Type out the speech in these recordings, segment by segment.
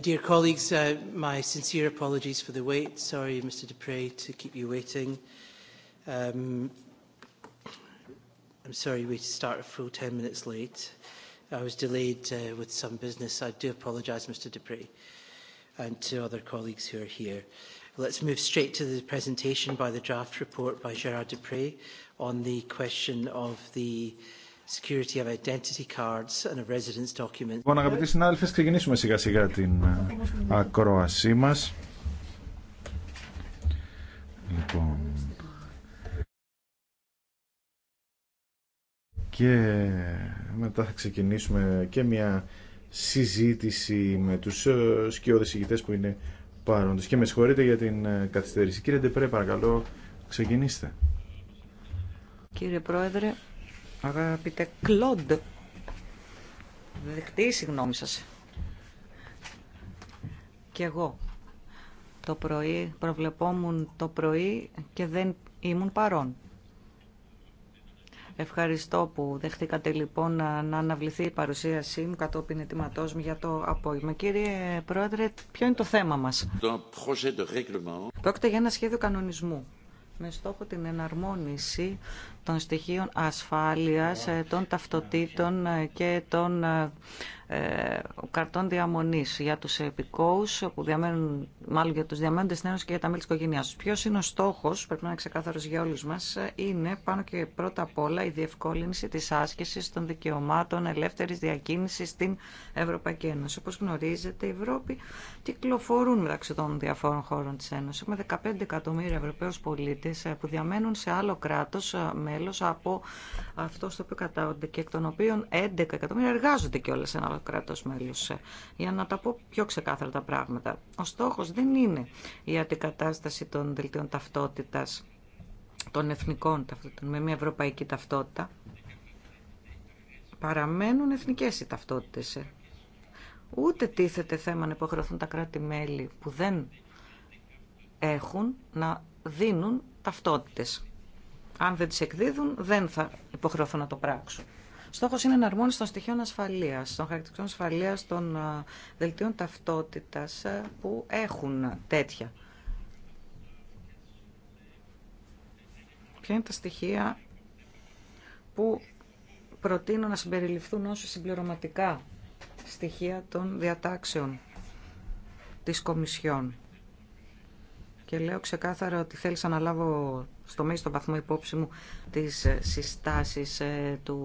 Dear colleagues, my sincere apologies for the wait. Sorry, Mr. Dupre, to keep you waiting. I'm sorry we start a full 10 minutes late. I was delayed with some business. I do apologise, Mr. Dupre, and to other colleagues who are here. Let's move straight to the presentation by the draft report by Gerard Dupre on the question of the Λοιπόν, αγαπητοί συνάδελφοι, ξεκινήσουμε σιγά σιγά την ε, ακρόασή μα. Λοιπόν. Και μετά θα ξεκινήσουμε και μια συζήτηση με του ε, σκιώδε ηγητέ που είναι παρόντες. Και με συγχωρείτε για την ε, καθυστέρηση. Κύριε Ντεπρέ, παρακαλώ, ξεκινήστε. Κύριε Πρόεδρε, Αγαπητέ Κλοντ, δεχτεί η συγγνώμη σας. Και εγώ το πρωί, προβλεπόμουν το πρωί και δεν ήμουν παρόν. Ευχαριστώ που δεχτήκατε λοιπόν να αναβληθεί η παρουσίασή μου κατόπιν ετοιματός μου για το απόγευμα. Κύριε Πρόεδρε, ποιο είναι το θέμα μας. Πρόκειται για ένα σχέδιο κανονισμού με στόχο την εναρμόνιση των στοιχείων ασφάλειας, ε, των ταυτοτήτων ε, και των ε, καρτών διαμονής για τους επικόους που διαμένουν, μάλλον για τους διαμένοντες στην Ένωση και για τα μέλη της οικογένειάς τους. Ποιος είναι ο στόχος, πρέπει να είναι ξεκάθαρος για όλους μας, είναι πάνω και πρώτα απ' όλα η διευκόλυνση της άσκησης των δικαιωμάτων ελεύθερης διακίνησης στην Ευρωπαϊκή Ένωση. Όπως γνωρίζετε, η Ευρώπη κυκλοφορούν μεταξύ των διαφόρων χώρων της Ένωσης. Έχουμε 15 εκατομμύρια Ευρωπαίους πολίτες που διαμένουν σε άλλο κράτος με μέλο από αυτό στο οποίο κατάγονται και εκ των οποίων 11 εκατομμύρια εργάζονται κιόλα σε ένα άλλο κράτο μέλο. Για να τα πω πιο ξεκάθαρα τα πράγματα. Ο στόχο δεν είναι η αντικατάσταση των δελτίων ταυτότητα των εθνικών ταυτότητων με μια ευρωπαϊκή ταυτότητα. Παραμένουν εθνικές οι ταυτότητες. Ούτε τίθεται θέμα να υποχρεωθούν τα κράτη-μέλη που δεν έχουν να δίνουν ταυτότητες αν δεν τις εκδίδουν, δεν θα υποχρεωθούν να το πράξω. Στόχο είναι εναρμόνιση των στοιχείων ασφαλείας, των χαρακτηριστικών ασφαλείας των δελτίων ταυτότητας που έχουν τέτοια. Ποια είναι τα στοιχεία που προτείνω να συμπεριληφθούν όσοι συμπληρωματικά στοιχεία των διατάξεων της Κομισιόν. Και λέω ξεκάθαρα ότι θέλεις να λάβω στο μέγιστο βαθμό υπόψη μου τις ε, συστάσεις ε, του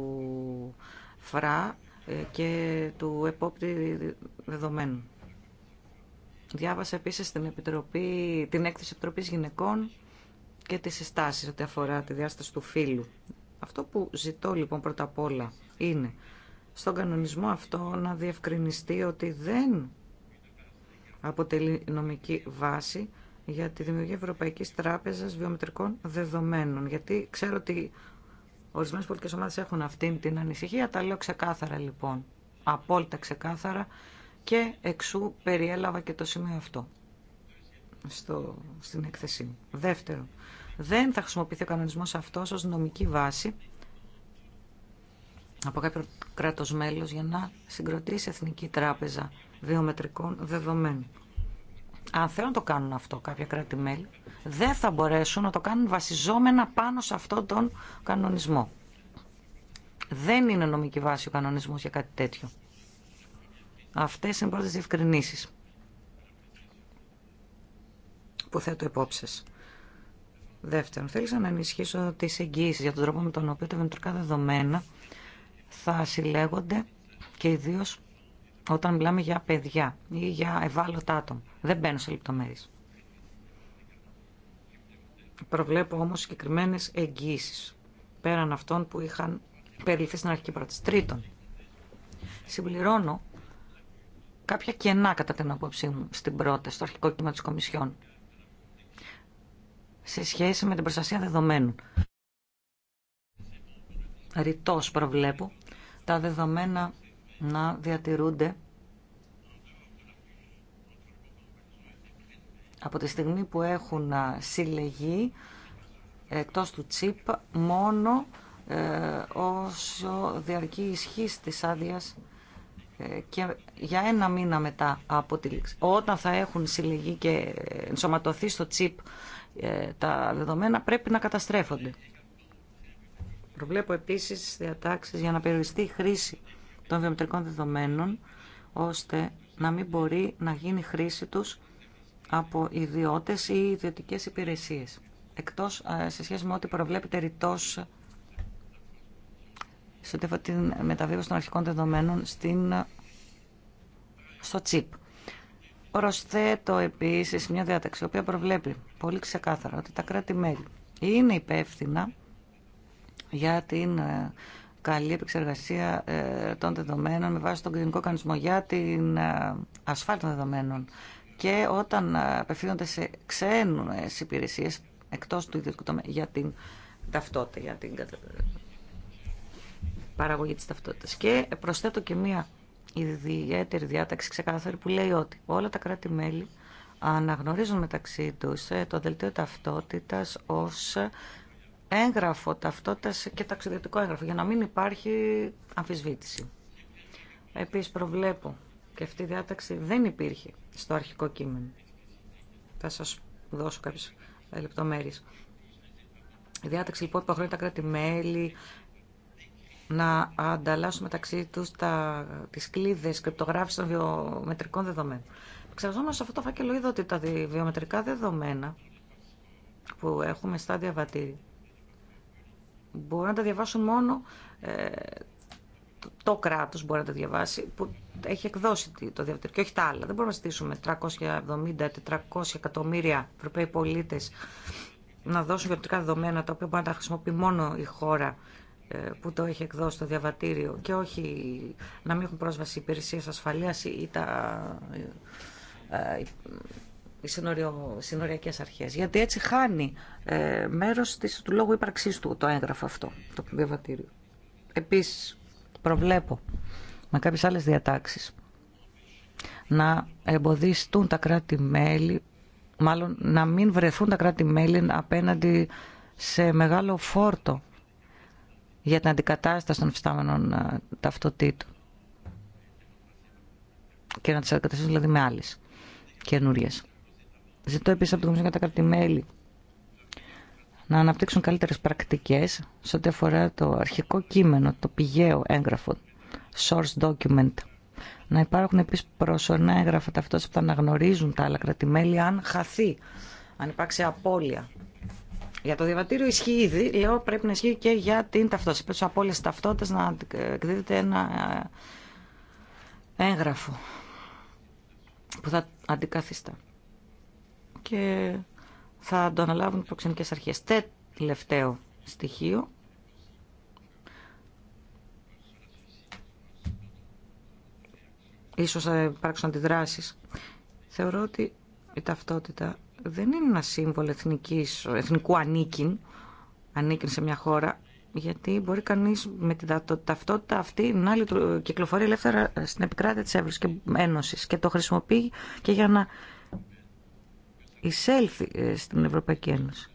ΦΡΑ ε, και του επόπτη δεδομένου. Διάβασα επίσης την, Επιτροπή, την έκθεση Επιτροπής Γυναικών και τις συστάσεις ό,τι αφορά τη διάσταση του φύλου. Αυτό που ζητώ λοιπόν πρώτα απ' όλα είναι στον κανονισμό αυτό να διευκρινιστεί ότι δεν αποτελεί νομική βάση για τη δημιουργία Ευρωπαϊκής Τράπεζας Βιομετρικών Δεδομένων. Γιατί ξέρω ότι ορισμένες πολιτικές ομάδες έχουν αυτήν την ανησυχία, τα λέω ξεκάθαρα λοιπόν, απόλυτα ξεκάθαρα και εξού περιέλαβα και το σημείο αυτό στο, στην έκθεσή μου. Δεύτερο δεν θα χρησιμοποιηθεί ο κανονισμός αυτός ως νομική βάση από κάποιο κράτος μέλος για να συγκροτήσει Εθνική Τράπεζα Βιομετρικών Δεδομένων αν θέλουν να το κάνουν αυτό κάποια κράτη-μέλη, δεν θα μπορέσουν να το κάνουν βασιζόμενα πάνω σε αυτόν τον κανονισμό. Δεν είναι νομική βάση ο κανονισμός για κάτι τέτοιο. Αυτές είναι πρώτες διευκρινήσεις που θέτω υπόψε. Δεύτερον, θέλησα να ενισχύσω τις εγγύησεις για τον τρόπο με τον οποίο τα βεντρικά δεδομένα θα συλλέγονται και ιδίω όταν μιλάμε για παιδιά ή για ευάλωτα άτομα. Δεν μπαίνω σε λεπτομέρειες. Προβλέπω όμως συγκεκριμένε εγγύησεις, πέραν αυτών που είχαν περιληφθεί στην αρχική πρόταση. Τρίτον, συμπληρώνω κάποια κενά κατά την απόψή μου στην πρόταση, στο αρχικό κύμα της Κομισιόν, σε σχέση με την προστασία δεδομένων. Ρητός προβλέπω τα δεδομένα να διατηρούνται από τη στιγμή που έχουν συλλεγεί εκτός του τσίπ μόνο ε, όσο διαρκεί η ισχύ της άδεια ε, και για ένα μήνα μετά από τη λήξη. Όταν θα έχουν συλλεγεί και ενσωματωθεί στο τσίπ ε, τα δεδομένα πρέπει να καταστρέφονται. Προβλέπω επίσης διατάξεις για να περιοριστεί η χρήση των βιομετρικών δεδομένων, ώστε να μην μπορεί να γίνει χρήση τους από ιδιώτες ή ιδιωτικές υπηρεσίες. Εκτός σε σχέση με ό,τι προβλέπεται ρητός σε ό,τι την μεταβίβαση των αρχικών δεδομένων στην, στο τσίπ. Προσθέτω επίσης μια διάταξη, η οποία προβλέπει πολύ ξεκάθαρα ότι τα κράτη-μέλη είναι υπεύθυνα για την ε, καλή επεξεργασία ε, των δεδομένων με βάση τον κοινωνικό κανονισμό για την ε, ασφάλεια των δεδομένων. Και όταν ε, απευθύνονται σε ξένες υπηρεσίε εκτός του ιδιωτικού τομέα, για την ταυτότητα, για την παραγωγή της ταυτότητας. Και προσθέτω και μία ιδιαίτερη διάταξη ξεκάθαρη που λέει ότι όλα τα κράτη-μέλη αναγνωρίζουν μεταξύ τους το δελτίο ταυτότητας ως έγγραφο ταυτότητα και ταξιδιωτικό έγγραφο για να μην υπάρχει αμφισβήτηση. Επίση προβλέπω και αυτή η διάταξη δεν υπήρχε στο αρχικό κείμενο. Θα σας δώσω κάποιε λεπτομέρειε. Η διάταξη λοιπόν υποχρεώνει τα κράτη-μέλη να ανταλλάσσουν μεταξύ τους τι κλίδε κλίδες των βιομετρικών δεδομένων. Εξεργαζόμαστε σε αυτό το φάκελο είδα ότι τα βιομετρικά δεδομένα που έχουμε στα διαβατήρια Μπορεί να τα διαβάσουν μόνο ε, το, το κράτος μπορεί να τα διαβάσει που έχει εκδώσει το διαβατήριο και όχι τα άλλα. Δεν μπορούμε να στήσουμε 370-400 εκατομμύρια Ευρωπαίοι πολίτες να δώσουν γενικά δεδομένα τα οποία μπορεί να τα χρησιμοποιεί μόνο η χώρα ε, που το έχει εκδώσει το διαβατήριο και όχι να μην έχουν πρόσβαση υπηρεσίες ασφαλείας ή τα ε, οι συνοριακές αρχές. Γιατί έτσι χάνει ε, μέρος της, του λόγου ύπαρξής του το έγγραφο αυτό, το διαβατήριο. Επίσης, προβλέπω με κάποιες άλλες διατάξεις να εμποδιστούν τα κράτη-μέλη, μάλλον να μην βρεθούν τα κράτη-μέλη απέναντι σε μεγάλο φόρτο για την αντικατάσταση των φυστάμενων ε, ταυτοτήτων και να τις αντικαταστήσουν δηλαδή με άλλες καινούριες. Ζητώ επίση από την Κομισιόν τα κρατημέλη να αναπτύξουν καλύτερε πρακτικές σε ό,τι αφορά το αρχικό κείμενο, το πηγαίο έγγραφο, source document. Να υπάρχουν επίση προσωρινά έγγραφα ταυτότητα που θα αναγνωρίζουν τα άλλα κρατημέλη αν χαθεί, αν υπάρξει απώλεια. Για το διαβατήριο ισχύει ήδη, λέω πρέπει να ισχύει και για την ταυτότητα. Πρέπει απώλειες ταυτότητας να εκδίδεται ένα ε, έγγραφο που θα αντικαθιστά και θα το αναλάβουν οι προξενικές αρχές. Τελευταίο στοιχείο. Ίσως θα υπάρξουν αντιδράσεις. Θεωρώ ότι η ταυτότητα δεν είναι ένα σύμβολο εθνικής, εθνικού ανήκειν, ανήκειν σε μια χώρα, γιατί μπορεί κανείς με την ταυτότητα αυτή να κυκλοφορεί ελεύθερα στην επικράτεια της Εύρωσης και Ένωσης και το χρησιμοποιεί και για να εισέλθει στην Ευρωπαϊκή Ένωση.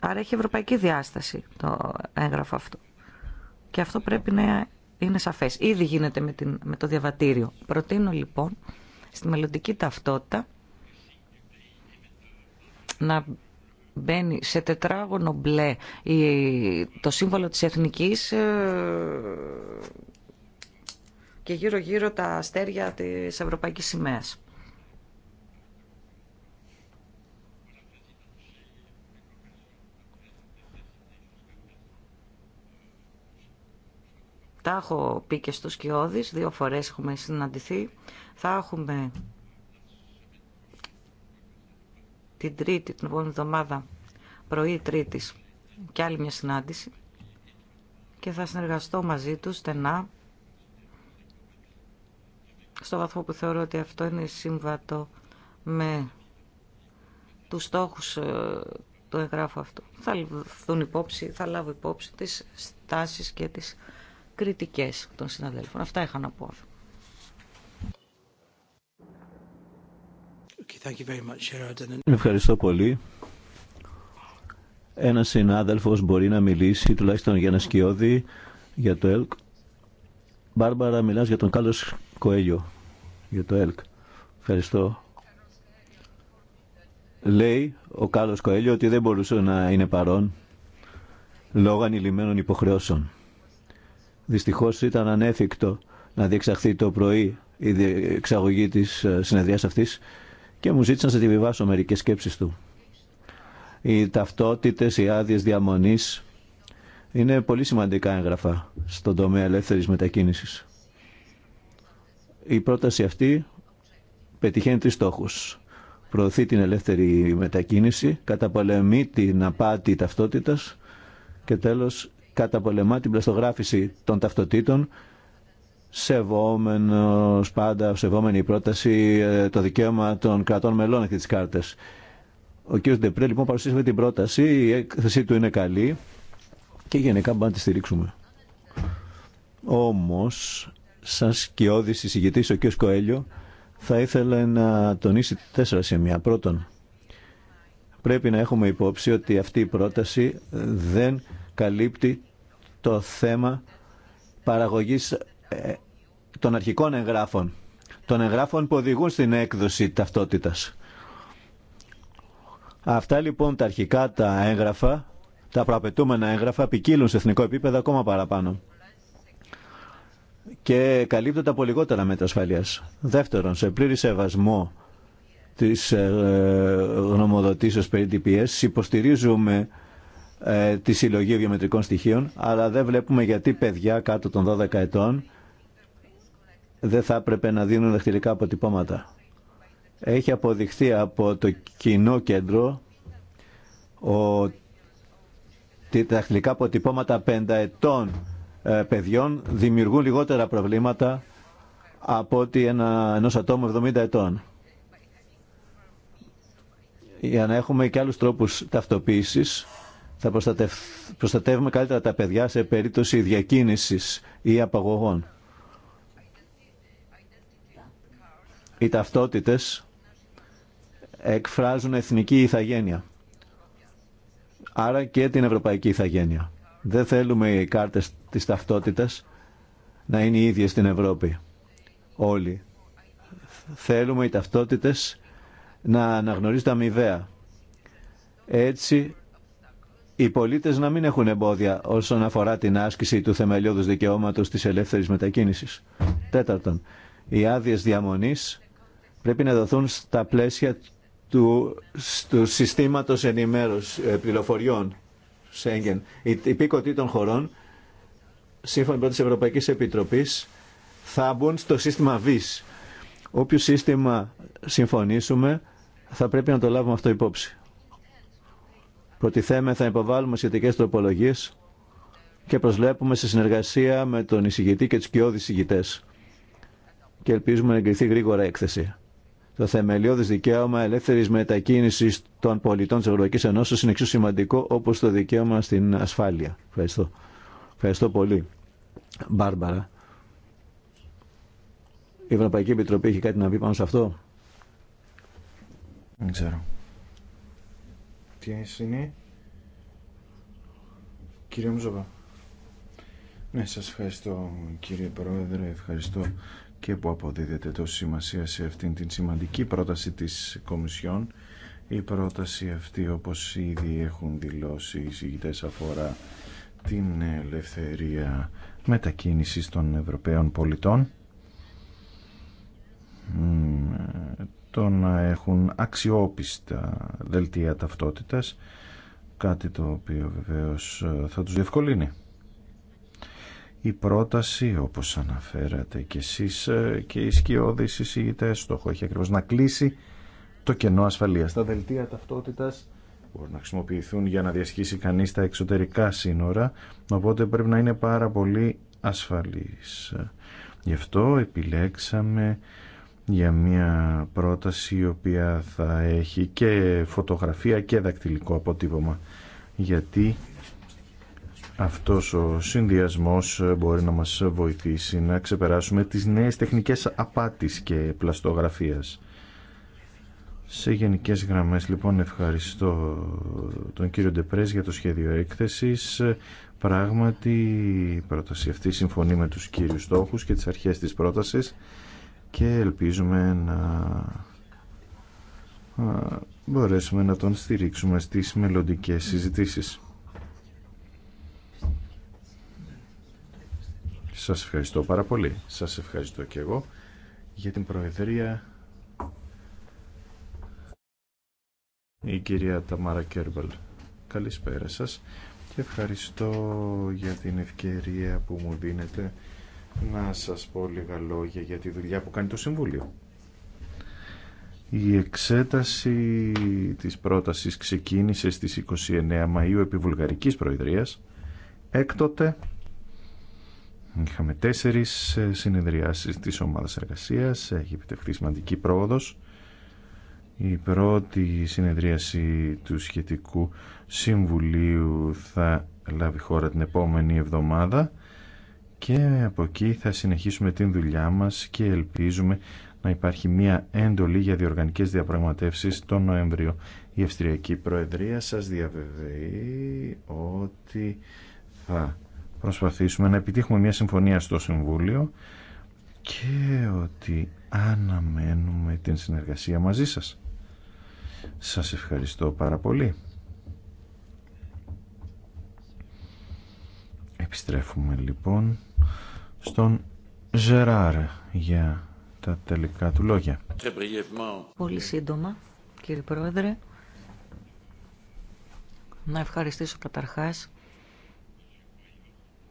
Άρα έχει ευρωπαϊκή διάσταση το έγγραφο αυτό. Και αυτό πρέπει να είναι σαφές. Ήδη γίνεται με, το διαβατήριο. Προτείνω λοιπόν στη μελλοντική ταυτότητα να μπαίνει σε τετράγωνο μπλε το σύμβολο της εθνικής ε, και γύρω-γύρω τα αστέρια της Ευρωπαϊκής Σημαίας. Τα έχω πει και στους Κιώδης, δύο φορές έχουμε συναντηθεί. Θα έχουμε την Τρίτη, την επόμενη εβδομάδα, πρωί Τρίτης, και άλλη μια συνάντηση και θα συνεργαστώ μαζί τους στενά στο βαθμό που θεωρώ ότι αυτό είναι σύμβατο με τους στόχους ε, του εγγράφου αυτού. Θα υπόψη, θα λάβω υπόψη τις στάσεις και τις κριτικές των συναδέλφων. Αυτά είχα να πω. Ευχαριστώ πολύ. Ένας συνάδελφος μπορεί να μιλήσει, τουλάχιστον για ένα σκιώδη, για το ΕΛΚ. Μπάρμπαρα, μιλάς για τον Κάλλος Κοέλιο, για το ΕΛΚ. Ευχαριστώ. Λέει ο Κάλλος Κοέλιο ότι δεν μπορούσε να είναι παρόν λόγω ανηλυμένων υποχρεώσεων. Δυστυχώς ήταν ανέφικτο να διεξαχθεί το πρωί η εξαγωγή της ε, συνεδρίας αυτής και μου ζήτησαν να σε διαβιβάσω μερικές σκέψεις του. Οι ταυτότητες, οι άδειε διαμονής είναι πολύ σημαντικά έγγραφα στον τομέα ελεύθερης μετακίνησης. Η πρόταση αυτή πετυχαίνει τρεις στόχους. Προωθεί την ελεύθερη μετακίνηση, καταπολεμεί την απάτη ταυτότητας και τέλος καταπολεμά την πλαστογράφηση των ταυτοτήτων σεβόμενος πάντα, σεβόμενη η πρόταση ε, το δικαίωμα των κρατών μελών έχει τις κάρτες. Ο κ. Ντεπρέ λοιπόν παρουσίασε την πρόταση, η έκθεσή του είναι καλή και γενικά μπορούμε να τη στηρίξουμε. Όμως, σαν σκιώδης εισηγητής ο κ. Κοέλιο θα ήθελε να τονίσει τέσσερα σημεία. Πρώτον, πρέπει να έχουμε υπόψη ότι αυτή η πρόταση δεν καλύπτει το θέμα παραγωγής ε, των αρχικών εγγράφων, των εγγράφων που οδηγούν στην έκδοση ταυτότητας. Αυτά λοιπόν τα αρχικά τα έγγραφα, τα προαπαιτούμενα έγγραφα, ποικίλουν σε εθνικό επίπεδο ακόμα παραπάνω και καλύπτονται από λιγότερα μέτρα ασφαλεία. Δεύτερον, σε πλήρη σεβασμό της ε, γνωμοδοτήσεως περί υποστηρίζουμε ε, τη συλλογή βιομετρικών στοιχείων, αλλά δεν βλέπουμε γιατί παιδιά κάτω των 12 ετών δεν θα έπρεπε να δίνουν δαχτυλικά αποτυπώματα. Έχει αποδειχθεί από το κοινό κέντρο ότι τα δαχτυλικά αποτυπώματα ετών ε, παιδιών δημιουργούν λιγότερα προβλήματα από ότι ένα, ενός ατόμου 70 ετών. Για να έχουμε και άλλους τρόπους ταυτοποίησης, θα προστατεύουμε καλύτερα τα παιδιά σε περίπτωση διακίνησης ή απαγωγών. Οι ταυτότητες εκφράζουν εθνική ηθαγένεια, άρα και την ευρωπαϊκή ηθαγένεια. Δεν θέλουμε οι κάρτες της ταυτότητας να είναι οι ίδιες στην Ευρώπη. Όλοι. Θέλουμε οι ταυτότητες να τα αμοιβαία. Έτσι οι πολίτες να μην έχουν εμπόδια όσον αφορά την άσκηση του θεμελιώδους δικαιώματος της ελεύθερης μετακίνησης. Τέταρτον, οι άδειε διαμονής πρέπει να δοθούν στα πλαίσια του, του συστήματος ενημέρωση ε, πληροφοριών Σέγγεν. Η υπήκοτή των χωρών, σύμφωνα με της Ευρωπαϊκής Επιτροπής, θα μπουν στο σύστημα ΒΙΣ. Όποιο σύστημα συμφωνήσουμε, θα πρέπει να το λάβουμε αυτό υπόψη. Προτιθέμε θα υποβάλουμε σχετικές τροπολογίες και προσβλέπουμε σε συνεργασία με τον εισηγητή και τους κοιόδης εισηγητές. Και ελπίζουμε να εγκριθεί γρήγορα έκθεση. Το θεμελιώδη δικαίωμα ελεύθερης μετακίνησης των πολιτών της Ευρωπαϊκής Ενώσης είναι εξίσου σημαντικό όπως το δικαίωμα στην ασφάλεια. Ευχαριστώ. Ευχαριστώ πολύ. Μπάρμπαρα. Η Ευρωπαϊκή Επιτροπή έχει κάτι να πει πάνω σε αυτό. Δεν ξέρω είναι. Κύριε Μουζοβά. Ναι, σας ευχαριστώ κύριε Πρόεδρε, ευχαριστώ και που αποδίδετε τόση σημασία σε αυτήν την σημαντική πρόταση της Κομισιόν. Η πρόταση αυτή, όπως ήδη έχουν δηλώσει οι συγητές, αφορά την ελευθερία μετακίνησης των Ευρωπαίων πολιτών το να έχουν αξιόπιστα δελτία ταυτότητας, κάτι το οποίο βεβαίως ε, θα τους διευκολύνει. Η πρόταση, όπως αναφέρατε και εσείς ε, και οι σκιώδεις το στόχο έχει ακριβώς να κλείσει το κενό ασφαλείας. Τα δελτία ταυτότητας μπορούν να χρησιμοποιηθούν για να διασχίσει κανείς τα εξωτερικά σύνορα, οπότε πρέπει να είναι πάρα πολύ ασφαλής. Γι' αυτό επιλέξαμε για μια πρόταση η οποία θα έχει και φωτογραφία και δακτυλικό αποτύπωμα γιατί αυτός ο συνδυασμός μπορεί να μας βοηθήσει να ξεπεράσουμε τις νέες τεχνικές απάτης και πλαστογραφίας. Σε γενικές γραμμές λοιπόν ευχαριστώ τον κύριο Ντεπρές για το σχέδιο έκθεσης. Πράγματι η πρόταση αυτή συμφωνεί με τους κύριους στόχους και τις αρχές της πρότασης και ελπίζουμε να μπορέσουμε να τον στηρίξουμε στις μελλοντικέ συζητήσεις. Σας ευχαριστώ πάρα πολύ. Σας ευχαριστώ και εγώ για την Προεδρία η κυρία Ταμάρα Κέρμπελ. Καλησπέρα σας και ευχαριστώ για την ευκαιρία που μου δίνετε να σας πω λίγα λόγια για τη δουλειά που κάνει το Συμβούλιο. Η εξέταση της πρότασης ξεκίνησε στις 29 Μαΐου επί Βουλγαρικής Προεδρίας. Έκτοτε είχαμε τέσσερις ε, συνεδριάσεις της ομάδας εργασίας. Έχει επιτευχθεί σημαντική πρόοδος. Η πρώτη συνεδρίαση του σχετικού Συμβουλίου θα λάβει χώρα την επόμενη εβδομάδα και από εκεί θα συνεχίσουμε την δουλειά μας και ελπίζουμε να υπάρχει μια έντολη για διοργανικές διαπραγματεύσεις τον Νοέμβριο. Η Αυστριακή Προεδρία σας διαβεβαιεί ότι θα προσπαθήσουμε να επιτύχουμε μια συμφωνία στο Συμβούλιο και ότι αναμένουμε την συνεργασία μαζί σας. Σας ευχαριστώ πάρα πολύ. Επιστρέφουμε λοιπόν στον Ζεράρ για τα τελικά του λόγια. Πολύ σύντομα, κύριε Πρόεδρε, να ευχαριστήσω καταρχάς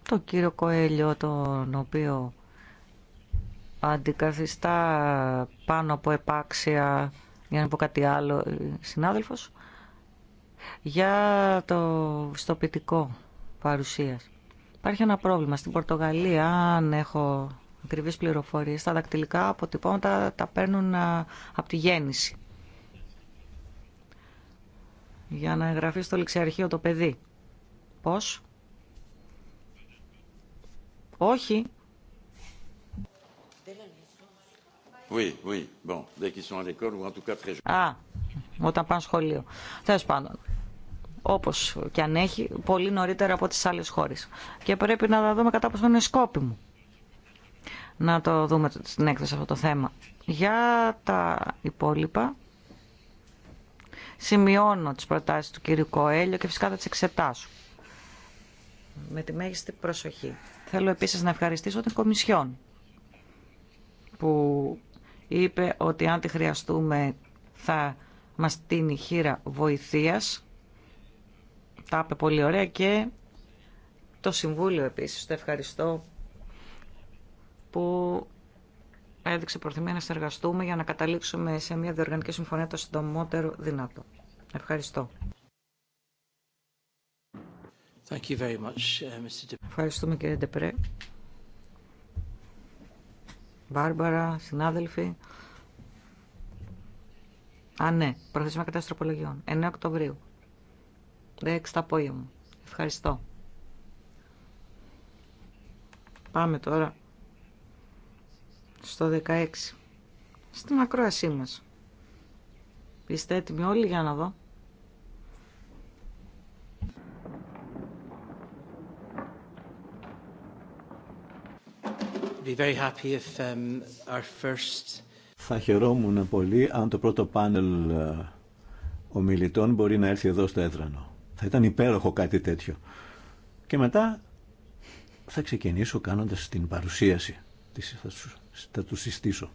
τον κύριο Κοέλιο, τον οποίο αντικαθιστά πάνω από επάξια, για να πω κάτι άλλο, συνάδελφος, για το στοπιτικό παρουσίας. Υπάρχει ένα πρόβλημα. Στην Πορτογαλία, αν έχω ακριβείς πληροφορίες, τα δακτυλικά αποτυπώματα τα παίρνουν από τη γέννηση. Για να εγγραφεί στο ληξιαρχείο το παιδί. Πώς? Όχι. Oui, oui. Bon, dès sont à ou en tout cas très... Α, όταν πάνε σχολείο. Τέλο πάντων όπως και αν έχει, πολύ νωρίτερα από τις άλλες χώρες. Και πρέπει να τα δούμε κατά πόσο είναι σκόπιμο. Να το δούμε στην έκθεση αυτό το θέμα. Για τα υπόλοιπα, σημειώνω τις προτάσεις του κύριου Κοέλιο και φυσικά θα τις εξετάσω. Με τη μέγιστη προσοχή. Θέλω επίσης να ευχαριστήσω την Κομισιόν που είπε ότι αν τη χρειαστούμε θα μας τίνει χείρα βοηθείας τα είπε πολύ ωραία και το Συμβούλιο επίσης, το ευχαριστώ που έδειξε προθυμία να συνεργαστούμε για να καταλήξουμε σε μια διοργανική συμφωνία το συντομότερο δυνατό. Ευχαριστώ. Thank you very much, uh, Mr. Ευχαριστούμε κύριε Ντεπρέ. Μπάρμπαρα, συνάδελφοι. Α, ναι, προθεσμία κατάστροπολογιών. 9 Οκτωβρίου. 16 απόγευμα. Ευχαριστώ. Πάμε τώρα στο 16. Στην ακρόασή μας. Είστε έτοιμοι όλοι για να δω. Um, Θα χαιρόμουν πολύ αν το πρώτο πάνελ ε, ομιλητών μπορεί να έρθει εδώ στο έδρανο. Θα ήταν υπέροχο κάτι τέτοιο. Και μετά θα ξεκινήσω κάνοντας την παρουσίαση. Θα του συστήσω.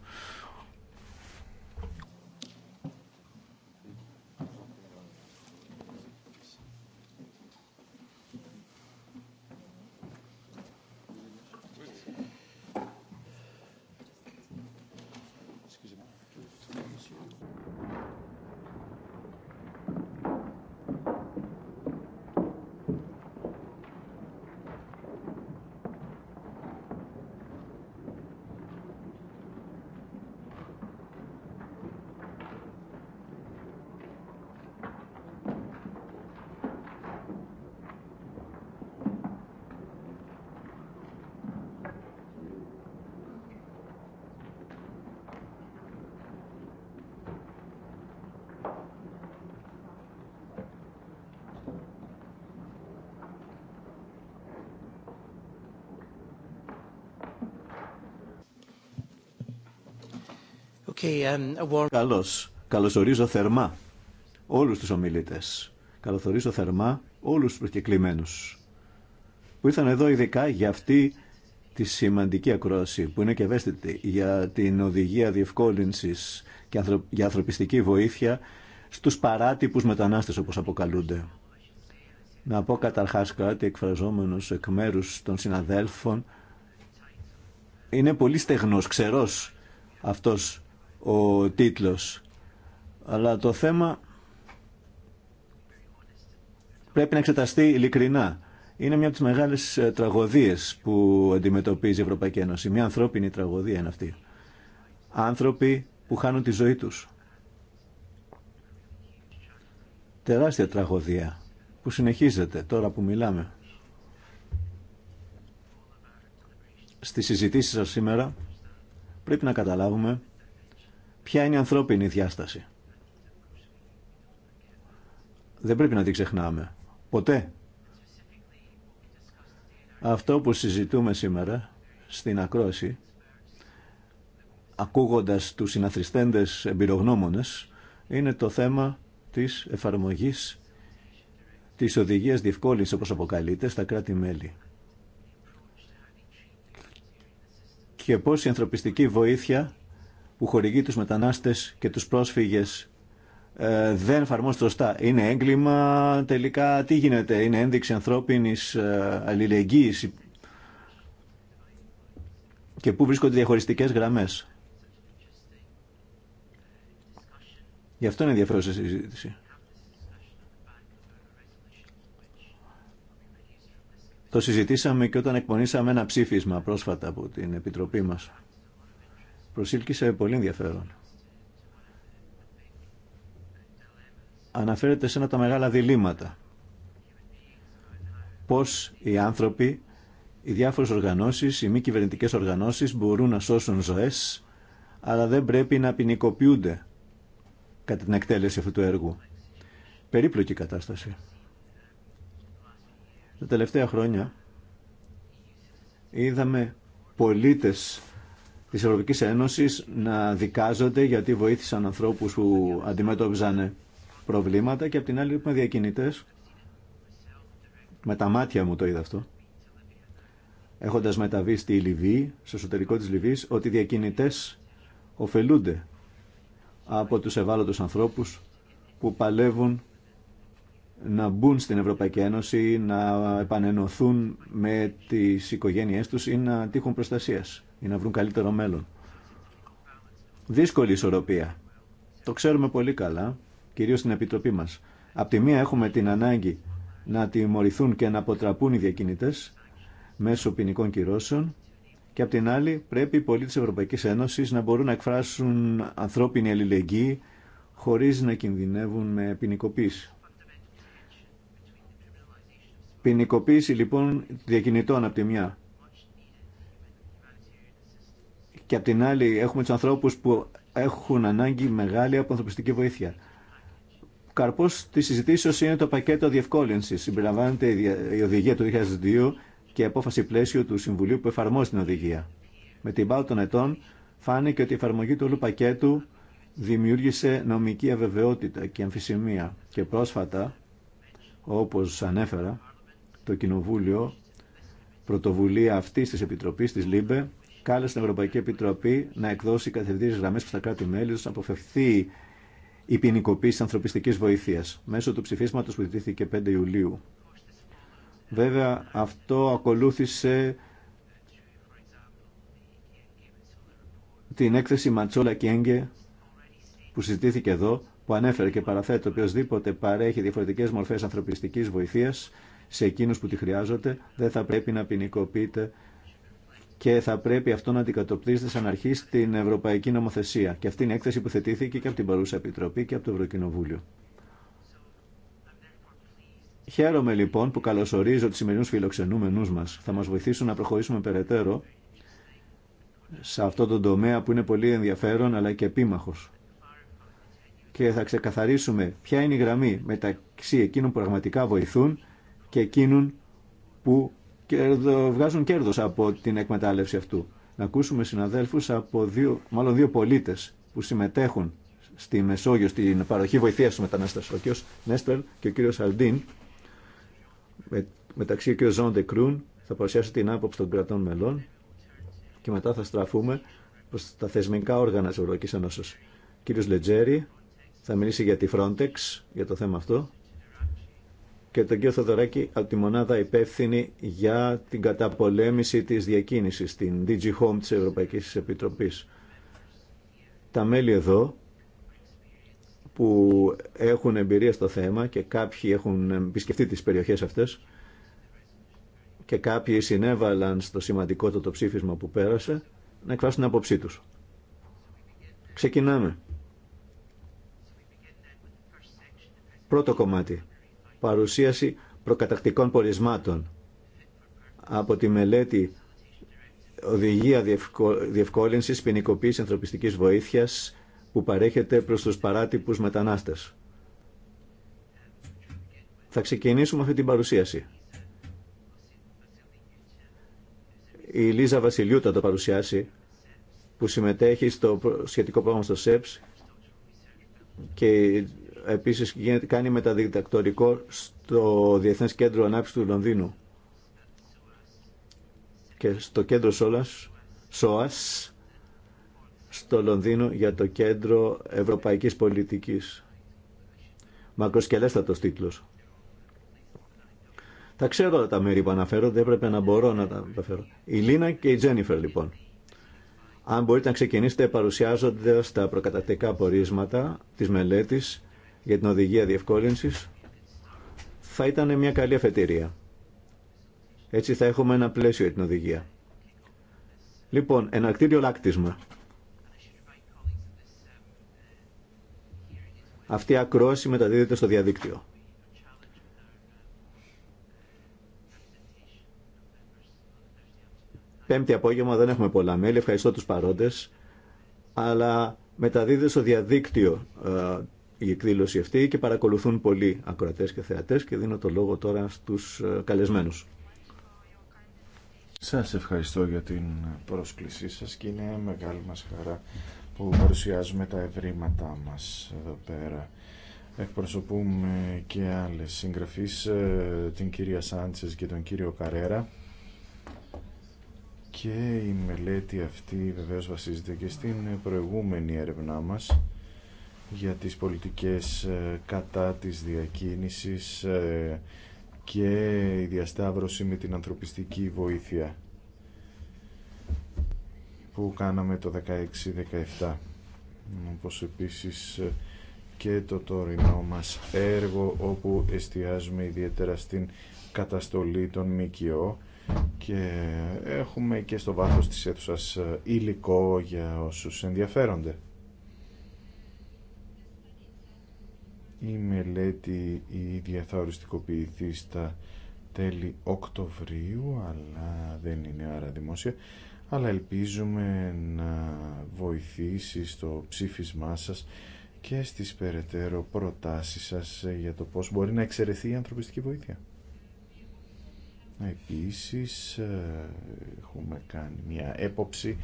Um, Καλώς. Καλωσορίζω θερμά όλους τους ομιλητές. Καλωσορίζω θερμά όλους τους προσκεκλημένους που ήρθαν εδώ ειδικά για αυτή τη σημαντική ακρόαση που είναι και ευαίσθητη για την οδηγία διευκόλυνσης και για ανθρωπιστική βοήθεια στους παράτυπους μετανάστες όπως αποκαλούνται. Να πω καταρχάς κάτι εκφραζόμενος εκ μέρους των συναδέλφων. Είναι πολύ στεγνός, ξερός αυτός ο τίτλος. Αλλά το θέμα πρέπει να εξεταστεί ειλικρινά. Είναι μια από τις μεγάλες ε, τραγωδίες που αντιμετωπίζει η Ευρωπαϊκή Ένωση. Μια ανθρώπινη τραγωδία είναι αυτή. Άνθρωποι που χάνουν τη ζωή τους. Τεράστια τραγωδία που συνεχίζεται τώρα που μιλάμε. Στη συζητήσεις σας σήμερα πρέπει να καταλάβουμε Ποια είναι η ανθρώπινη διάσταση. Δεν πρέπει να την ξεχνάμε. Ποτέ. Αυτό που συζητούμε σήμερα στην ακρόση ακούγοντας τους συναθριστέντες εμπειρογνώμονες, είναι το θέμα της εφαρμογής της οδηγίας διευκόλυνσης, όπως αποκαλείται, στα κράτη-μέλη. Και πώς η ανθρωπιστική βοήθεια που χορηγεί τους μετανάστες και τους πρόσφυγες ε, δεν εφαρμόζεται σωστά. Είναι έγκλημα, τελικά τι γίνεται, είναι ένδειξη ανθρώπινης ε, αλληλεγγύης και πού βρίσκονται διαχωριστικές γραμμές. Γι' αυτό είναι ενδιαφέρουσα η συζήτηση. Το συζητήσαμε και όταν εκπονήσαμε ένα ψήφισμα πρόσφατα από την Επιτροπή μας προσήλκησε πολύ ενδιαφέρον. Αναφέρεται σε ένα τα μεγάλα διλήμματα. Πώς οι άνθρωποι, οι διάφορες οργανώσεις, οι μη κυβερνητικές οργανώσεις μπορούν να σώσουν ζωές, αλλά δεν πρέπει να ποινικοποιούνται κατά την εκτέλεση αυτού του έργου. Περίπλοκη κατάσταση. Τα τελευταία χρόνια είδαμε πολίτες της Ευρωπαϊκής Ένωσης να δικάζονται γιατί βοήθησαν ανθρώπους που αντιμέτωπιζαν προβλήματα και από την άλλη είπαμε διακινητές. Με τα μάτια μου το είδα αυτό. Έχοντας μεταβεί στη Λιβύη, στο εσωτερικό της Λιβύης, ότι οι διακινητές ωφελούνται από τους ευάλωτους ανθρώπους που παλεύουν να μπουν στην Ευρωπαϊκή Ένωση, να επανενωθούν με τις οικογένειές τους ή να τύχουν προστασίας ή να βρουν καλύτερο μέλλον. Δύσκολη ισορροπία. Το ξέρουμε πολύ καλά, κυρίως στην Επιτροπή μας. Απ' τη μία έχουμε την ανάγκη να τιμωρηθούν και να αποτραπούν οι διακινητές μέσω ποινικών κυρώσεων και απ' την άλλη πρέπει οι πολίτες της Ευρωπαϊκής Ένωσης να μπορούν να εκφράσουν ανθρώπινη αλληλεγγύη χωρίς να κινδυνεύουν με ποινικοποίηση. Ποινικοποίηση λοιπόν διακινητών από τη μια και απ' την άλλη έχουμε τους ανθρώπους που έχουν ανάγκη μεγάλη από ανθρωπιστική βοήθεια. Καρπός της συζητήσεως είναι το πακέτο διευκόλυνσης. Συμπεριλαμβάνεται η οδηγία του 2002 και η απόφαση πλαίσιο του Συμβουλίου που εφαρμόζει την οδηγία. Με την πάω των ετών φάνηκε ότι η εφαρμογή του όλου πακέτου δημιούργησε νομική αβεβαιότητα και αμφισημία. Και πρόσφατα, όπως ανέφερα, το Κοινοβούλιο πρωτοβουλία αυτή τη Επιτροπής της ΛΥΜΠΕ κάλεσε την Ευρωπαϊκή Επιτροπή να εκδώσει καθεδρίες γραμμέ προς τα κράτη-μέλη ώστε να αποφευθεί η ποινικοποίηση ανθρωπιστική βοήθειας μέσω του ψηφίσματο που ζητήθηκε 5 Ιουλίου. Βέβαια αυτό ακολούθησε την έκθεση Ματσόλα Κιέγγε, που συζητήθηκε εδώ, που ανέφερε και παραθέτει οποιοδήποτε παρέχει διαφορετικέ μορφέ ανθρωπιστική βοηθεία σε εκείνους που τη χρειάζονται, δεν θα πρέπει να ποινικοποιείται και θα πρέπει αυτό να αντικατοπτρίζεται σαν αρχή στην Ευρωπαϊκή Νομοθεσία. Και αυτή είναι η έκθεση που θετήθηκε και από την παρούσα Επιτροπή και από το Ευρωκοινοβούλιο. Χαίρομαι λοιπόν που καλωσορίζω του σημερινού φιλοξενούμενου μα. Θα μα βοηθήσουν να προχωρήσουμε περαιτέρω σε αυτό τον τομέα που είναι πολύ ενδιαφέρον αλλά και επίμαχο. Και θα ξεκαθαρίσουμε ποια είναι η γραμμή μεταξύ εκείνων που πραγματικά βοηθούν και εκείνων που κέρδο, βγάζουν κέρδος από την εκμετάλλευση αυτού. Να ακούσουμε συναδέλφους από δύο, μάλλον δύο πολίτες που συμμετέχουν στη Μεσόγειο, στην παροχή βοηθείας του μετανάστες. Ο κ. Νέστερ και ο κ. Αλντίν, με, μεταξύ ο κ. Ζων Κρούν, θα παρουσιάσει την άποψη των κρατών μελών και μετά θα στραφούμε προς τα θεσμικά όργανα της Ευρωπαϊκής Ενώσης. Ο κ. Λετζέρη θα μιλήσει για τη Frontex, για το θέμα αυτό και τον κύριο Θοδωράκη από τη μονάδα υπεύθυνη για την καταπολέμηση της διακίνησης την DG Home της Ευρωπαϊκής Επιτροπής. Τα μέλη εδώ που έχουν εμπειρία στο θέμα και κάποιοι έχουν επισκεφτεί τις περιοχές αυτές και κάποιοι συνέβαλαν στο σημαντικό το, το ψήφισμα που πέρασε να εκφράσουν την άποψή τους. Ξεκινάμε. Πρώτο κομμάτι παρουσίαση προκατακτικών πορισμάτων. Από τη μελέτη Οδηγία Διευκόλυνσης ποινικοποίηση Ανθρωπιστικής Βοήθειας που παρέχεται προς τους παράτυπους μετανάστες. Θα ξεκινήσουμε αυτή την παρουσίαση. Η Λίζα Βασιλιούτα θα το παρουσιάσει, που συμμετέχει στο σχετικό πρόγραμμα στο ΣΕΠΣ και επίσης κάνει μεταδιδακτορικό στο Διεθνές Κέντρο Ανάπτυξη του Λονδίνου και στο κέντρο Σόλας, ΣΟΑΣ στο Λονδίνο για το Κέντρο Ευρωπαϊκής Πολιτικής. Μακροσκελέστατος τίτλο. Τα ξέρω τα μέρη που αναφέρω, δεν έπρεπε να μπορώ να τα αναφέρω. Η Λίνα και η Τζένιφερ λοιπόν. Αν μπορείτε να ξεκινήσετε παρουσιάζοντα τα προκατακτικά πορίσματα της μελέτης για την οδηγία διευκόλυνσης θα ήταν μια καλή αφετηρία. Έτσι θα έχουμε ένα πλαίσιο για την οδηγία. Λοιπόν, εναρκτήριο λάκτισμα. Αυτή η ακρόση μεταδίδεται στο διαδίκτυο. Πέμπτη απόγευμα δεν έχουμε πολλά μέλη, ευχαριστώ τους παρόντες, αλλά μεταδίδεται στο διαδίκτυο ε, η εκδήλωση αυτή και παρακολουθούν πολλοί ακροατές και θεατές και δίνω το λόγο τώρα στους ε, καλεσμένους. Σας ευχαριστώ για την πρόσκλησή σας και είναι μεγάλη μας χαρά που παρουσιάζουμε τα ευρήματά μας εδώ πέρα. Εκπροσωπούμε και άλλες συγγραφείς, ε, την κυρία Σάντσες και τον κύριο Καρέρα. Και η μελέτη αυτή βεβαίως βασίζεται και στην προηγούμενη έρευνά μας για τις πολιτικές ε, κατά της διακίνησης ε, και η διασταύρωση με την ανθρωπιστική βοήθεια που κάναμε το 16-17 όπως επίσης ε, και το τωρινό μας έργο όπου εστιάζουμε ιδιαίτερα στην καταστολή των ΜΚΟ και έχουμε και στο βάθος της αίθουσας υλικό για όσους ενδιαφέρονται. η μελέτη η ίδια θα οριστικοποιηθεί στα τέλη Οκτωβρίου αλλά δεν είναι άρα δημόσια αλλά ελπίζουμε να βοηθήσει στο ψήφισμά σας και στις περαιτέρω προτάσεις σας για το πώς μπορεί να εξαιρεθεί η ανθρωπιστική βοήθεια. Επίσης, ε, έχουμε κάνει μια έποψη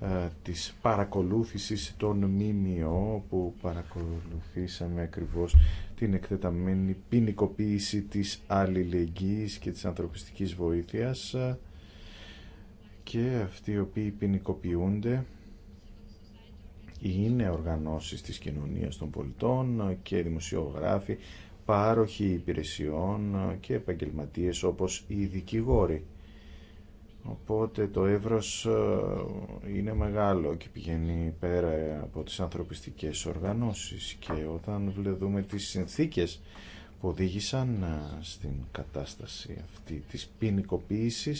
ε, της παρακολούθησης των ΜΜΟ που παρακολουθήσαμε ακριβώς την εκτεταμένη ποινικοποίηση της αλληλεγγύης και της ανθρωπιστικής βοήθειας ε, και αυτοί οι οποίοι ποινικοποιούνται είναι οργανώσεις της κοινωνίας των πολιτών και δημοσιογράφοι, πάροχοι υπηρεσιών και επαγγελματίες όπως οι δικηγόροι. Οπότε το εύρος ε, είναι μεγάλο και πηγαίνει πέρα από τις ανθρωπιστικές οργανώσεις και όταν βλέπουμε τις συνθήκες που οδήγησαν ε, στην κατάσταση αυτή της ποινικοποίηση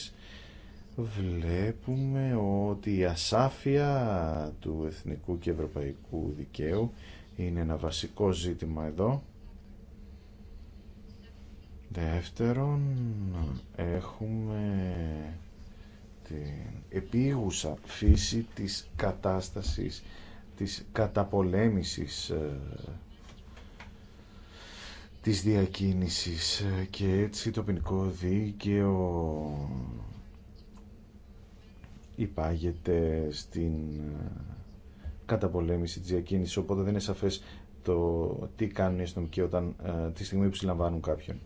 βλέπουμε ότι η ασάφεια του εθνικού και ευρωπαϊκού δικαίου είναι ένα βασικό ζήτημα εδώ. Δεύτερον, έχουμε την επίγουσα φύση της κατάστασης της καταπολέμησης ε, της διακίνησης ε, και έτσι το ποινικό δίκαιο υπάγεται στην ε, καταπολέμηση της διακίνησης οπότε δεν είναι σαφές το τι κάνουν οι αστυνομικοί όταν, τη στιγμή που συλλαμβάνουν κάποιον.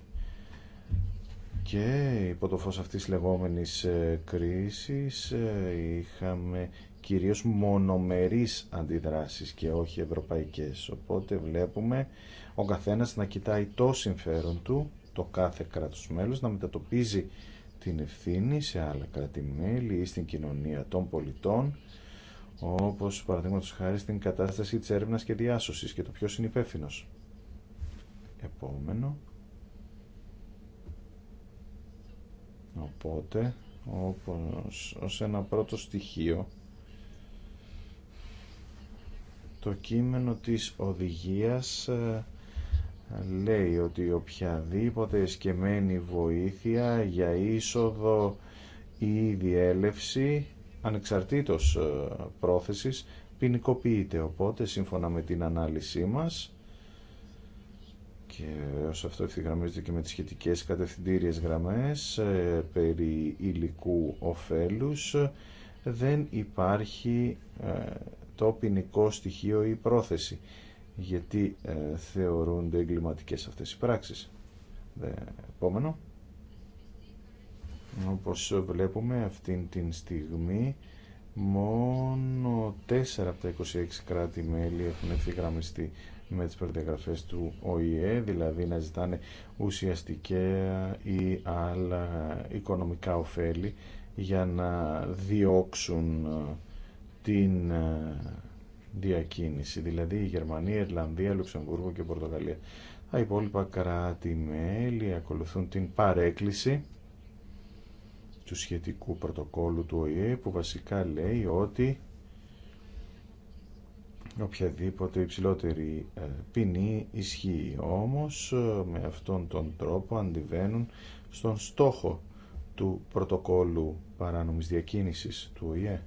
Και υπό το φως αυτής λεγόμενης ε, κρίσης ε, είχαμε κυρίως μονομερείς αντιδράσεις και όχι ευρωπαϊκές. Οπότε βλέπουμε ο καθένας να κοιτάει το συμφέρον του, το κάθε κράτος μέλος, να μετατοπίζει την ευθύνη σε άλλα κράτη-μέλη ή στην κοινωνία των πολιτών, όπως παραδείγματο χάρη στην κατάσταση της έρευνας και διάσωσης και το ποιος είναι υπεύθυνο. Επόμενο. Οπότε, όπως, ως ένα πρώτο στοιχείο, το κείμενο της οδηγίας ε, λέει ότι οποιαδήποτε εσκεμμένη βοήθεια για είσοδο ή διέλευση ανεξαρτήτως ε, πρόθεσης ποινικοποιείται οπότε σύμφωνα με την ανάλυση μας και ως αυτό ευθυγραμμίζεται και με τις σχετικές κατευθυντήριες γραμμές ε, περί υλικού ωφέλους δεν υπάρχει ε, το ποινικό στοιχείο ή πρόθεση γιατί ε, θεωρούνται εγκληματικές αυτές οι πράξεις. Επόμενο. Όπως βλέπουμε αυτήν την στιγμή μόνο 4 από τα 26 κράτη-μέλη έχουν ευθυγραμμιστεί με τις προδιαγραφές του ΟΗΕ, δηλαδή να ζητάνε ουσιαστικά ή άλλα οικονομικά ωφέλη για να διώξουν ε, την ε, διακίνηση, δηλαδή η Γερμανία, η Ιρλανδία, Λουξεμβούργο και η Πορτογαλία. Τα υπόλοιπα κράτη-μέλη ακολουθούν την παρέκκληση του σχετικού πρωτοκόλου του ΟΗΕ που βασικά λέει ότι οποιαδήποτε υψηλότερη ε, ποινή ισχύει. Όμως ε, με αυτόν τον τρόπο αντιβαίνουν στον στόχο του πρωτοκόλου παράνομης διακίνησης του ΟΗΕ.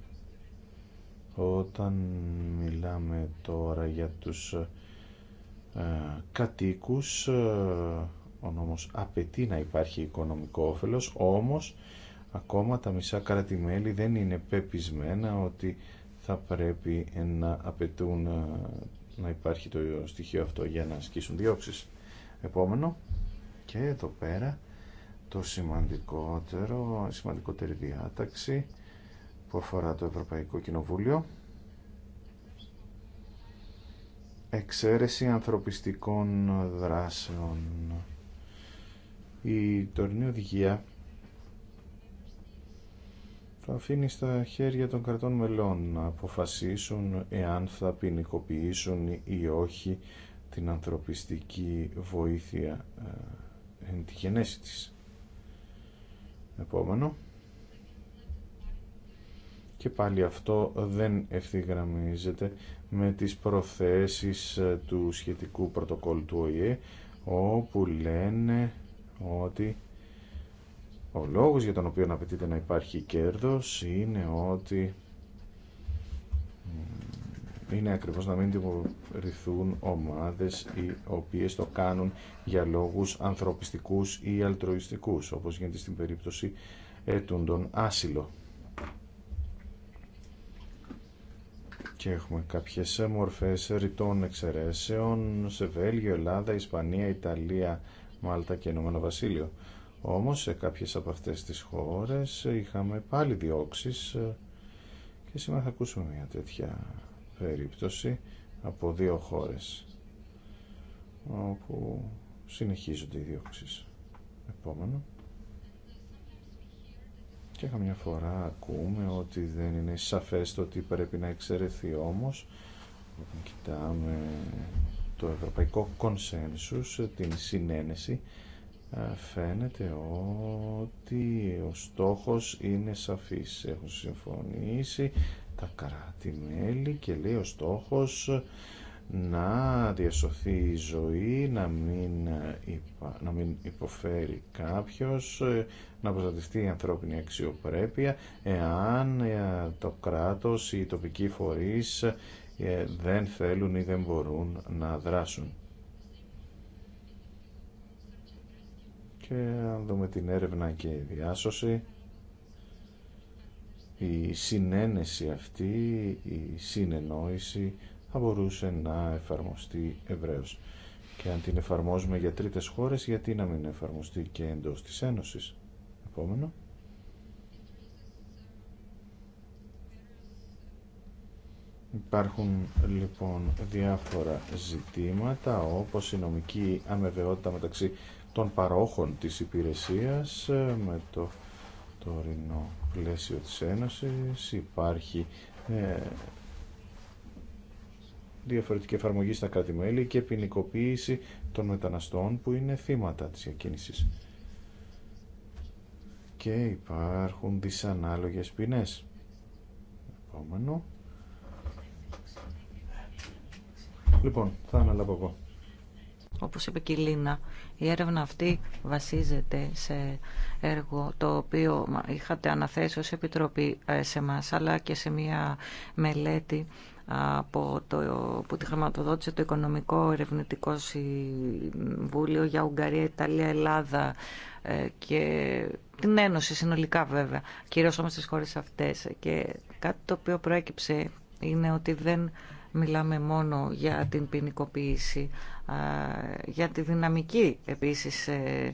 Όταν μιλάμε τώρα για τους ε, κατοίκους, ε, ο νόμος απαιτεί να υπάρχει οικονομικό όφελος, όμως ακόμα τα μισά κράτη-μέλη δεν είναι πεπισμένα ότι θα πρέπει να απαιτούν ε, να υπάρχει το στοιχείο αυτό για να ασκήσουν διώξεις. Επόμενο και εδώ πέρα το σημαντικότερο, σημαντικότερη διάταξη που αφορά το Ευρωπαϊκό Κοινοβούλιο εξαίρεση ανθρωπιστικών δράσεων. Η τωρινή οδηγία το αφήνει στα χέρια των κρατών μελών να αποφασίσουν εάν θα ποινικοποιήσουν ή όχι την ανθρωπιστική βοήθεια ε, εν τη της. Επόμενο. Και πάλι αυτό δεν ευθυγραμμίζεται με τις προθέσεις ε, του σχετικού πρωτοκόλλου του ΟΗΕ όπου λένε ότι ο λόγος για τον οποίο απαιτείται να υπάρχει κέρδος είναι ότι είναι ακριβώς να μην τιμωρηθούν ομάδες οι οποίες το κάνουν για λόγους ανθρωπιστικούς ή αλτροιστικούς, όπως γίνεται στην περίπτωση έτουν άσυλο. Και έχουμε κάποιες μορφές ρητών εξαιρέσεων σε Βέλγιο, Ελλάδα, Ισπανία, Ιταλία, Μάλτα και Ηνωμένο Βασίλειο. Όμως σε κάποιες από αυτές τις χώρες είχαμε πάλι διώξεις ε, και σήμερα θα ακούσουμε μια τέτοια περίπτωση από δύο χώρες όπου συνεχίζονται οι διώξεις. Επόμενο. Και καμιά φορά ακούμε ότι δεν είναι σαφές το ότι πρέπει να εξαιρεθεί όμως όταν κοιτάμε το ευρωπαϊκό κονσένσους, την συνένεση ε, φαίνεται ότι ο στόχος είναι σαφής. Έχουν συμφωνήσει τα κράτη-μέλη και λέει ο στόχος να διασωθεί η ζωή, να μην, να μην υποφέρει κάποιος, ε, να προστατευτεί η ανθρώπινη αξιοπρέπεια, εάν ε, το κράτος ή οι τοπικοί φορείς δεν θέλουν ή δεν μπορούν να δράσουν. Και αν δούμε την έρευνα και η διάσωση, η συνένεση αυτή, η συνεννόηση θα μπορούσε να εφαρμοστεί ευρέως. Και αν την εφαρμόζουμε για τρίτες χώρες, γιατί να μην εφαρμοστεί και εντός της Ένωσης. Επόμενο. Υπάρχουν λοιπόν διάφορα ζητήματα όπως η νομική αμεβαιότητα μεταξύ των παρόχων της υπηρεσίας ε, με το τωρινό πλαίσιο της Ένωσης υπάρχει ε, διαφορετική εφαρμογή στα κράτη-μέλη και ποινικοποίηση των μεταναστών που είναι θύματα της διακίνησης. Και υπάρχουν δυσανάλογες ποινές. Επόμενο. Λοιπόν, θα αναλάβω εγώ. Όπως είπε και η Λίνα, η έρευνα αυτή βασίζεται σε έργο το οποίο είχατε αναθέσει ως Επιτροπή ε, σε μας, αλλά και σε μια μελέτη από το, που τη χρηματοδότησε το Οικονομικό Ερευνητικό Συμβούλιο για Ουγγαρία, Ιταλία, Ελλάδα ε, και την Ένωση συνολικά βέβαια, κυρίως όμως στις χώρες αυτές. Και κάτι το οποίο προέκυψε είναι ότι δεν μιλάμε μόνο για την ποινικοποίηση, για τη δυναμική επίσης ε,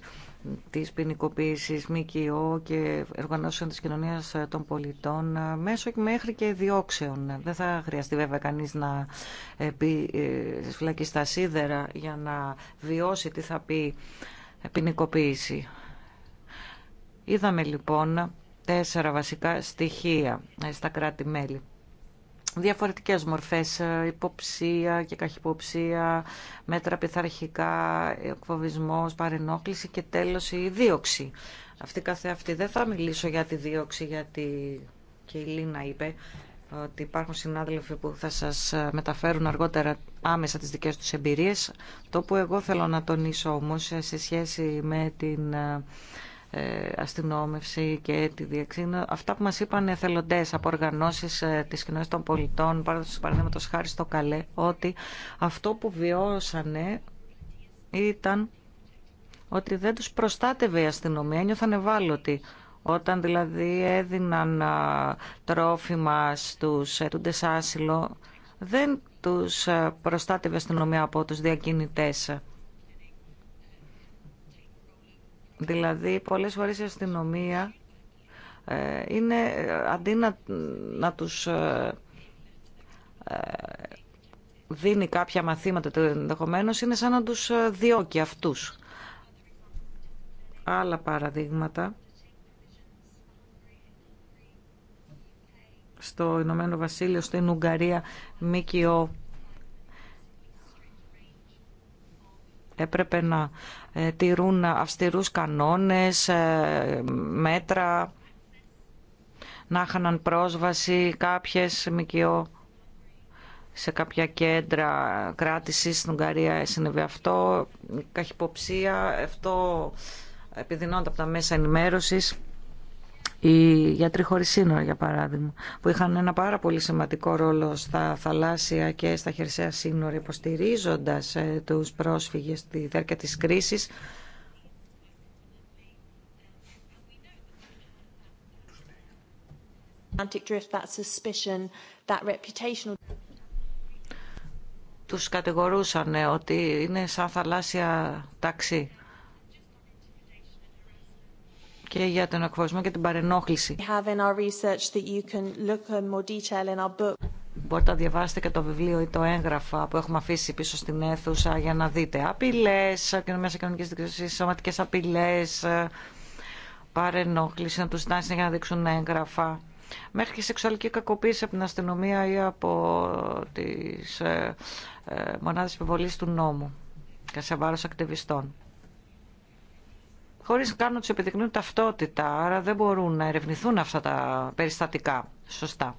της ποινικοποίηση ΜΚΟ και οργανώσεων της κοινωνίας ε, των πολιτών ε, μέσω και μέχρι και διώξεων. Δεν θα χρειαστεί βέβαια κανείς να φυλακεί στα σίδερα για να βιώσει τι θα πει ποινικοποίηση. Είδαμε λοιπόν τέσσερα βασικά στοιχεία στα κράτη-μέλη διαφορετικές μορφές, ε, υποψία και καχυποψία, μέτρα πειθαρχικά, εκφοβισμός, παρενόχληση και τέλος η δίωξη. Αυτή καθεαυτή. Δεν θα μιλήσω για τη δίωξη, γιατί και η Λίνα είπε ότι υπάρχουν συνάδελφοι που θα σας ε, μεταφέρουν αργότερα άμεσα τις δικές τους εμπειρίες. Το που εγώ θέλω να τονίσω όμως ε, σε σχέση με την ε, αστυνόμευση και τη διεξήνω. Αυτά που μας είπαν εθελοντές από οργανώσεις ε, της κοινωνίας των πολιτών, παραδείγματος χάρη στο Καλέ, ότι αυτό που βιώσανε ήταν ότι δεν τους προστάτευε η αστυνομία, ένιωθαν ευάλωτοι. Όταν δηλαδή έδιναν τρόφιμα στους ετούντες άσυλο, δεν τους προστάτευε η αστυνομία από τους διακινητές. Δηλαδή, πολλές φορές η αστυνομία ε, είναι ε, αντί να, τους ε, ε, δίνει κάποια μαθήματα ενδεχομένω είναι σαν να τους διώκει αυτούς. Άλλα παραδείγματα. Στο Ηνωμένο Βασίλειο, στην Ουγγαρία, ΜΚΟ έπρεπε να ε, τηρούν αυστηρούς κανόνες, ε, μέτρα, να είχαν πρόσβαση κάποιες μικιό σε κάποια κέντρα κράτησης στην Ουγγαρία συνέβη αυτό, καχυποψία, αυτό επιδεινώνεται από τα μέσα ενημέρωσης. Οι γιατροί χωρί σύνορα, για παράδειγμα, που είχαν ένα πάρα πολύ σημαντικό ρόλο στα θαλάσσια και στα χερσαία σύνορα, υποστηρίζοντα ε, τους πρόσφυγες στη διάρκεια της κρίσης, τους κατηγορούσαν ε, ότι είναι σαν θαλάσσια ταξί και για τον εκφοβισμό και την παρενόχληση. Μπορείτε να διαβάσετε και το βιβλίο ή το έγγραφα που έχουμε αφήσει πίσω στην αίθουσα για να δείτε απειλέ, μέσα κοινωνική δικαιοσύνη, σωματικέ απειλέ, ε, παρενόχληση, να του ζητάνε για να δείξουν έγγραφα. Μέχρι και σεξουαλική κακοποίηση από την αστυνομία ή από τι ε, ε, μονάδε επιβολή του νόμου και σε βάρο ακτιβιστών χωρίς καν να τους επιδεικνύουν ταυτότητα, άρα δεν μπορούν να ερευνηθούν αυτά τα περιστατικά σωστά.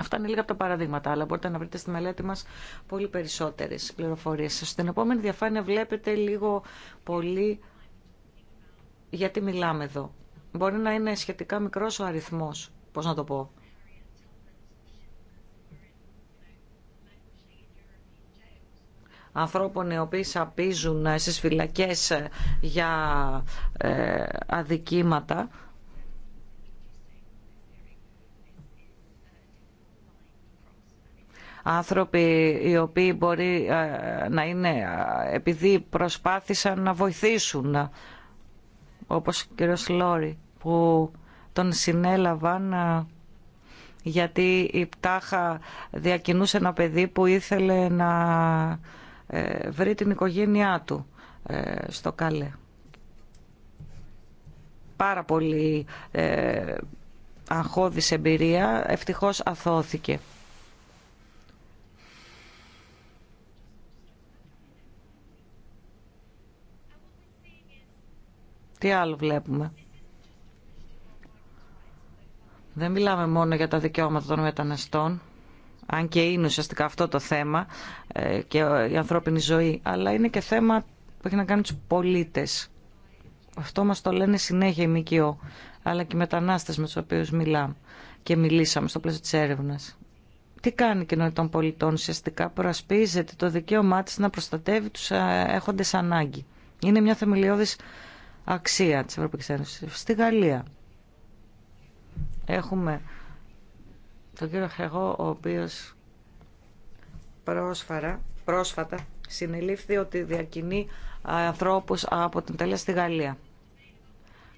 Αυτά είναι λίγα από τα παραδείγματα, αλλά μπορείτε να βρείτε στη μελέτη μας πολύ περισσότερες πληροφορίες. Στην επόμενη διαφάνεια βλέπετε λίγο πολύ γιατί μιλάμε εδώ. Μπορεί να είναι σχετικά μικρός ο αριθμός, πώς να το πω, ανθρώπων οι οποίοι σαπίζουν ε, στις φυλακές ε, για ε, αδικήματα. άνθρωποι οι οποίοι μπορεί να είναι επειδή προσπάθησαν να βοηθήσουν όπως ο κ. Λόρι που τον συνέλαβαν γιατί η πτάχα διακινούσε ένα παιδί που ήθελε να ε, βρει την οικογένειά του ε, στο Καλέ. Πάρα πολύ ε, αγχώδης εμπειρία, ευτυχώς αθώθηκε. Τι άλλο βλέπουμε. Δεν μιλάμε μόνο για τα δικαιώματα των μεταναστών αν και είναι ουσιαστικά αυτό το θέμα ε, και η ανθρώπινη ζωή, αλλά είναι και θέμα που έχει να κάνει τους πολίτες. Αυτό μας το λένε συνέχεια οι ΜΚΟ, αλλά και οι μετανάστες με τους οποίους μιλάμε και μιλήσαμε στο πλαίσιο της έρευνας. Τι κάνει η κοινωνία των πολιτών ουσιαστικά, προασπίζεται το δικαίωμά της να προστατεύει τους έχοντες ανάγκη. Είναι μια θεμελιώδης αξία της Ευρωπαϊκής Ένωσης. Στη Γαλλία έχουμε τον κύριο Χεγό, ο οποίος πρόσφατα, πρόσφατα συνελήφθη ότι διακινεί ε, ανθρώπους από την Ιταλία στη Γαλλία.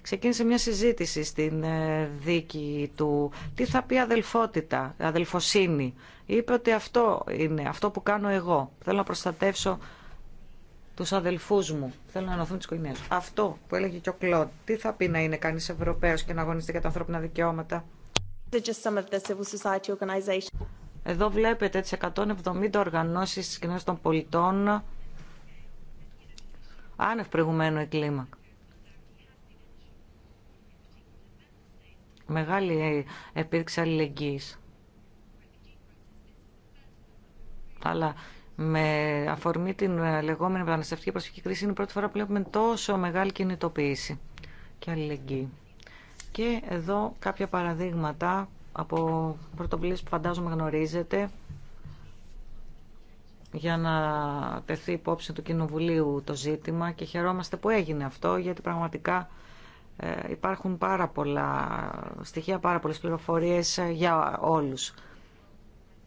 Ξεκίνησε μια συζήτηση στην ε, δίκη του τι θα πει αδελφότητα, αδελφοσύνη. Είπε ότι αυτό είναι, αυτό που κάνω εγώ. Θέλω να προστατεύσω τους αδελφούς μου. Θέλω να ενωθούν τις οικογένειες. Αυτό που έλεγε και ο Κλοντ. Τι θα πει να είναι κανείς Ευρωπαίος και να αγωνιστεί για τα ανθρώπινα δικαιώματα. Εδώ βλέπετε τις 170 οργανώσεις της κοινωνίας των πολιτών άνευ προηγουμένου εκλίμακ. Μεγάλη ε, επίδειξη αλληλεγγύης. Αλλά με αφορμή την ε, λεγόμενη μεταναστευτική προσφυγική κρίση είναι η πρώτη φορά που βλέπουμε τόσο μεγάλη κινητοποίηση και αλληλεγγύη. Και εδώ κάποια παραδείγματα από πρωτοβουλίες που φαντάζομαι γνωρίζετε για να τεθεί υπόψη του Κοινοβουλίου το ζήτημα και χαιρόμαστε που έγινε αυτό γιατί πραγματικά ε, υπάρχουν πάρα πολλά στοιχεία, πάρα πολλές πληροφορίες ε, για όλους.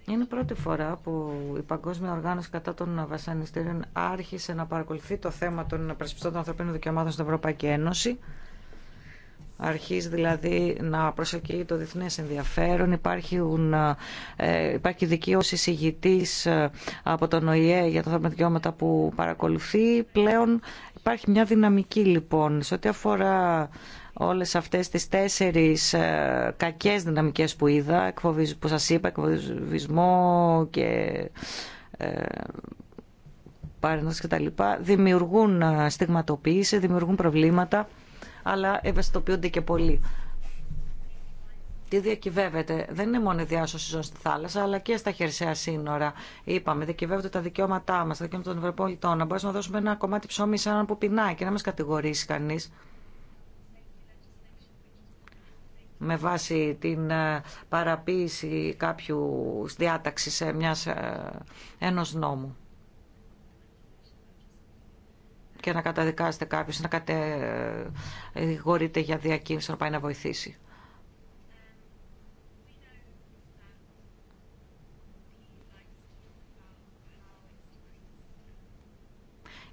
Είναι πρώτη φορά που η Παγκόσμια Οργάνωση κατά των Βασανιστήριων άρχισε να παρακολουθεί το θέμα των προσπιστών των ανθρωπίνων δικαιωμάτων στην Ευρωπαϊκή Ένωση. Αρχίζει δηλαδή να προσελκύει το διεθνέ ενδιαφέρον. υπάρχει ε, υπάρχει δικαίωση συγητή ε, από τον ΟΗΕ για τα θέματα που παρακολουθεί. Πλέον υπάρχει μια δυναμική λοιπόν σε ό,τι αφορά όλες αυτές τις τέσσερις ε, κακές δυναμικές που είδα, που σας είπα, εκφοβισμό και Ε, και τα λοιπά, δημιουργούν ε, στιγματοποίηση, δημιουργούν προβλήματα αλλά ευαισθητοποιούνται και πολύ. Τι διακυβεύεται, δεν είναι μόνο η διάσωση ζώων στη θάλασσα, αλλά και στα χερσαία σύνορα. Είπαμε, διακυβεύονται τα δικαιώματά μα, τα δικαιώματα των Ευρωπολιτών, να μπορέσουμε να δώσουμε ένα κομμάτι ψωμί σε έναν που πεινάει και να μα κατηγορήσει κανεί. με βάση την ε, παραποίηση κάποιου διάταξη μιας ε, ενός νόμου και να καταδικάσετε κάποιος, να κατηγορείτε για διακίνηση, να πάει να βοηθήσει.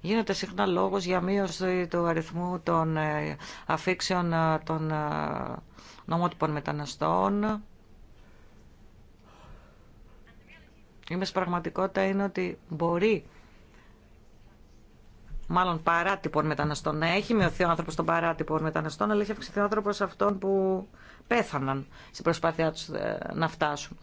Γίνεται συχνά λόγος για μείωση του αριθμού των ε, αφήξεων ε, των ε, νομότυπων μεταναστών. Η πραγματικότητα είναι ότι μπορεί μάλλον παράτυπων μεταναστών Ναι, έχει μειωθεί ο άνθρωπο των παράτυπων μεταναστών, αλλά έχει αυξηθεί ο άνθρωπο αυτών που πέθαναν στην προσπάθειά του ε, να φτάσουν.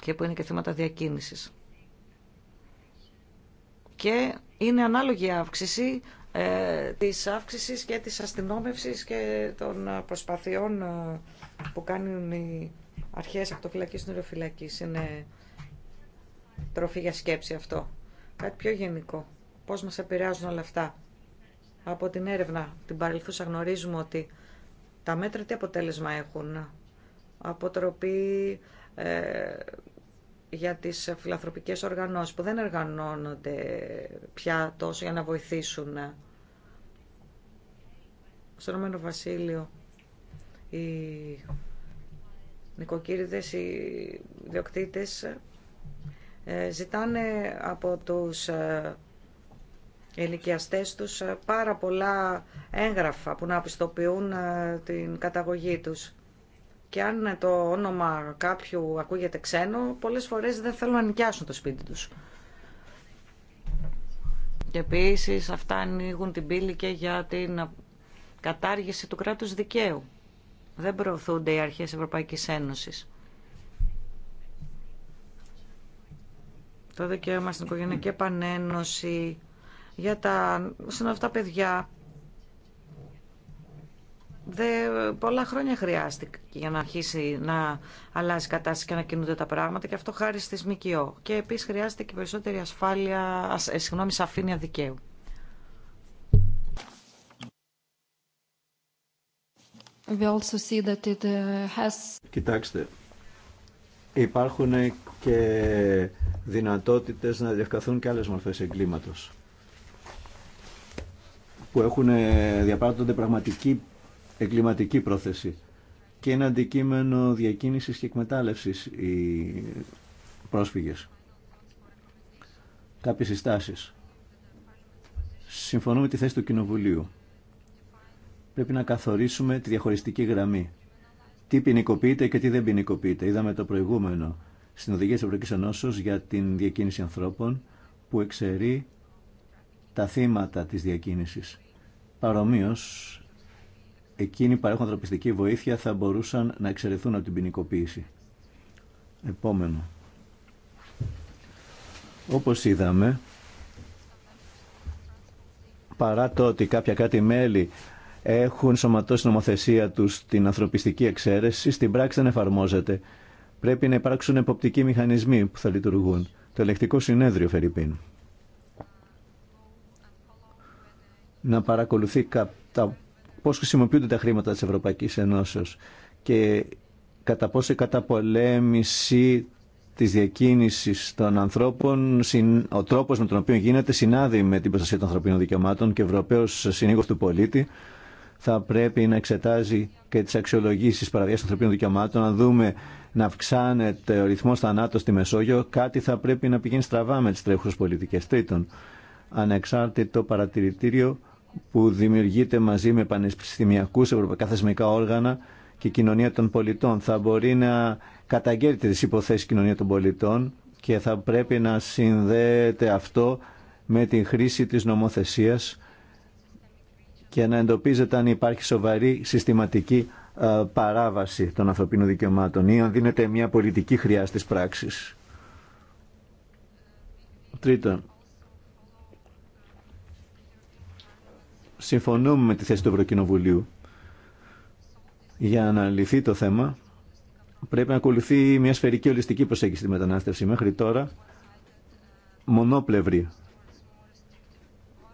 Και που είναι και θέματα διακίνησης. Και είναι ανάλογη αύξηση ε, της αύξησης και της αστυνόμευσης και των ε, προσπαθειών ε, που κάνουν οι αρχές από το φυλακή Είναι τροφή για σκέψη αυτό. Κάτι πιο γενικό. Πώς μας επηρεάζουν όλα αυτά. Από την έρευνα, την παρελθούσα γνωρίζουμε ότι τα μέτρα τι αποτέλεσμα έχουν. Αποτροπή ε, για τις φιλανθρωπικές οργανώσεις που δεν εργανώνονται πια τόσο για να βοηθήσουν. Στο Ρωμένο Βασίλειο οι νοικοκύριδες, οι διοκτήτες ε, ζητάνε από τους ε, ενοικιαστές τους ε, πάρα πολλά έγγραφα που να πιστοποιούν την καταγωγή τους. Και αν το όνομα κάποιου ακούγεται ξένο, πολλές φορές δεν θέλουν να νοικιάσουν το σπίτι τους. Και επίσης αυτά ανοίγουν την πύλη και για την κατάργηση του κράτους δικαίου. Δεν προωθούνται οι αρχές Ευρωπαϊκής Ένωσης. το δικαίωμα στην οικογενειακή επανένωση για τα συνολικά παιδιά. Δε, πολλά χρόνια χρειάστηκε για να αρχίσει να αλλάζει κατάσταση και να κινούνται τα πράγματα και αυτό χάρη στη ΜΚΟ. Και επίσης χρειάζεται και περισσότερη ασφάλεια, ε, συγγνώμη, σαφήνεια δικαίου. that it uh, has... Κοιτάξτε, Υπάρχουν και δυνατότητες να διευκαθούν και άλλες μορφές εγκλήματος που έχουν ε, διαπράττονται πραγματική εγκληματική πρόθεση και είναι αντικείμενο διακίνησης και εκμετάλλευσης οι πρόσφυγες. Κάποιες συστάσεις. Συμφωνώ με τη θέση του Κοινοβουλίου. Πρέπει να καθορίσουμε τη διαχωριστική γραμμή τι ποινικοποιείται και τι δεν ποινικοποιείται. Είδαμε το προηγούμενο στην Οδηγία της Ευρωπαϊκής για την διακίνηση ανθρώπων που εξαιρεί τα θύματα της διακίνησης. Παρομοίως, εκείνοι που παρέχουν ανθρωπιστική βοήθεια θα μπορούσαν να εξαιρεθούν από την ποινικοποίηση. Επόμενο. Όπως είδαμε, παρά το ότι κάποια κάτι μέλη έχουν σωματώσει νομοθεσία του την ανθρωπιστική εξαίρεση, στην πράξη δεν εφαρμόζεται. Πρέπει να υπάρξουν εποπτικοί μηχανισμοί που θα λειτουργούν. Το ελεκτικό συνέδριο, Φερρυπίν. Να παρακολουθεί κατά πώς χρησιμοποιούνται τα χρήματα τη Ευρωπαϊκή Ενώσεως και κατά πόσο η καταπολέμηση της διακίνησης των ανθρώπων, ο τρόπος με τον οποίο γίνεται συνάδει με την προστασία των ανθρωπίνων δικαιωμάτων και Ευρωπαίος συνήγος του πολίτη θα πρέπει να εξετάζει και τι αξιολογήσει των ανθρωπίνων δικαιωμάτων. Αν δούμε να αυξάνεται ο ρυθμό θανάτων στη Μεσόγειο, κάτι θα πρέπει να πηγαίνει στραβά με τι τρέχουσε πολιτικέ. Τρίτον, ανεξάρτητο παρατηρητήριο που δημιουργείται μαζί με πανεπιστημιακού ευρωπαϊκά θεσμικά όργανα και κοινωνία των πολιτών. Θα μπορεί να καταγγέλλεται τι υποθέσει κοινωνία των πολιτών και θα πρέπει να συνδέεται αυτό με την χρήση της νομοθεσίας και να εντοπίζεται αν υπάρχει σοβαρή συστηματική ε, παράβαση των ανθρωπίνων δικαιωμάτων ή αν δίνεται μια πολιτική χρειά στις πράξεις. Τρίτον, συμφωνούμε με τη θέση του Ευρωκοινοβουλίου. Για να λυθεί το θέμα, πρέπει να ακολουθεί μια σφαιρική ολιστική προσέγγιση στη μετανάστευση. Μέχρι τώρα, μονόπλευρη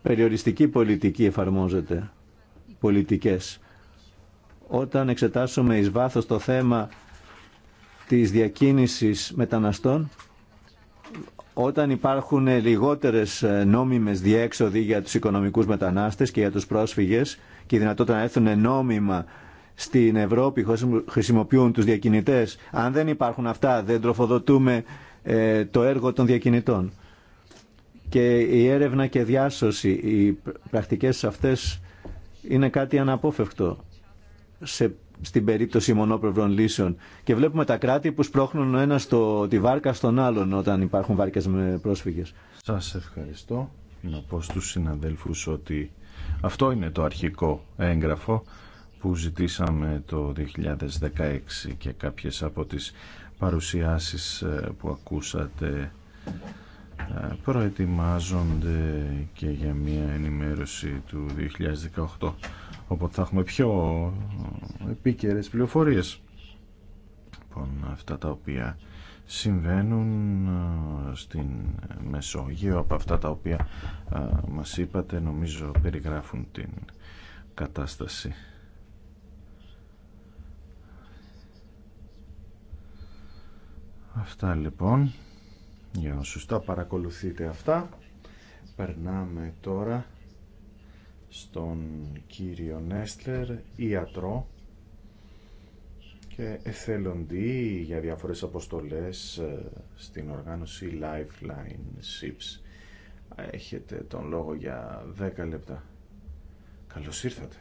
περιοριστική πολιτική εφαρμόζεται, πολιτικές. Όταν εξετάσουμε εις βάθος το θέμα της διακίνησης μεταναστών, όταν υπάρχουν λιγότερες νόμιμες διέξοδοι για τους οικονομικούς μετανάστες και για τους πρόσφυγες και η δυνατότητα να έρθουν νόμιμα στην Ευρώπη χρησιμοποιούν τους διακινητές, αν δεν υπάρχουν αυτά δεν τροφοδοτούμε ε, το έργο των διακινητών και η έρευνα και διάσωση, οι πρακτικές αυτές είναι κάτι αναπόφευκτο σε, στην περίπτωση μονοπρευρών λύσεων. Και βλέπουμε τα κράτη που σπρώχνουν ένα στο, τη βάρκα στον άλλον όταν υπάρχουν βάρκες με πρόσφυγες. Σας ευχαριστώ. Να πω στους συναδέλφους ότι αυτό είναι το αρχικό έγγραφο που ζητήσαμε το 2016 και κάποιες από τις παρουσιάσεις ε, που ακούσατε προετοιμάζονται και για μια ενημέρωση του 2018 όπου θα έχουμε πιο ε, επίκαιρες πληροφορίες λοιπόν αυτά τα οποία συμβαίνουν ε, στην Μεσόγειο από αυτά τα οποία ε, μας είπατε νομίζω περιγράφουν την κατάσταση Αυτά λοιπόν για να σωστά παρακολουθείτε αυτά, περνάμε τώρα στον κύριο Νέστλερ, ιατρό και εθελοντή για διάφορες αποστολές ε, στην οργάνωση Lifeline Ships. Έχετε τον λόγο για 10 λεπτά. Καλώς ήρθατε.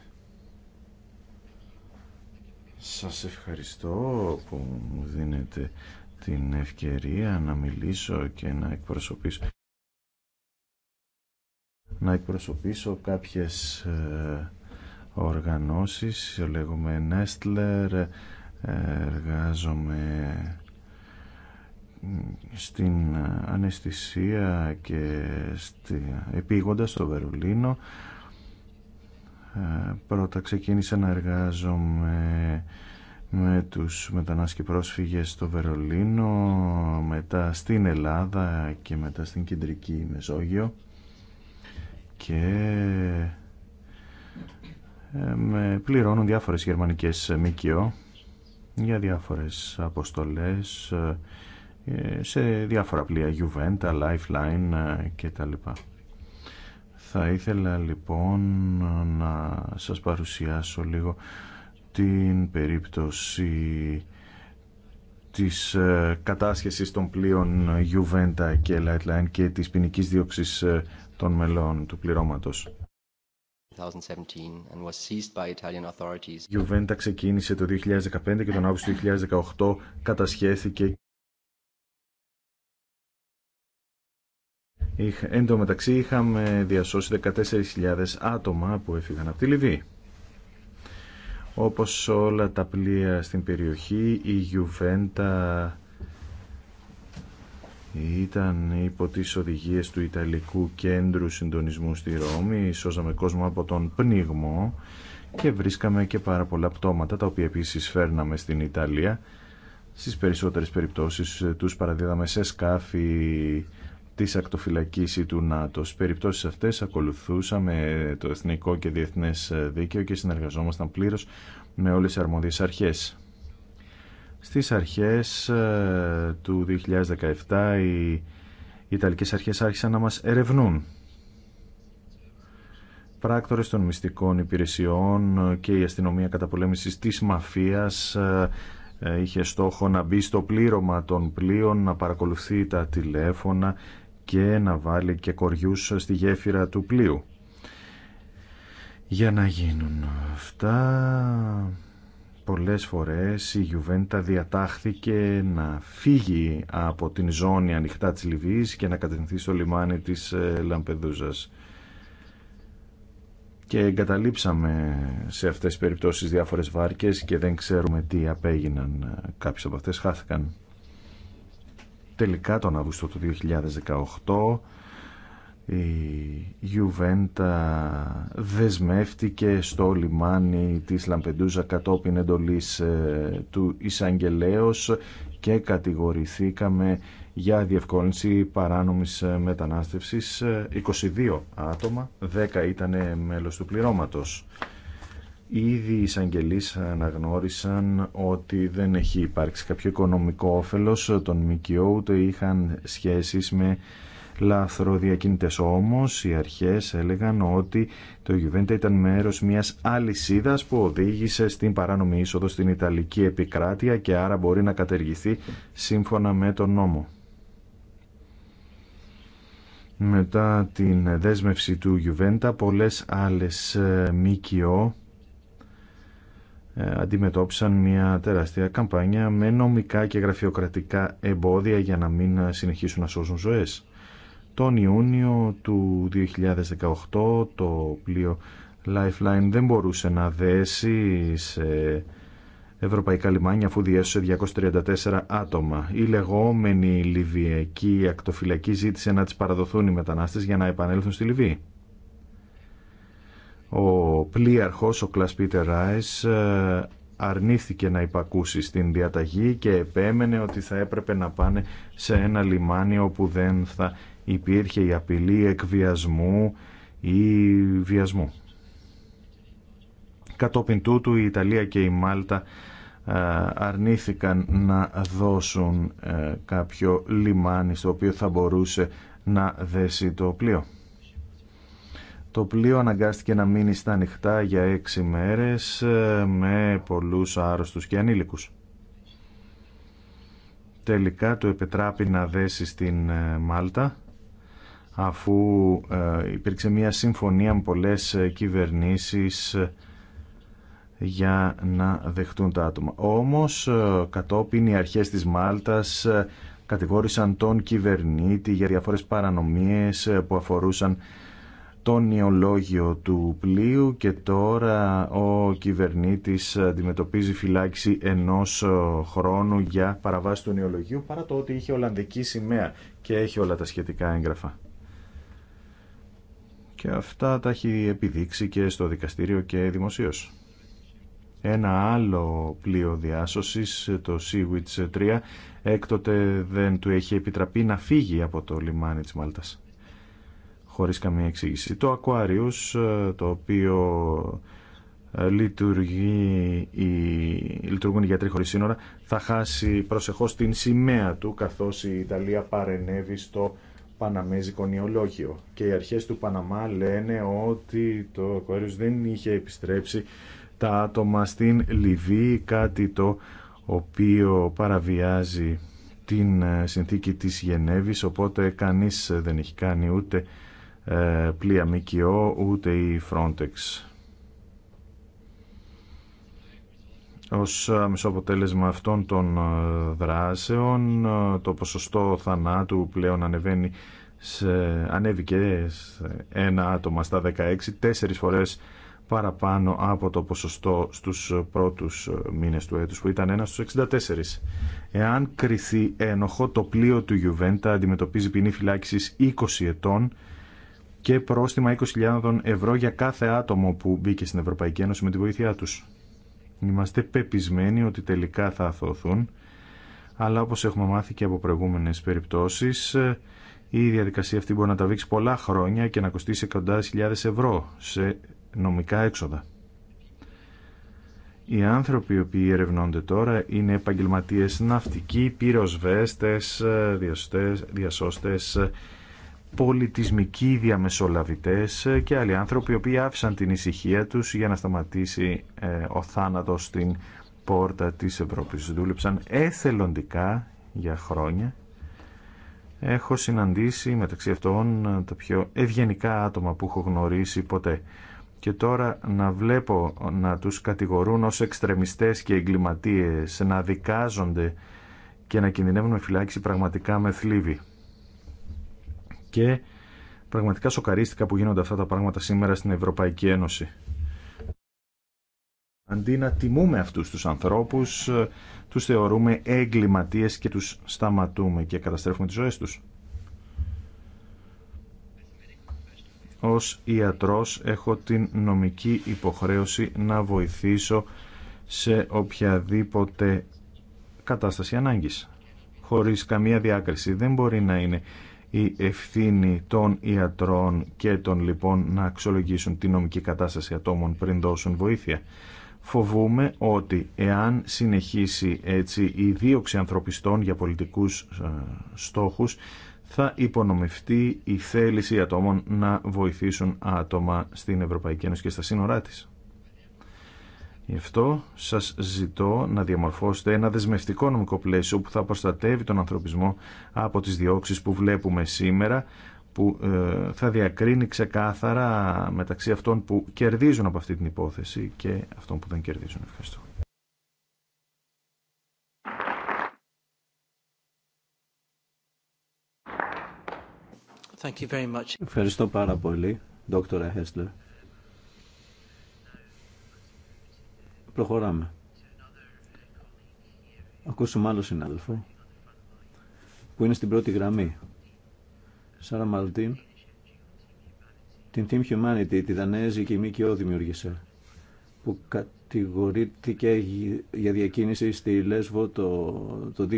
Σας ευχαριστώ που μου δίνετε την ευκαιρία να μιλήσω και να εκπροσωπήσω να εκπροσωπήσω κάποιες ε, οργανώσεις λέγομαι Nestler, ε, εργάζομαι στην αναισθησία και στη... επίγοντα στο Βερολίνο ε, πρώτα ξεκίνησα να εργάζομαι με τους μετανάστες και πρόσφυγες στο Βερολίνο, μετά στην Ελλάδα και μετά στην Κεντρική Μεσόγειο και ε, με πληρώνουν διάφορες γερμανικές ΜΚΟ για διάφορες αποστολές ε, σε διάφορα πλοία Juventa, Lifeline ε, και τα λοιπά. Θα ήθελα λοιπόν να σας παρουσιάσω λίγο την περίπτωση της ε, κατάσχεσης των πλοίων Juventa και Lightline και της ποινική δίωξης ε, των μελών του πληρώματος. 2017 Juventa ξεκίνησε το 2015 και τον Αύγουστο του 2018 κατασχέθηκε Εν τω μεταξύ είχαμε διασώσει 14.000 άτομα που έφυγαν από τη Λιβύη. Όπως όλα τα πλοία στην περιοχή, η Γιουβέντα ήταν υπό τις οδηγίες του Ιταλικού Κέντρου Συντονισμού στη Ρώμη. Σώζαμε κόσμο από τον πνίγμο και βρίσκαμε και πάρα πολλά πτώματα, τα οποία επίσης φέρναμε στην Ιταλία. Στις περισσότερες περιπτώσεις ε, τους παραδίδαμε σε σκάφη της ακτοφυλακής του ΝΑΤΟ. Στις περιπτώσεις αυτές ακολουθούσαμε το εθνικό και διεθνές δίκαιο και συνεργαζόμασταν πλήρως με όλες τις αρμόδιες αρχές. Στις αρχές ε, του 2017 οι Ιταλικές αρχές άρχισαν να μας ερευνούν. Πράκτορες των μυστικών υπηρεσιών και η αστυνομία καταπολέμησης της μαφίας ε, ε, είχε στόχο να μπει στο πλήρωμα των πλοίων, να παρακολουθεί τα τηλέφωνα και να βάλει και κοριούς στη γέφυρα του πλοίου. Για να γίνουν αυτά, πολλές φορές η Γιουβέντα διατάχθηκε να φύγει από την ζώνη ανοιχτά της Λιβύης και να κατευθυνθεί στο λιμάνι της ε, Λαμπεδούζας. Και εγκαταλείψαμε σε αυτές τις περιπτώσεις διάφορες βάρκες και δεν ξέρουμε τι απέγιναν. Ε, κάποιες από αυτές χάθηκαν τελικά τον Αύγουστο του 2018 η Γιουβέντα δεσμεύτηκε στο λιμάνι της Λαμπεντούζα κατόπιν εντολής ε, του Ισαγγελέως και κατηγορηθήκαμε για διευκόλυνση παράνομης ε, μετανάστευσης 22 ε, άτομα, 10 ήταν μέλος του πληρώματος. Ήδη οι εισαγγελείς αναγνώρισαν ότι δεν έχει υπάρξει κάποιο οικονομικό όφελος των ΜΚΟ, ούτε είχαν σχέσεις με λαθροδιακίνητες. Όμως οι αρχές έλεγαν ότι το Γιουβέντα ήταν μέρος μιας αλυσίδα που οδήγησε στην παράνομη είσοδο στην Ιταλική επικράτεια και άρα μπορεί να κατεργηθεί σύμφωνα με τον νόμο. Μετά την δέσμευση του Γιουβέντα, πολλές άλλες ε, ΜΚΟ ε, αντιμετώπισαν μια τεράστια καμπάνια με νομικά και γραφειοκρατικά εμπόδια για να μην συνεχίσουν να σώσουν ζωές. Τον Ιούνιο του 2018 το πλοίο Lifeline δεν μπορούσε να δέσει σε ευρωπαϊκά λιμάνια αφού διέσωσε 234 άτομα. Η λεγόμενη Λιβυιακή ακτοφυλακή ζήτησε να τις παραδοθούν οι μετανάστες για να επανέλθουν στη Λιβύη. Ο πλοίαρχος, ο Κλάς Ράις, ε, αρνήθηκε να υπακούσει στην διαταγή και επέμενε ότι θα έπρεπε να πάνε σε ένα λιμάνι όπου δεν θα υπήρχε η απειλή εκβιασμού ή βιασμού. Κατόπιν τούτου η Ιταλία και η Μάλτα ε, αρνήθηκαν να δώσουν ε, κάποιο λιμάνι στο οποίο θα μπορούσε να δέσει το πλοίο. Το πλοίο αναγκάστηκε να μείνει στα ανοιχτά για έξι μέρες ε, με πολλούς άρρωστους και ανήλικους. Τελικά του επιτράπη να δέσει στην ε, Μάλτα αφού ε, υπήρξε μια συμφωνία με πολλές κυβερνήσεις για να δεχτούν τα άτομα. Όμως κατόπιν οι αρχές της Μάλτας κατηγόρησαν τον κυβερνήτη για διαφορές παρανομίες που αφορούσαν το νεολόγιο του πλοίου και τώρα ο κυβερνήτης αντιμετωπίζει φυλάξη ενός ε, χρόνου για παραβάση του νεολογίου παρά το ότι είχε Ολλανδική σημαία και έχει όλα τα σχετικά έγγραφα. Και αυτά τα έχει επιδείξει και στο δικαστήριο και δημοσίως. Ένα άλλο πλοίο διάσωσης, το Sea 3, έκτοτε δεν του έχει επιτραπεί να φύγει από το λιμάνι της Μάλτας χωρίς καμία εξήγηση. Το Aquarius, ε, το οποίο ε, λειτουργεί η, λειτουργούν οι γιατροί χωρίς σύνορα, θα χάσει προσεχώς την σημαία του, καθώς η Ιταλία παρενέβη στο Παναμέζικο νιολόγιο Και οι αρχές του Παναμά λένε ότι το Aquarius δεν είχε επιστρέψει τα άτομα στην Λιβύη, κάτι το οποίο παραβιάζει την ε, συνθήκη της Γενέβης, οπότε κανείς δεν έχει κάνει ούτε ε, πλοία ΜΚΟ ούτε η Frontex. Ως ε, μισό αποτέλεσμα αυτών των ε, δράσεων το ποσοστό θανάτου πλέον ανεβαίνει σε, ανέβηκε ένα άτομα στα 16, τέσσερις φορές παραπάνω από το ποσοστό στους πρώτους μήνες του έτους που ήταν ένα στους 64. Εάν κριθεί ένοχο το πλοίο του Ιουβέντα, αντιμετωπίζει ποινή φυλάκισης 20 ετών και πρόστιμα 20.000 ευρώ για κάθε άτομο που μπήκε στην Ευρωπαϊκή Ένωση με τη βοήθειά τους. Είμαστε πεπισμένοι ότι τελικά θα αθωθούν, αλλά όπως έχουμε μάθει και από προηγούμενες περιπτώσεις, η διαδικασία αυτή μπορεί να τα βήξει πολλά χρόνια και να κοστίσει εκατοντάδες χιλιάδες ευρώ σε νομικά έξοδα. Οι άνθρωποι οι οποίοι ερευνώνται τώρα είναι επαγγελματίες ναυτικοί, πυροσβέστες, διασώστες, πολιτισμικοί διαμεσολαβητές και άλλοι άνθρωποι οι οποίοι άφησαν την ησυχία τους για να σταματήσει ε, ο θάνατος στην πόρτα της Ευρώπης. Δούλεψαν εθελοντικά για χρόνια. Έχω συναντήσει μεταξύ αυτών ε, τα πιο ευγενικά άτομα που έχω γνωρίσει ποτέ. Και τώρα να βλέπω να τους κατηγορούν ως εξτρεμιστές και εγκληματίες, να δικάζονται και να κινδυνεύουν με φυλάκιση πραγματικά με θλίβη και πραγματικά σοκαρίστηκα που γίνονται αυτά τα πράγματα σήμερα στην Ευρωπαϊκή Ένωση. Αντί να τιμούμε αυτούς τους ανθρώπους, ε, τους θεωρούμε εγκληματίες και τους σταματούμε και καταστρέφουμε τις ζωές τους. Ως ιατρός έχω την νομική υποχρέωση να βοηθήσω σε οποιαδήποτε κατάσταση ανάγκης. Χωρίς καμία διάκριση δεν μπορεί να είναι η ευθύνη των ιατρών και των λοιπόν να αξιολογήσουν τη νομική κατάσταση ατόμων πριν δώσουν βοήθεια. Φοβούμε ότι εάν συνεχίσει έτσι η δίωξη ανθρωπιστών για πολιτικούς ε, στόχους θα υπονομευτεί η θέληση ατόμων να βοηθήσουν άτομα στην Ευρωπαϊκή Ένωση και στα σύνορά της. Γι' αυτό σας ζητώ να διαμορφώσετε ένα δεσμευτικό νομικό πλαίσιο που θα προστατεύει τον ανθρωπισμό από τις διώξεις που βλέπουμε σήμερα που ε, θα διακρίνει ξεκάθαρα μεταξύ αυτών που κερδίζουν από αυτή την υπόθεση και αυτών που δεν κερδίζουν. Ευχαριστώ. Thank you very much. Ευχαριστώ πάρα πολύ, Δόκτωρα Χέσλερ. Προχωράμε. Ακούσουμε άλλο συνάδελφο που είναι στην πρώτη γραμμή. Σάρα Μαλτίν, την Team Humanity, τη και ΜΚΟ δημιούργησε, που κατηγορήθηκε για διακίνηση στη Λέσβο το, το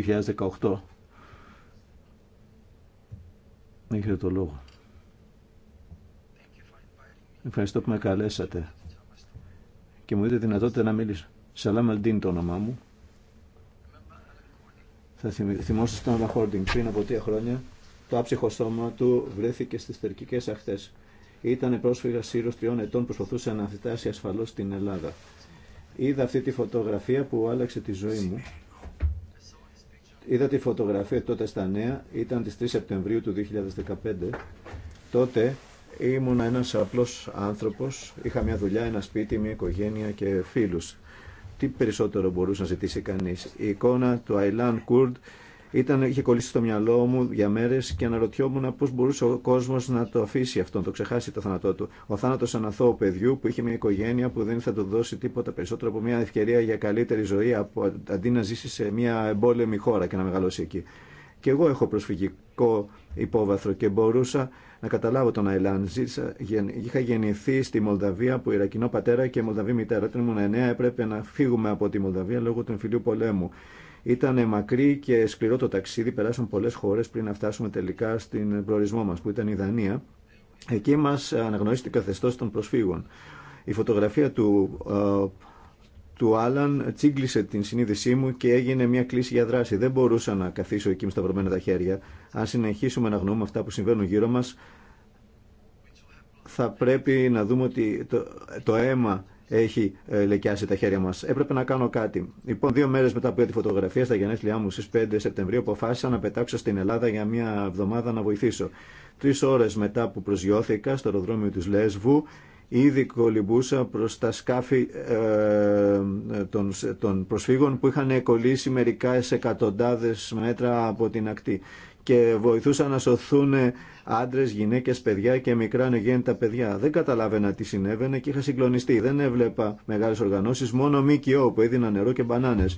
2018. Έχετε το λόγο. Ευχαριστώ που με καλέσατε και μου δείτε δυνατότητα να μιλήσω. Σαλάμ Αλντίν το όνομά μου. Θα θυμόσαστε τον Χόρντινγκ. πριν από τρία χρόνια. Το άψυχο σώμα του βρέθηκε στι τερκικέ αχθέ. Ήταν πρόσφυγα σύρος τριών ετών προσπαθούσε να θυτάσει ασφαλώ στην Ελλάδα. Είδα αυτή τη φωτογραφία που άλλαξε τη ζωή μου. Είδα τη φωτογραφία τότε στα νέα, ήταν τις 3 Σεπτεμβρίου του 2015. Τότε Ήμουν ένας απλός άνθρωπος, είχα μια δουλειά, ένα σπίτι, μια οικογένεια και φίλους. Τι περισσότερο μπορούσε να ζητήσει κανείς. Η εικόνα του Αιλάν Κουρντ ήταν, είχε κολλήσει στο μυαλό μου για μέρε και αναρωτιόμουν πώ μπορούσε ο κόσμο να το αφήσει αυτό, να το ξεχάσει το θάνατό του. Ο θάνατο αναθώου παιδιού που είχε μια οικογένεια που δεν θα του δώσει τίποτα περισσότερο από μια ευκαιρία για καλύτερη ζωή από, αντί να ζήσει σε μια εμπόλεμη χώρα και να μεγαλώσει εκεί. Και εγώ έχω προσφυγικό υπόβαθρο και μπορούσα να καταλάβω τον Αϊλάν. Είχα γεννηθεί στη Μολδαβία από Ιρακινό πατέρα και Μολδαβή μητέρα. Όταν ήμουν εννέα, έπρεπε να φύγουμε από τη Μολδαβία λόγω του εμφυλίου πολέμου. Ήταν μακρύ και σκληρό το ταξίδι, Περάσαν πολλέ χώρε πριν να φτάσουμε τελικά στην προορισμό μα που ήταν η Δανία. Εκεί μα αναγνωρίστηκε το καθεστώ των προσφύγων. Η φωτογραφία του ε, του Άλαν τσίγκλισε την συνείδησή μου και έγινε μια κλίση για δράση. Δεν μπορούσα να καθίσω εκεί με σταυρωμένα τα χέρια. Αν συνεχίσουμε να γνωρούμε αυτά που συμβαίνουν γύρω μας, θα πρέπει να δούμε ότι το, το αίμα έχει ε, λεκιάσει τα χέρια μας. Έπρεπε να κάνω κάτι. Λοιπόν, δύο μέρες μετά από τη φωτογραφία στα γενέθλιά μου στις 5 Σεπτεμβρίου αποφάσισα να πετάξω στην Ελλάδα για μια εβδομάδα να βοηθήσω. Τρεις ώρες μετά που προσγειώθηκα στο αεροδρόμιο της Λέσβου ήδη κολυμπούσα προς τα σκάφη ε, των, των προσφύγων που είχαν κολλήσει μερικά σε εκατοντάδες μέτρα από την ακτή και βοηθούσαν να σωθούν άντρες, γυναίκες, παιδιά και μικρά νεγέντα παιδιά. Δεν καταλάβαινα τι συνέβαινε και είχα συγκλονιστεί. Δεν έβλεπα μεγάλες οργανώσεις, μόνο ΜΚΟ που έδιναν νερό και μπανάνες.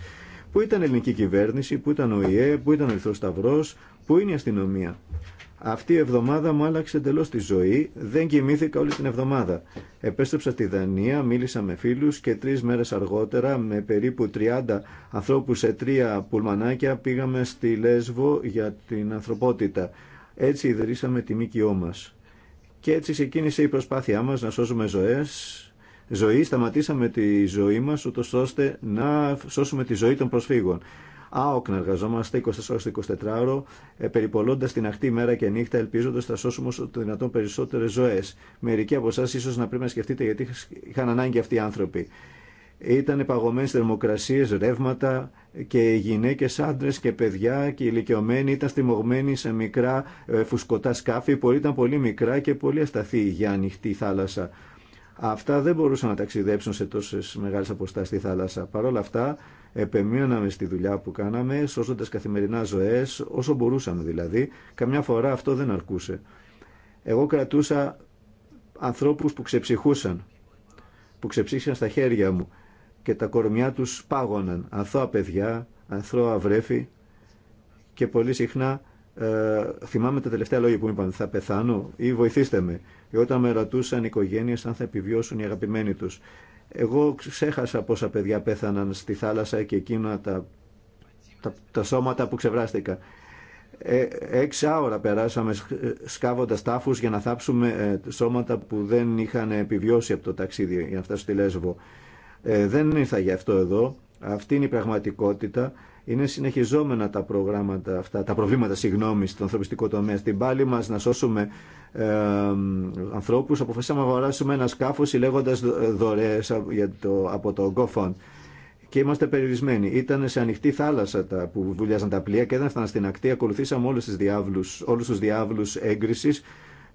Πού ήταν η ελληνική κυβέρνηση, πού ήταν ο ΙΕ, πού ήταν ο Ιθρός Σταυρός, πού είναι η αστυνομία. Αυτή η εβδομάδα μου άλλαξε εντελώ τη ζωή. Δεν κοιμήθηκα όλη την εβδομάδα. Επέστρεψα στη Δανία, μίλησα με φίλου και τρει μέρε αργότερα, με περίπου 30 ανθρώπου σε τρία πουλμανάκια, πήγαμε στη Λέσβο για την ανθρωπότητα. Έτσι ιδρύσαμε τη ΜΚΟ μα. Και έτσι ξεκίνησε η προσπάθειά μα να σώσουμε ζωέ. Ζωή, σταματήσαμε τη ζωή μα, ούτω ώστε να σώσουμε τη ζωή των προσφύγων. Άοκνα εργαζόμαστε 24 ώρες 24 ώρο, ε, περιπολώντας την αχτή μέρα και νύχτα, ελπίζοντας να σώσουμε όσο το δυνατόν περισσότερες ζωές. Μερικοί από εσά ίσως να πρέπει να σκεφτείτε γιατί είχαν ανάγκη αυτοί οι άνθρωποι. Ήταν παγωμένε θερμοκρασίε, ρεύματα και οι γυναίκε άντρε και παιδιά και ηλικιωμένοι ήταν στριμωγμένοι σε μικρά ε, φουσκωτά σκάφη που ήταν πολύ μικρά και πολύ ασταθή για ανοιχτή θάλασσα. Αυτά δεν μπορούσαν να ταξιδέψουν σε τόσε μεγάλε αποστάσει στη θάλασσα. Παρ' όλα αυτά επεμείναμε στη δουλειά που κάναμε, σώζοντας καθημερινά ζωές, όσο μπορούσαμε δηλαδή. Καμιά φορά αυτό δεν αρκούσε. Εγώ κρατούσα ανθρώπους που ξεψυχούσαν, που ξεψύχησαν στα χέρια μου και τα κορμιά τους πάγωναν. Αθώα παιδιά, αθώα βρέφη και πολύ συχνά ε, θυμάμαι τα τελευταία λόγια που μου είπαν θα πεθάνω ή βοηθήστε με. η όταν με ρωτούσαν οι οικογένειες αν θα επιβιώσουν οι αγαπημένοι τους. Εγώ ξέχασα πόσα παιδιά πέθαναν στη θάλασσα και εκείνα τα, τα, σώματα που ξεβράστηκα. Ε, ώρα περάσαμε ε, σκάβοντας τάφους για να θάψουμε ε, σώματα που δεν είχαν επιβιώσει από το ταξίδι για να φτάσουν στη Λέσβο. Ε, δεν ήρθα γι' αυτό εδώ. Αυτή είναι η πραγματικότητα. Είναι συνεχιζόμενα τα προγράμματα αυτά, τα προβλήματα, συγγνώμη, στον ανθρωπιστικό τομέα. Στην πάλη μα να σώσουμε ε, ανθρώπου, αποφασίσαμε να αγοράσουμε ένα σκάφο συλλέγοντα ε, δωρεέ το, από το GoFund. Και είμαστε περιορισμένοι. Ήταν σε ανοιχτή θάλασσα τα που βουλιάζαν τα πλοία και δεν έφταναν στην ακτή. Ακολουθήσαμε όλου του διάβλου έγκριση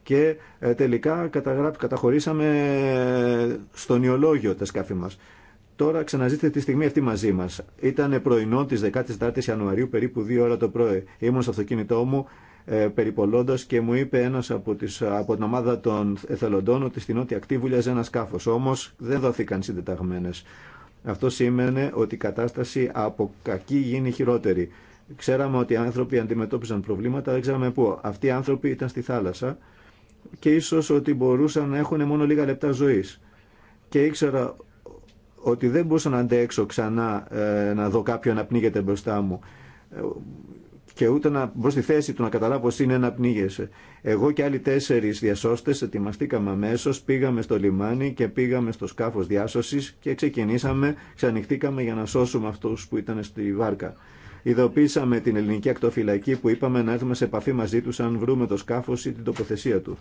και ε, τελικά καταχωρήσαμε ε, στον ιολόγιο τα σκάφη μας. Τώρα ξαναζείτε τη στιγμή αυτή μαζί μα. Ήταν πρωινό τη 14η Ιανουαρίου, περίπου 2 ώρα το πρωί. Ήμουν στο αυτοκίνητό μου ε, περιπολώντα και μου είπε ένα από, από την ομάδα των εθελοντών ότι στην Νότια Ακτή βουλιαζε ένα σκάφο. Όμω δεν δόθηκαν συντεταγμένε. Αυτό σήμαινε ότι η κατάσταση από κακή γίνει χειρότερη. Ξέραμε ότι οι άνθρωποι αντιμετώπιζαν προβλήματα, δεν ξέραμε πού. Αυτοί οι άνθρωποι ήταν στη θάλασσα και ίσω ότι μπορούσαν να έχουν μόνο λίγα λεπτά ζωή. Και ήξερα ότι δεν μπορούσα να αντέξω ξανά ε, να δω κάποιον να πνίγεται μπροστά μου ε, και ούτε να μπω στη θέση του να καταλάβω πως είναι να πνίγεσαι. Εγώ και άλλοι τέσσερις διασώστες ετοιμαστήκαμε αμέσω, πήγαμε στο λιμάνι και πήγαμε στο σκάφος διάσωσης και ξεκινήσαμε, ξανοιχτήκαμε για να σώσουμε αυτούς που ήταν στη βάρκα. Ειδοποίησαμε την ελληνική ακτοφυλακή που είπαμε να έρθουμε σε επαφή μαζί τους αν βρούμε το σκάφος ή την τοποθεσία του.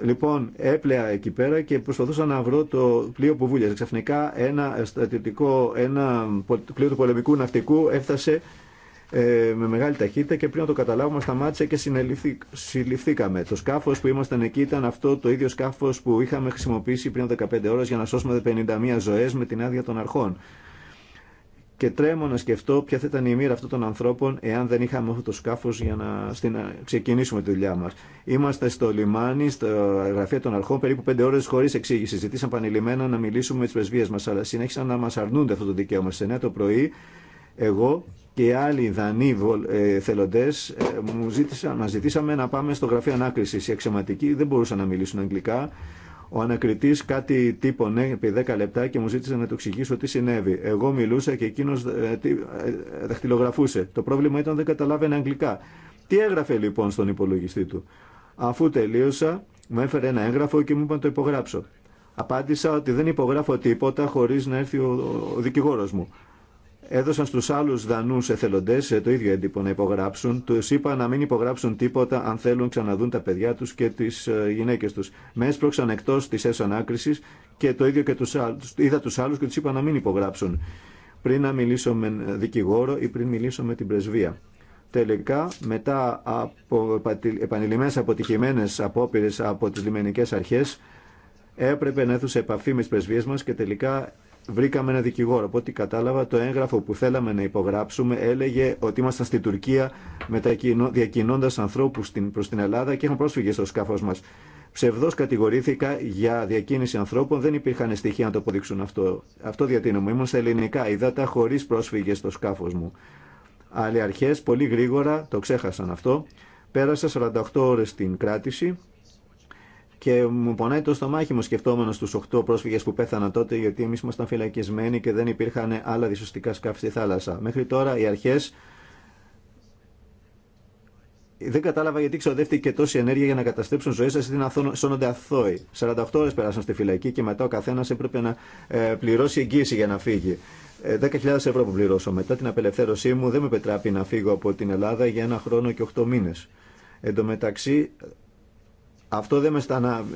Λοιπόν, έπλεα εκεί πέρα και προσπαθούσα να βρω το πλοίο που βούλιαζε. Ξαφνικά ένα στρατιωτικό, ένα πλοίο του πολεμικού ναυτικού έφτασε ε, με μεγάλη ταχύτητα και πριν να το καταλάβουμε σταμάτησε και συλληφθήκαμε. Το σκάφος που ήμασταν εκεί ήταν αυτό το ίδιο σκάφος που είχαμε χρησιμοποιήσει πριν 15 ώρες για να σώσουμε 51 ζωές με την άδεια των αρχών και τρέμω να σκεφτώ ποια θα ήταν η μοίρα αυτών των ανθρώπων εάν δεν είχαμε αυτό το σκάφο για να ξεκινήσουμε τη δουλειά μα. Είμαστε στο λιμάνι, στο γραφείο των αρχών, περίπου πέντε ώρε χωρί εξήγηση. Ζητήσαν πανελειμμένα να μιλήσουμε με τι πρεσβείε μα, αλλά συνέχισαν να μα αρνούνται αυτό το δικαίωμα. Σε 9 το πρωί, εγώ και οι άλλοι Δανείοι ε, θελοντέ ε, μα ζητήσαμε να πάμε στο γραφείο ανάκριση. Οι αξιωματικοί δεν μπορούσαν να μιλήσουν αγγλικά ο ανακριτή κάτι τύπωνε ναι, επί 10 λεπτά και μου ζήτησε να του εξηγήσω τι συνέβη. Εγώ μιλούσα και εκείνο ε, ε, δαχτυλογραφούσε. Το πρόβλημα ήταν δεν καταλάβαινε αγγλικά. Τι έγραφε λοιπόν στον υπολογιστή του. Αφού τελείωσα, μου έφερε ένα έγγραφο και μου είπαν το υπογράψω. Απάντησα ότι δεν υπογράφω τίποτα χωρί να έρθει ο δικηγόρο μου έδωσαν στους άλλους δανούς εθελοντές ε, το ίδιο έντυπο να υπογράψουν. Τους είπα να μην υπογράψουν τίποτα αν θέλουν ξαναδούν τα παιδιά τους και τις ε, γυναίκες τους. Με έσπρωξαν εκτός της έσανάκρισης και το ίδιο και τους Είδα τους άλλους και τους είπα να μην υπογράψουν πριν να μιλήσω με δικηγόρο ή πριν μιλήσω με την πρεσβεία. Τελικά, μετά από επανειλημμένες αποτυχημένες απόπειρες από τις λιμενικές αρχές, έπρεπε να έρθουν σε επαφή με τις πρεσβείες μας και τελικά βρήκαμε ένα δικηγόρο. Από ό,τι κατάλαβα, το έγγραφο που θέλαμε να υπογράψουμε έλεγε ότι ήμασταν στην Τουρκία διακινώντα ανθρώπου προ την Ελλάδα και είχαν πρόσφυγε στο σκάφο μα. Ψευδό κατηγορήθηκα για διακίνηση ανθρώπων, δεν υπήρχαν στοιχεία να το αποδείξουν αυτό. Αυτό διατείνομαι. Ήμουν στα ελληνικά ύδατα χωρί πρόσφυγε στο σκάφο μου. Άλλοι αρχέ πολύ γρήγορα το ξέχασαν αυτό. Πέρασα 48 ώρε στην κράτηση και μου πονάει το στομάχι μου σκεφτόμενο του 8 πρόσφυγε που πέθαναν τότε, γιατί εμεί ήμασταν φυλακισμένοι και δεν υπήρχαν άλλα δυσοστικά σκάφη στη θάλασσα. Μέχρι τώρα οι αρχέ. Δεν κατάλαβα γιατί ξοδεύτηκε τόση ενέργεια για να καταστρέψουν ζωέ σα ή να σώνονται αθώοι. 48 ώρε περάσαν στη φυλακή και μετά ο καθένα έπρεπε να ε, πληρώσει εγγύηση για να φύγει. 10.000 ε, ευρώ που πληρώσω. Μετά την απελευθέρωσή μου δεν με πετράπει να φύγω από την Ελλάδα για ένα χρόνο και 8 μήνε. Εν τω μεταξύ αυτό δεν με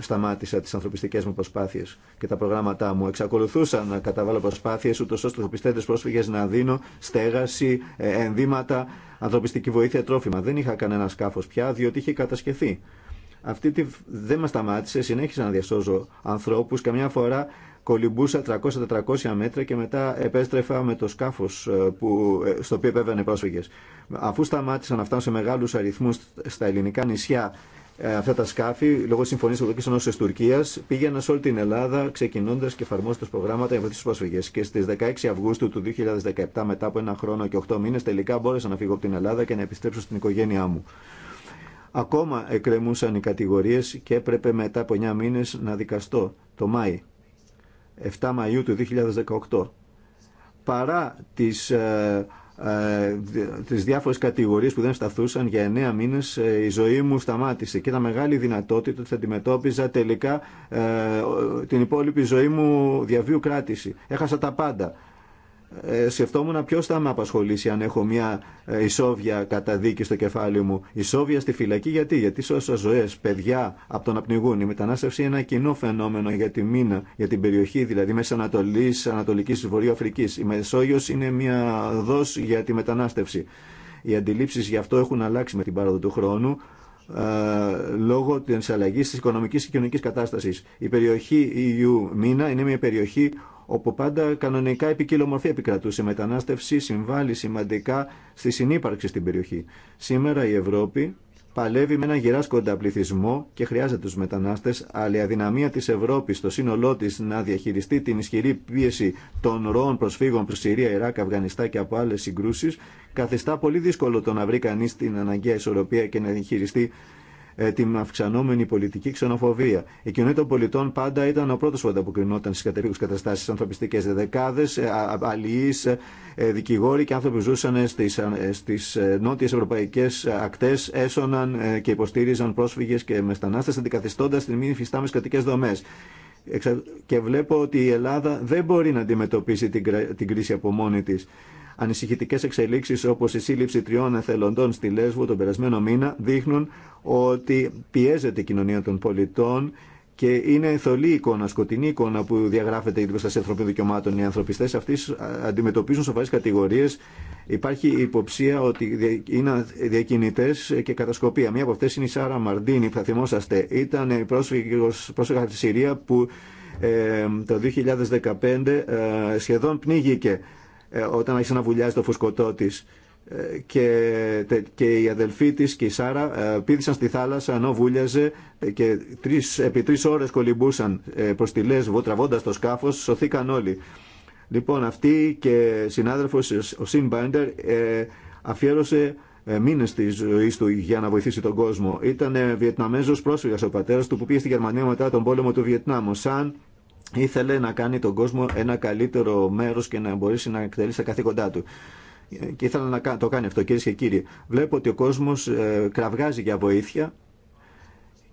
σταμάτησε τι ανθρωπιστικέ μου προσπάθειε και τα προγράμματά μου. Εξακολουθούσα να καταβάλω προσπάθειε ούτω ώστε πιστέτε πρόσφυγε να δίνω στέγαση, ε, ενδύματα, ανθρωπιστική βοήθεια, τρόφιμα. Δεν είχα κανένα σκάφο πια διότι είχε κατασκευθεί. Αυτή δεν με σταμάτησε, συνέχισα να διασώζω ανθρώπου. Καμιά φορά κολυμπούσα 300-400 μέτρα και μετά επέστρεφα με το σκάφο ε, ε, στο οποίο επέβαινε πρόσφυγε. Αφού σταμάτησα να φτάνω σε μεγάλου αριθμού στα ελληνικά νησιά ε, αυτά τα σκάφη, λόγω συμφωνία Ευρωπαϊκή Ενώση Τουρκία, πήγαιναν σε όλη την Ελλάδα, ξεκινώντα και εφαρμόζοντα προγράμματα για βοήθεια στου πρόσφυγε. Και στι 16 Αυγούστου του 2017, μετά από ένα χρόνο και 8 μήνε, τελικά μπόρεσα να φύγω από την Ελλάδα και να επιστρέψω στην οικογένειά μου. Ακόμα εκκρεμούσαν οι κατηγορίε και έπρεπε μετά από 9 μήνε να δικαστώ, το Μάη, 7 Μαου του 2018. Παρά τις ε, ε, τις διάφορες κατηγορίες που δεν σταθούσαν για εννέα μήνες ε, η ζωή μου σταμάτησε και ήταν μεγάλη δυνατότητα ότι θα αντιμετώπιζα τελικά ε, την υπόλοιπη ζωή μου διαβίου κράτηση. Έχασα τα πάντα. Ε, σκεφτόμουν ποιο θα με απασχολήσει αν έχω μια ε, ισόβια καταδίκη στο κεφάλι μου. Ισόβια στη φυλακή γιατί, γιατί σώσα ζωέ, παιδιά από το να πνιγούν. Η μετανάστευση είναι ένα κοινό φαινόμενο για τη μήνα, για την περιοχή δηλαδή μέσα Ανατολή, Ανατολική Βορειοαφρική. Η Μεσόγειο είναι μια δό για τη μετανάστευση. Οι αντιλήψει γι' αυτό έχουν αλλάξει με την πάροδο του χρόνου ε, λόγω τη αλλαγή τη οικονομική και κοινωνική κατάσταση. Η περιοχή EU μήνα είναι μια περιοχή όπου πάντα κανονικά μορφή επικρατούσε. Η μετανάστευση συμβάλλει σημαντικά στη συνύπαρξη στην περιοχή. Σήμερα η Ευρώπη παλεύει με έναν γυράσκοντα πληθυσμό και χρειάζεται τους μετανάστες, αλλά η αδυναμία της Ευρώπης στο σύνολό τη να διαχειριστεί την ισχυρή πίεση των ροών προσφύγων προς Συρία, Ιράκ, Αφγανιστά και από άλλες συγκρούσεις, καθιστά πολύ δύσκολο το να βρει κανείς την αναγκαία ισορροπία και να διαχειριστεί ε, την αυξανόμενη πολιτική ξενοφοβία. Η κοινωνία των πολιτών πάντα ήταν ο πρώτο που ανταποκρινόταν στι κατερίγου καταστάσει ανθρωπιστικέ. Δεκάδε ε, αλληλεί, ε, δικηγόροι και άνθρωποι που ζούσαν στι νότιε ευρωπαϊκέ ακτέ έσωναν και υποστήριζαν πρόσφυγε και μετανάστε αντικαθιστώντα τι μη υφιστάμε κρατικέ δομέ. Και βλέπω ότι η Ελλάδα δεν μπορεί να αντιμετωπίσει την κρίση από μόνη της. Ανησυχητικέ εξελίξει όπω η σύλληψη τριών εθελοντών στη Λέσβο τον περασμένο μήνα δείχνουν ότι πιέζεται η κοινωνία των πολιτών και είναι θολή εικόνα, σκοτεινή εικόνα που διαγράφεται η την προστασία ανθρωπίνων δικαιωμάτων. Οι ανθρωπιστέ αυτοί ε, αντιμετωπίζουν σοβαρέ κατηγορίε. Υπάρχει υποψία ότι είναι διακινητέ και κατασκοπία. Μία από αυτέ είναι η Σάρα Μαρντίνη, που θα θυμόσαστε. Ήταν η πρόσφυγα από τη Συρία που ε, το 2015 ε, σχεδόν πνίγηκε ε, όταν άρχισε να βουλιάζει το φουσκωτό τη. Ε, και, και η αδελφή της και η Σάρα ε, πήδησαν στη θάλασσα ενώ βούλιαζε και τρεις, επί τρεις ώρες κολυμπούσαν προς τη Λέσβο τραβώντας το σκάφος, σωθήκαν όλοι. Λοιπόν, αυτή και συνάδελφος ο Σιμ Μπάιντερ αφιέρωσε μήνες της ζωής του για να βοηθήσει τον κόσμο. Ήταν Βιετναμέζος πρόσφυγας ο πατέρας του που πήγε στη Γερμανία μετά τον πόλεμο του Βιετνάμ. Σαν ήθελε να κάνει τον κόσμο ένα καλύτερο μέρος και να μπορέσει να εκτελεί στα καθήκοντά του. Και ήθελα να το κάνει αυτό, κυρίε και κύριοι. Βλέπω ότι ο κόσμο ε, κραυγάζει για βοήθεια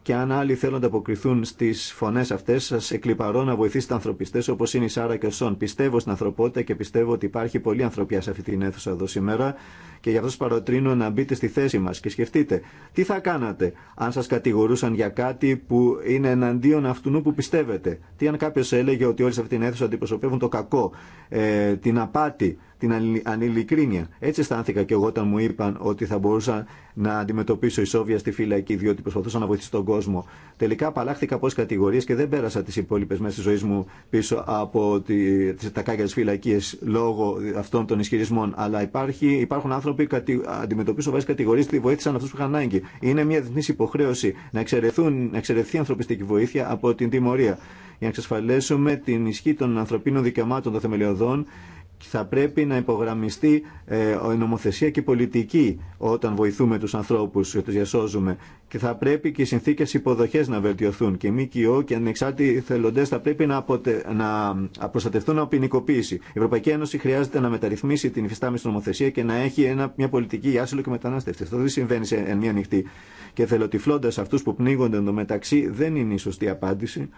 και αν άλλοι θέλουν να αποκριθούν στι φωνέ αυτέ, σα εκλυπαρώ να βοηθήσετε ανθρωπιστέ όπω είναι η Σάρα και ο Σον. Πιστεύω στην ανθρωπότητα και πιστεύω ότι υπάρχει πολλή ανθρωπιά σε αυτή την αίθουσα εδώ σήμερα και γι' αυτό σα παροτρύνω να μπείτε στη θέση μα και σκεφτείτε τι θα κάνατε αν σα κατηγορούσαν για κάτι που είναι εναντίον αυτού που πιστεύετε. Τι αν κάποιο έλεγε ότι όλοι σε αυτή την αίθουσα αντιπροσωπεύουν το κακό, ε, την απάτη, την ανηλικρίνεια. Έτσι αισθάνθηκα και εγώ όταν μου είπαν ότι θα μπορούσα να αντιμετωπίσω ισόβια στη φυλακή, διότι προσπαθούσα να βοηθήσω τον κόσμο. Τελικά απαλλάχθηκα από κατηγορίε και δεν πέρασα τι υπόλοιπε μέσα τη ζωή μου πίσω από τη, τα κάγκια τη φυλακή λόγω αυτών των ισχυρισμών. Αλλά υπάρχει, υπάρχουν άνθρωποι που αντιμετωπίζουν βάσει κατηγορίε και βοήθησαν αυτού που είχαν ανάγκη. Είναι μια διεθνή υποχρέωση να, εξαιρεθούν, να εξαιρεθεί ανθρωπιστική βοήθεια από την τιμωρία για να εξασφαλίσουμε την ισχύ των ανθρωπίνων δικαιωμάτων των θεμελιωδών θα πρέπει να υπογραμμιστεί ε, η νομοθεσία και πολιτική όταν βοηθούμε τους ανθρώπους και τους διασώζουμε. Και θα πρέπει και οι συνθήκες υποδοχές να βελτιωθούν. Και κοιό και ανεξάρτητοι θελοντές θα πρέπει να, αποτε... να προστατευτούν από ποινικοποίηση. Η Ευρωπαϊκή Ένωση χρειάζεται να μεταρρυθμίσει την υφιστάμενη νομοθεσία και να έχει ένα, μια πολιτική για άσυλο και μετανάστευση. Αυτό δεν συμβαίνει σε εν μία νυχτή. Και θελοτυφλώντας αυτούς που πνίγονται εντωμεταξύ δεν είναι η σωστή απάντηση.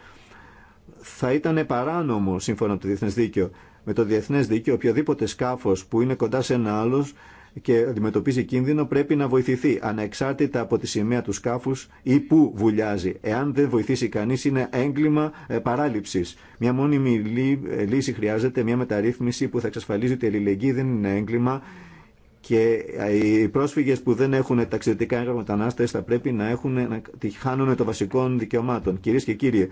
Θα ήταν παράνομο σύμφωνα με το διεθνέ δίκαιο με το διεθνέ δίκαιο, οποιοδήποτε σκάφο που είναι κοντά σε ένα άλλο και αντιμετωπίζει κίνδυνο πρέπει να βοηθηθεί ανεξάρτητα από τη σημαία του σκάφους ή που βουλιάζει. Εάν δεν βοηθήσει κανείς είναι έγκλημα ε, παράληψης. Μια μόνιμη ε, λύση χρειάζεται, μια μεταρρύθμιση που θα εξασφαλίζει ότι η αλληλεγγύη δεν είναι έγκλημα και ε, οι πρόσφυγες που δεν έχουν ταξιδετικά έγγραφα μετανάστες θα πρέπει να, έχουν, να χάνουν των βασικών δικαιωμάτων. Κυρίε και κύριοι,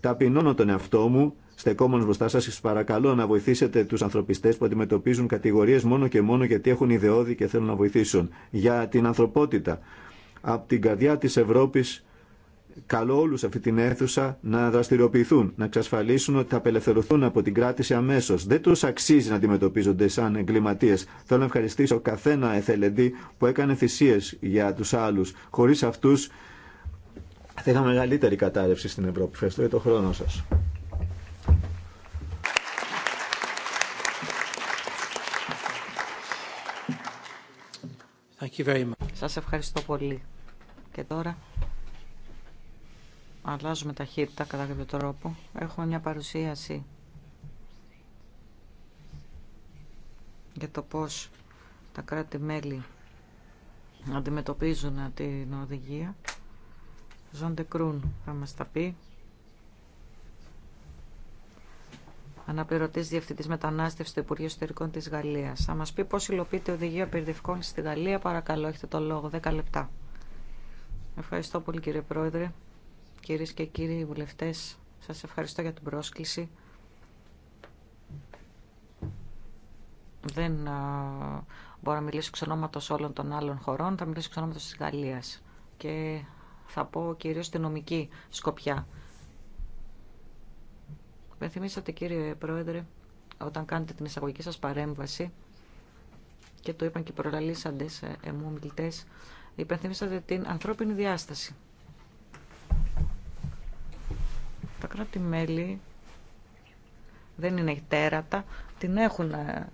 ταπεινώνω τον εαυτό μου Στεκόμενο μπροστά σα, σα παρακαλώ να βοηθήσετε του ανθρωπιστέ που αντιμετωπίζουν κατηγορίε μόνο και μόνο γιατί έχουν ιδεώδη και θέλουν να βοηθήσουν. Για την ανθρωπότητα. Από την καρδιά τη Ευρώπη, καλώ όλου αυτή την αίθουσα να δραστηριοποιηθούν, να εξασφαλίσουν ότι θα απελευθερωθούν από την κράτηση αμέσω. Δεν του αξίζει να αντιμετωπίζονται σαν εγκληματίε. Θέλω να ευχαριστήσω καθένα εθελεντή που έκανε θυσίε για του άλλου. Χωρί αυτού θα είχαμε μεγαλύτερη κατάρρευση στην Ευρώπη. Ευχαριστώ για τον χρόνο Thank you very much. Σας ευχαριστώ πολύ. Και τώρα αλλάζουμε ταχύτητα κατά κάποιο τρόπο. Έχουμε μια παρουσίαση για το πώς τα κράτη-μέλη αντιμετωπίζουν την οδηγία. Ζων Κρούν θα μας τα πει. αναπληρωτή διευθυντή μετανάστευση του Υπουργείου Ιστορικών τη Γαλλία. Θα μα πει πώ υλοποιείται η οδηγία περιδευκών στη Γαλλία. Παρακαλώ, έχετε το λόγο. 10 λεπτά. Ευχαριστώ πολύ, κύριε Πρόεδρε. Κυρίε και κύριοι βουλευτέ, σα ευχαριστώ για την πρόσκληση. Δεν μπορώ να μιλήσω εξ όλων των άλλων χωρών, θα μιλήσω εξ τη Γαλλία. Και θα πω κυρίω τη νομική σκοπιά Υπενθυμίσατε κύριε Πρόεδρε, όταν κάνετε την εισαγωγική σας παρέμβαση, και το είπαν και οι προλαλήσαντες ε, ε, μου ομιλητές, υπενθυμίσατε την ανθρώπινη διάσταση. Τα κράτη-μέλη δεν είναι τέρατα, την έχουν ε,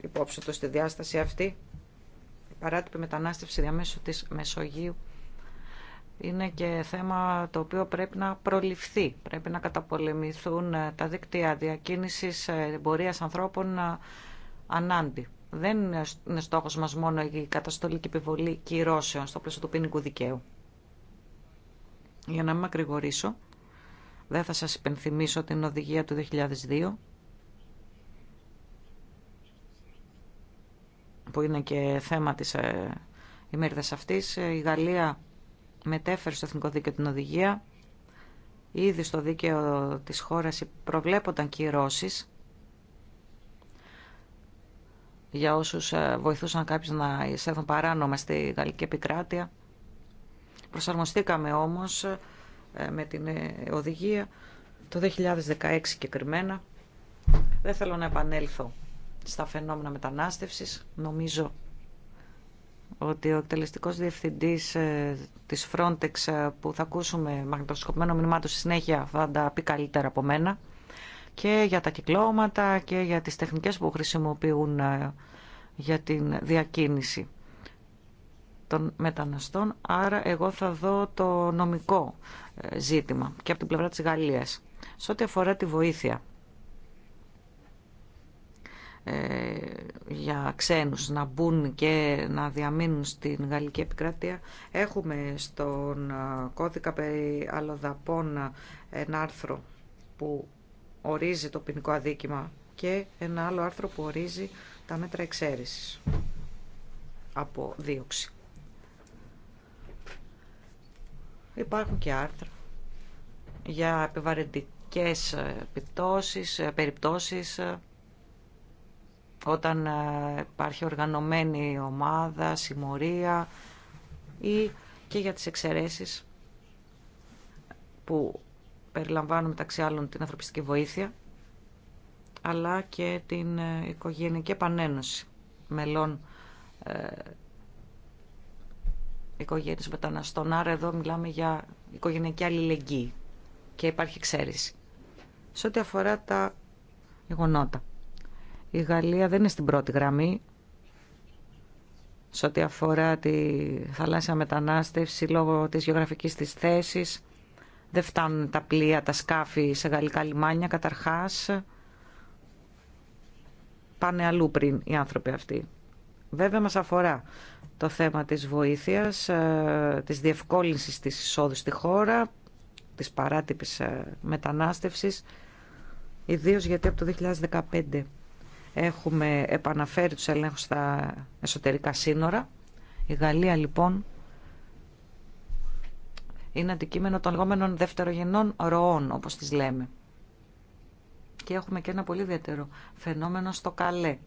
υπόψη του στη διάσταση αυτή, Παρά παράτυπη μετανάστευση διαμέσου της Μεσογείου είναι και θέμα το οποίο πρέπει να προληφθεί. Πρέπει να καταπολεμηθούν ε, τα δίκτυα διακίνησης ε, εμπορίας ανθρώπων ε, ανάντι. Δεν είναι στόχος μας μόνο η καταστολή και επιβολή κυρώσεων στο πλαίσιο του ποινικού δικαίου. Για να μην ακρηγορήσω, δεν θα σας υπενθυμίσω την οδηγία του 2002, που είναι και θέμα της ημέρδας αυτής. Η Γαλλία μετέφερε στο Εθνικό Δίκαιο την οδηγία. Ήδη στο δίκαιο της χώρας προβλέπονταν κυρώσεις για όσους ε, βοηθούσαν κάποιους να εισέλθουν παράνομα στη Γαλλική επικράτεια. Προσαρμοστήκαμε όμως ε, με την ε, οδηγία το 2016 συγκεκριμένα. Δεν θέλω να επανέλθω στα φαινόμενα μετανάστευσης. Νομίζω ότι ο εκτελεστικός διευθυντής ε, της Frontex ε, που θα ακούσουμε μαγνητοσκοπημένο μήνυμά του στη συνέχεια θα τα πει καλύτερα από μένα και για τα κυκλώματα και για τις τεχνικές που χρησιμοποιούν ε, για την διακίνηση των μεταναστών. Άρα εγώ θα δω το νομικό ζήτημα και από την πλευρά της Γαλλίας. Σε ό,τι αφορά τη βοήθεια ε, για ξένους να μπουν και να διαμείνουν στην Γαλλική επικράτεια. Έχουμε στον ε, κώδικα περί αλλοδαπών ε, ένα άρθρο που ορίζει το ποινικό αδίκημα και ένα άλλο άρθρο που ορίζει τα μέτρα εξαίρεσης από δίωξη. Υπάρχουν και άρθρα για επιβαρυντικές επιπτώσεις, περιπτώσεις όταν ε, υπάρχει οργανωμένη ομάδα, συμμορία ή και για τις εξαιρέσεις που περιλαμβάνουν μεταξύ άλλων την ανθρωπιστική βοήθεια αλλά και την ε, οικογενειακή επανένωση μελών ε, οικογένειας μεταναστών. Άρα εδώ μιλάμε για οικογενειακή αλληλεγγύη και υπάρχει εξαίρεση. Σε ό,τι αφορά τα γεγονότα. Η Γαλλία δεν είναι στην πρώτη γραμμή σε ό,τι αφορά τη θαλάσσια μετανάστευση λόγω της γεωγραφικής της θέσης. Δεν φτάνουν τα πλοία, τα σκάφη σε γαλλικά λιμάνια καταρχάς. Πάνε αλλού πριν οι άνθρωποι αυτοί. Βέβαια μας αφορά το θέμα της βοήθειας, ε, της διευκόλυνσης της εισόδου στη χώρα, της παράτυπης ε, μετανάστευσης, ιδίως γιατί από το 2015 Έχουμε επαναφέρει τους ελέγχους στα εσωτερικά σύνορα. Η Γαλλία λοιπόν είναι αντικείμενο των λεγόμενων δευτερογενών ροών, όπως τις λέμε. Και έχουμε και ένα πολύ ιδιαίτερο φαινόμενο στο Καλέ.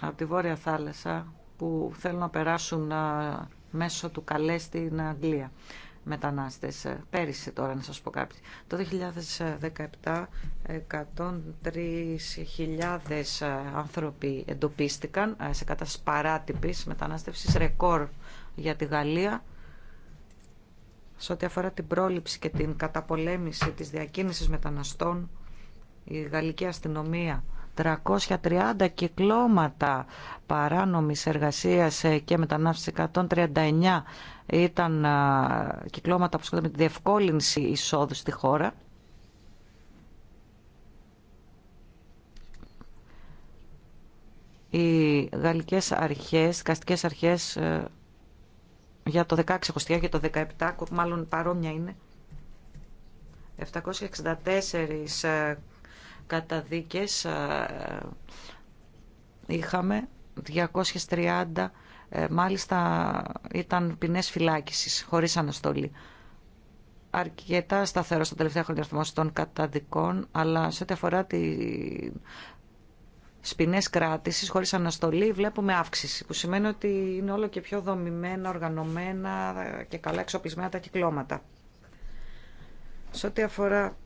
Από τη Βόρεια Θάλασσα που θέλουν να περάσουν μέσω του Καλέ στην Αγγλία μετανάστες. Ε, πέρυσι τώρα να σας πω κάποιοι. Το 2017 103.000 ε, άνθρωποι εντοπίστηκαν ε, σε κατάσταση παράτυπης μετανάστευσης ρεκόρ για τη Γαλλία σε ό,τι αφορά την πρόληψη και την καταπολέμηση της διακίνησης μεταναστών η γαλλική αστυνομία 330 κυκλώματα παράνομης εργασίας ε, και μετανάστευση 139 ήταν κυκλώματα που σχετίζονται με τη διευκόλυνση εισόδου στη χώρα. Οι γαλλικές αρχές, καστικές αρχές ε, για το 16 χωστιά, για το 17, μάλλον παρόμοια είναι. 764 καταδίκες ε, είχαμε 230 ε, μάλιστα ήταν ποινές φυλάκισης χωρίς αναστολή αρκετά σταθερό στα τελευταία χρόνια των καταδικών αλλά σε ό,τι αφορά τη σπινές κράτησης χωρίς αναστολή βλέπουμε αύξηση που σημαίνει ότι είναι όλο και πιο δομημένα, οργανωμένα και καλά εξοπλισμένα τα κυκλώματα. Σε ό,τι αφορά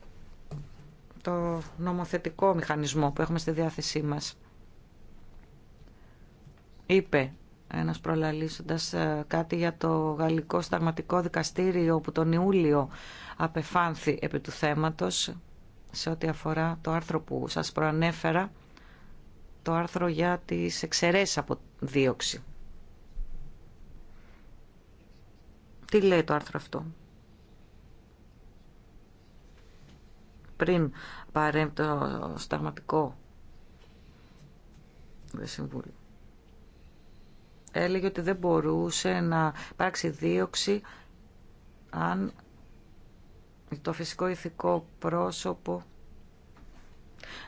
το νομοθετικό μηχανισμό που έχουμε στη διάθεσή μας. Είπε ένας προλαλήσοντας ε, κάτι για το Γαλλικό Σταγματικό Δικαστήριο που τον Ιούλιο απεφάνθη επί του θέματος σε ό,τι αφορά το άρθρο που σας προανέφερα, το άρθρο για τις εξαιρέσεις από δίωξη. Τι λέει το άρθρο αυτό. πριν παρέμπτω το σταγματικό συμβούλιο. Έλεγε ότι δεν μπορούσε να υπάρξει δίωξη αν το φυσικό ηθικό πρόσωπο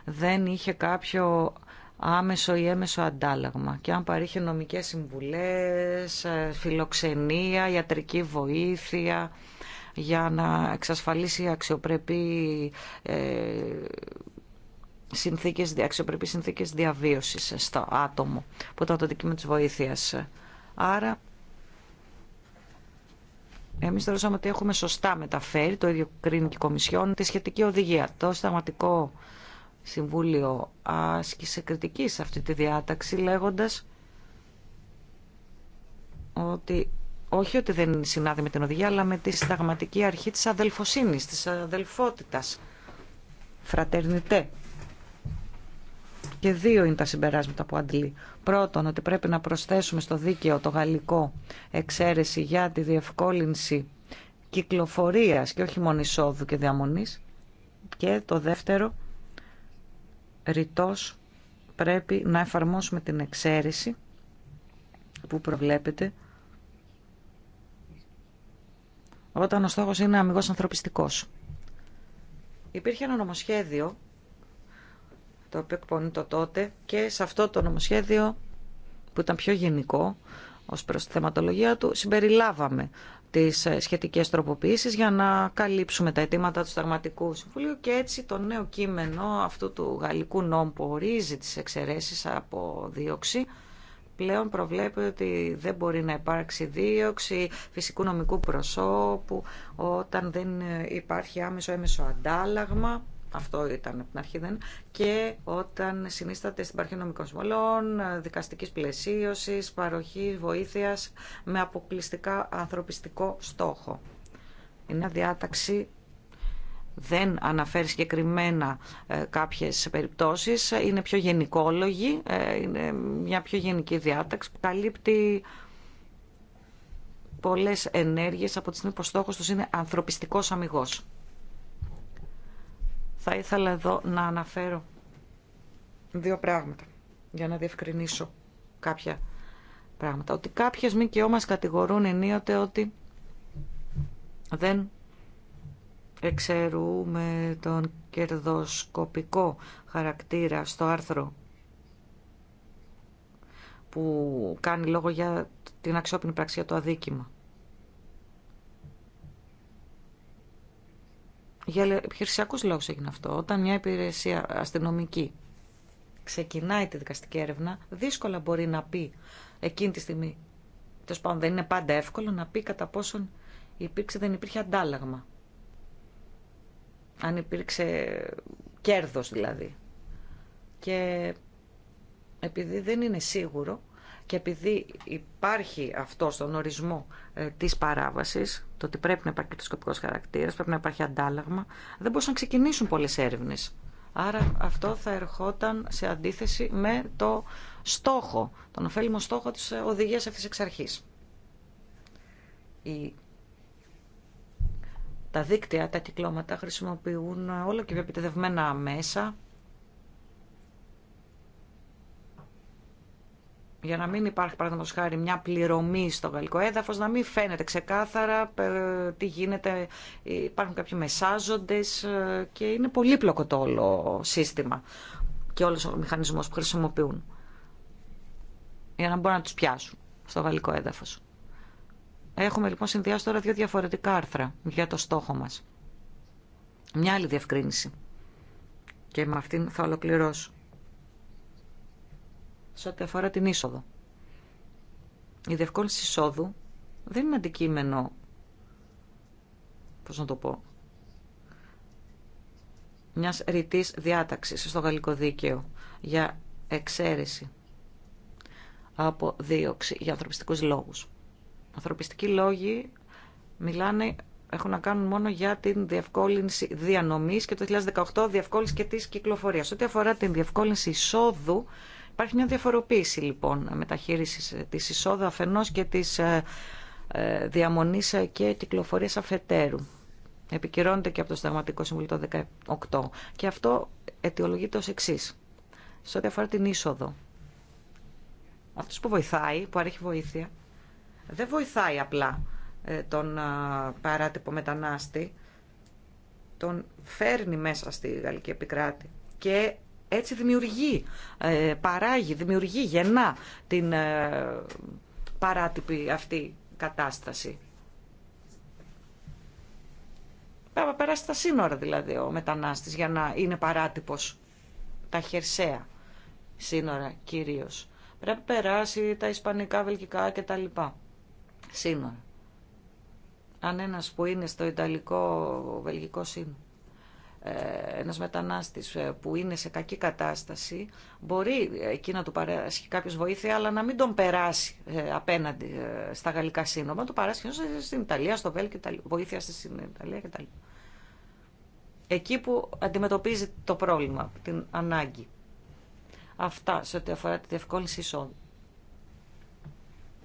δεν είχε κάποιο άμεσο ή έμεσο αντάλλαγμα και αν παρήχε νομικές συμβουλές, φιλοξενία, ιατρική βοήθεια, για να εξασφαλίσει αξιοπρεπή ε, συνθήκες, αξιοπρεπείς συνθήκες διαβίωσης στο άτομο που ήταν το αντικείμενο της βοήθειας. Άρα εμείς θεωρούσαμε ότι έχουμε σωστά μεταφέρει, το ίδιο κρίνει και η Κομισιόν, τη σχετική οδηγία. Το Σταματικό Συμβούλιο άσκησε κριτική σε αυτή τη διάταξη λέγοντας ότι όχι ότι δεν συνάδει με την οδηγία, αλλά με τη συνταγματική αρχή της αδελφοσύνης, της αδελφότητας. Φρατερνητέ. Και δύο είναι τα συμπεράσματα που αντλεί. Πρώτον, ότι πρέπει να προσθέσουμε στο δίκαιο το γαλλικό εξαίρεση για τη διευκόλυνση κυκλοφορίας και όχι μόνο εισόδου και διαμονής. Και το δεύτερο, ρητός πρέπει να εφαρμόσουμε την εξαίρεση που προβλέπεται όταν ο στόχος είναι αμυγός ανθρωπιστικός. Υπήρχε ένα νομοσχέδιο, το οποίο εκπονεί το τότε, και σε αυτό το νομοσχέδιο, που ήταν πιο γενικό ως προς τη θεματολογία του, συμπεριλάβαμε τις ε, σχετικές τροποποιήσεις για να καλύψουμε τα αιτήματα του Σταγματικού Συμβουλίου και έτσι το νέο κείμενο αυτού του γαλλικού νόμου που ορίζει τις εξαιρέσεις από δίωξη πλέον προβλέπει ότι δεν μπορεί να υπάρξει δίωξη φυσικού νομικού προσώπου όταν δεν υπάρχει άμεσο έμεσο αντάλλαγμα. Αυτό ήταν από την αρχή δεν. Και όταν συνίσταται στην παρχή νομικών συμβολών, δικαστικής πλαισίωσης, παροχή βοήθειας με αποκλειστικά ανθρωπιστικό στόχο. Είναι διάταξη δεν αναφέρει συγκεκριμένα ε, κάποιες περιπτώσεις, είναι πιο γενικόλογη, ε, είναι μια πιο γενική διάταξη που καλύπτει πολλές ενέργειες από τη στιγμή που ο στόχος τους είναι ανθρωπιστικός αμυγός. Θα ήθελα εδώ να αναφέρω δύο πράγματα για να διευκρινίσω κάποια πράγματα. Ότι κάποιες μη μας κατηγορούν ενίοτε ότι δεν εξαιρούμε τον κερδοσκοπικό χαρακτήρα στο άρθρο που κάνει λόγο για την αξιόπινη πραξία το αδίκημα. Για επιχειρησιακούς λόγους έγινε αυτό. Όταν μια υπηρεσία αστυνομική ξεκινάει τη δικαστική έρευνα, δύσκολα μπορεί να πει εκείνη τη στιγμή, τέλο πάντων δεν είναι πάντα εύκολο, να πει κατά πόσον υπήρξε, δεν υπήρχε αντάλλαγμα αν υπήρξε κέρδος δηλαδή. Και επειδή δεν είναι σίγουρο και επειδή υπάρχει αυτό στον ορισμό ε, της παράβασης, το ότι πρέπει να υπάρχει κερδοσκοπικός χαρακτήρας, πρέπει να υπάρχει αντάλλαγμα, δεν μπορούσαν να ξεκινήσουν πολλές έρευνες. Άρα αυτό θα ερχόταν σε αντίθεση με το στόχο, τον ωφέλιμο στόχο της οδηγίας αυτής εξ αρχής. Η τα δίκτυα, τα κυκλώματα χρησιμοποιούν όλα και επιτεδευμένα μέσα για να μην υπάρχει παραδείγματος χάρη μια πληρωμή στο γαλλικό έδαφος, να μην φαίνεται ξεκάθαρα ε, τι γίνεται, υπάρχουν κάποιοι μεσάζοντες ε, και είναι πολύπλοκο το όλο σύστημα και όλος ο μηχανισμός που χρησιμοποιούν για να μπορούν να τους πιάσουν στο γαλλικό έδαφος. Έχουμε λοιπόν συνδυάσει τώρα δύο διαφορετικά άρθρα για το στόχο μας. Μια άλλη διευκρίνηση. Και με αυτήν θα ολοκληρώσω. Σε ό,τι αφορά την είσοδο. Η διευκόλυνση εισόδου δεν είναι αντικείμενο, πώς να το πω, μιας ρητής διάταξης στο γαλλικό δίκαιο για εξαίρεση από δίωξη για ανθρωπιστικούς λόγους ανθρωπιστικοί λόγοι μιλάνε, έχουν να κάνουν μόνο για την διευκόλυνση διανομής και το 2018 διευκόλυνση και της κυκλοφορίας. Ό,τι αφορά την διευκόλυνση εισόδου, υπάρχει μια διαφοροποίηση λοιπόν μεταχείρισης της εισόδου αφενός και της ε, ε, διαμονής ε, και κυκλοφορίας αφετέρου. Επικυρώνεται και από το Σταγματικό Συμβουλίο το 2018 Και αυτό αιτιολογείται ως εξή. Σε ό,τι αφορά την είσοδο. Αυτός που βοηθάει, που αρέχει βοήθεια, δεν βοηθάει απλά ε, τον παράτυπο μετανάστη, τον φέρνει μέσα στη γαλλική επικράτη και έτσι δημιουργεί, ε, παράγει, δημιουργεί γεννά την ε, παράτυπη αυτή κατάσταση. να περάσει τα σύνορα δηλαδή ο μετανάστης για να είναι παράτυπος τα χερσαία σύνορα κυρίως. Πρέπει να περάσει τα ισπανικά, βελγικά κτλ σύνορα. Αν ένας που είναι στο Ιταλικό-Βελγικό σύνορ, ε, ένας μετανάστης ε, που είναι σε κακή κατάσταση, μπορεί εκεί να του παράσχει κάποιος βοήθεια, αλλά να μην τον περάσει ε, απέναντι στα γαλλικά σύνομα, του παράσχει στην Ιταλία, στο Βέλγιο, βοήθεια στην Ιταλία κτλ. Εκεί που αντιμετωπίζει το πρόβλημα, την ανάγκη. Αυτά σε ό,τι αφορά τη διευκόλυνση εισόδου.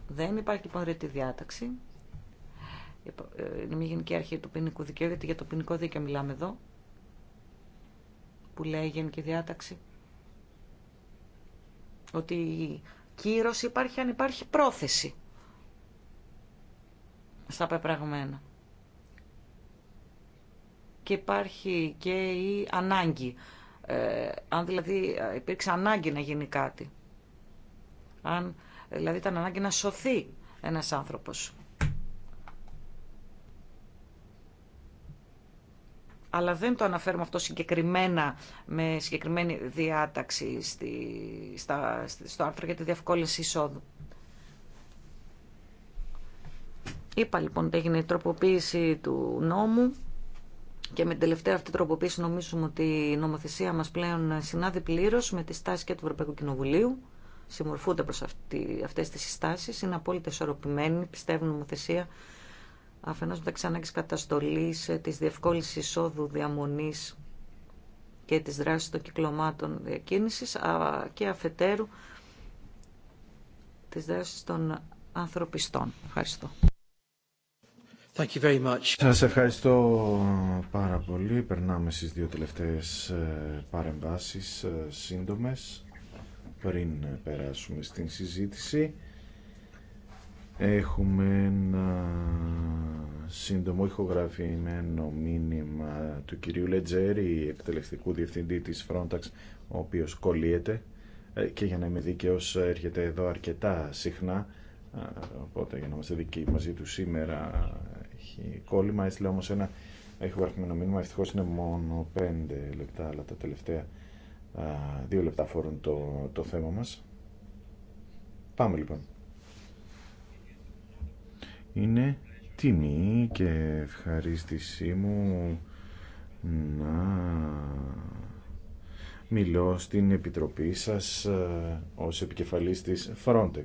Δεν υπάρχει λοιπόν διάταξη. Ε, είναι μια γενική αρχή του ποινικού δικαίου, γιατί για το ποινικό δίκαιο μιλάμε εδώ, που λέει η γενική διάταξη, ότι η κύρωση υπάρχει αν υπάρχει πρόθεση στα πεπραγμένα. Και υπάρχει και η ανάγκη. Ε, αν δηλαδή ε, υπήρξε ανάγκη να γίνει κάτι. Αν Δηλαδή ήταν ανάγκη να σωθεί ένας άνθρωπος. αλλά δεν το αναφέρουμε αυτό συγκεκριμένα με συγκεκριμένη διάταξη στη, στα, στο άρθρο για τη διευκόλυνση εισόδου. Είπα λοιπόν ότι έγινε η τροποποίηση του νόμου και με την τελευταία αυτή τροποποίηση νομίζουμε ότι η νομοθεσία μας πλέον συνάδει πλήρως με τη στάση και του Ευρωπαϊκού Κοινοβουλίου συμμορφούνται προς αυτή, αυτές τις συστάσεις, είναι απόλυτα ισορροπημένοι, πιστεύουν νομοθεσία αφενός μεταξύ ανάγκης καταστολής, ε, της διευκόλυνσης εισόδου διαμονής και της δράσης των κυκλωμάτων διακίνησης και αφετέρου της δράσης των ανθρωπιστών. Ευχαριστώ. Thank you very much. Σας ευχαριστώ πάρα πολύ. Περνάμε στις δύο τελευταίες ε, παρεμβάσεις ε, σύντομες. Πριν περάσουμε στην συζήτηση, έχουμε ένα σύντομο ηχογραφημένο μήνυμα του κυρίου Λετζέρη, εκτελεστικού διευθυντή της Frontex, ο οποίος κολλείεται ε, και για να είμαι δίκαιος έρχεται εδώ αρκετά συχνά ε, οπότε για να είμαστε δικοί μαζί του σήμερα έχει κόλλημα έστειλε όμως ένα ηχογραφημένο μήνυμα ευτυχώς είναι μόνο 5 λεπτά αλλά τα τελευταία δύο λεπτά φορούν το, το θέμα μας. Πάμε λοιπόν. Είναι τιμή και ευχαρίστησή μου να μιλώ στην Επιτροπή σας ε, ως επικεφαλής της Frontex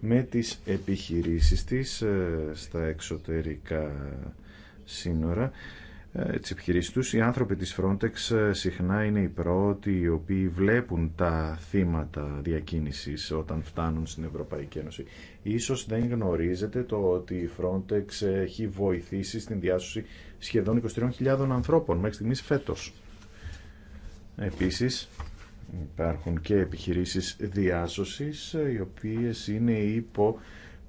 με τις επιχειρήσεις της ε, στα εξωτερικά σύνορα ε, τις επιχειρήσεις Οι άνθρωποι της Frontex ε, συχνά είναι οι πρώτοι οι οποίοι βλέπουν τα θύματα διακίνησης όταν φτάνουν στην Ευρωπαϊκή Ένωση. Ίσως δεν γνωρίζετε το ότι η Frontex έχει βοηθήσει στην διάσωση σχεδόν 23.000 ανθρώπων μέχρι στιγμής φέτος. Επίσης υπάρχουν και επιχειρήσεις διάσωσης ε, οι οποίες είναι υπό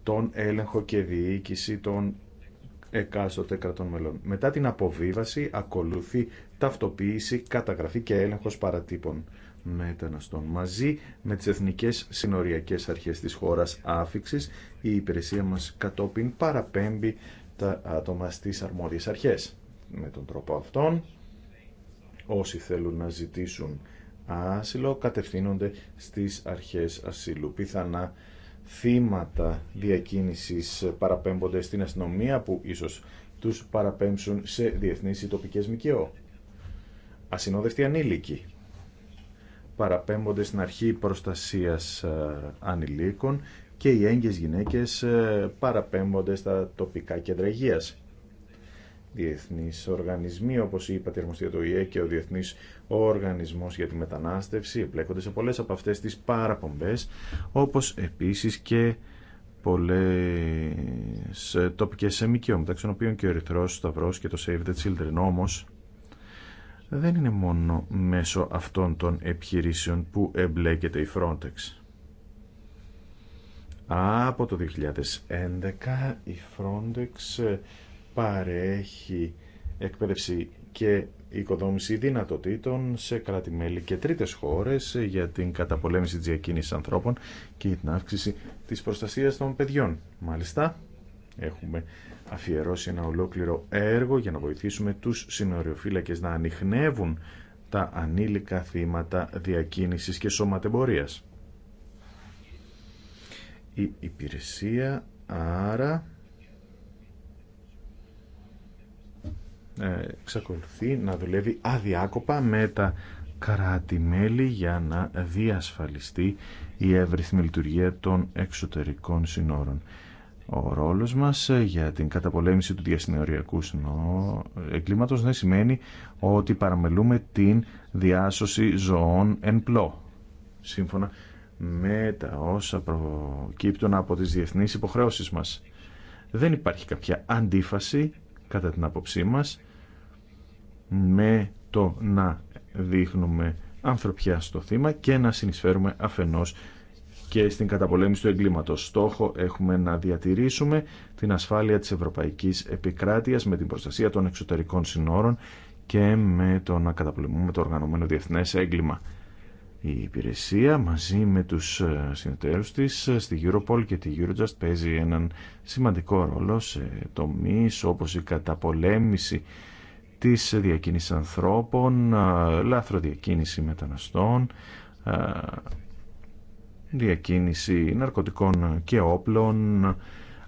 τον έλεγχο και διοίκηση των εκάστοτε κρατών μελών. Μετά την αποβίβαση ακολουθεί ταυτοποίηση, καταγραφή και έλεγχος παρατύπων μεταναστών. Μαζί με τις εθνικές συνοριακές αρχές της χώρας άφηξης, η υπηρεσία μας κατόπιν παραπέμπει τα άτομα στις αρμόδιες αρχές. Με τον τρόπο αυτόν, όσοι θέλουν να ζητήσουν άσυλο κατευθύνονται στις αρχές ασύλου. Πιθανά θύματα διακίνησης παραπέμπονται στην αστυνομία που ίσως τους παραπέμψουν σε διεθνείς ή τοπικές ΜΚΟ. Ασυνόδευτοι ανήλικοι παραπέμπονται στην αρχή προστασίας ε, ανηλίκων και οι έγκυες γυναίκες ε, παραπέμπονται στα τοπικά κέντρα υγείας διεθνείς οργανισμοί, όπως η Πατήρμοστια του ΙΕ και ο Διεθνής Οργανισμός για τη Μετανάστευση, εμπλέκονται σε πολλές από αυτές τις παραπομπές, όπως επίσης και πολλές τοπικές εμικιό, μεταξύ των οποίων και ο Ερυθρός Σταυρός και το Save the Children. Όμως, δεν είναι μόνο μέσω αυτών των επιχειρήσεων που εμπλέκεται η Frontex. Από το 2011 η Frontex παρέχει εκπαίδευση και οικοδόμηση δυνατοτήτων σε κράτη-μέλη και τρίτες χώρες για την καταπολέμηση της διακίνησης ανθρώπων και την αύξηση της προστασίας των παιδιών. Μάλιστα, έχουμε αφιερώσει ένα ολόκληρο έργο για να βοηθήσουμε τους συνοριοφύλακες να ανοιχνεύουν τα ανήλικα θύματα διακίνησης και σωματεμπορίας. Η υπηρεσία άρα Ε, εξακολουθεί να δουλεύει αδιάκοπα με τα κρατη για να διασφαλιστεί η εύρυθμη λειτουργία των εξωτερικών συνόρων. Ο ρόλος μας ε, για την καταπολέμηση του διασυνοριακού εγκλήματος δεν σημαίνει ότι παραμελούμε την διάσωση ζωών εν πλώ, σύμφωνα με τα όσα προκύπτουν από τις διεθνείς υποχρεώσεις μας. Δεν υπάρχει κάποια αντίφαση, κατά την άποψή μας, με το να δείχνουμε ανθρωπιά στο θύμα και να συνεισφέρουμε αφενός και στην καταπολέμηση του εγκλήματος. Στόχο έχουμε να διατηρήσουμε την ασφάλεια της ευρωπαϊκής επικράτειας με την προστασία των εξωτερικών συνόρων και με το να καταπολεμούμε το οργανωμένο διεθνές έγκλημα. Η υπηρεσία μαζί με τους ε, συνεταίρους της ε, στη Europol και τη Eurojust παίζει έναν σημαντικό ρόλο σε τομείς όπως η καταπολέμηση της διακίνησης ανθρώπων, λάθροδιακίνηση μεταναστών, διακίνηση ναρκωτικών και όπλων,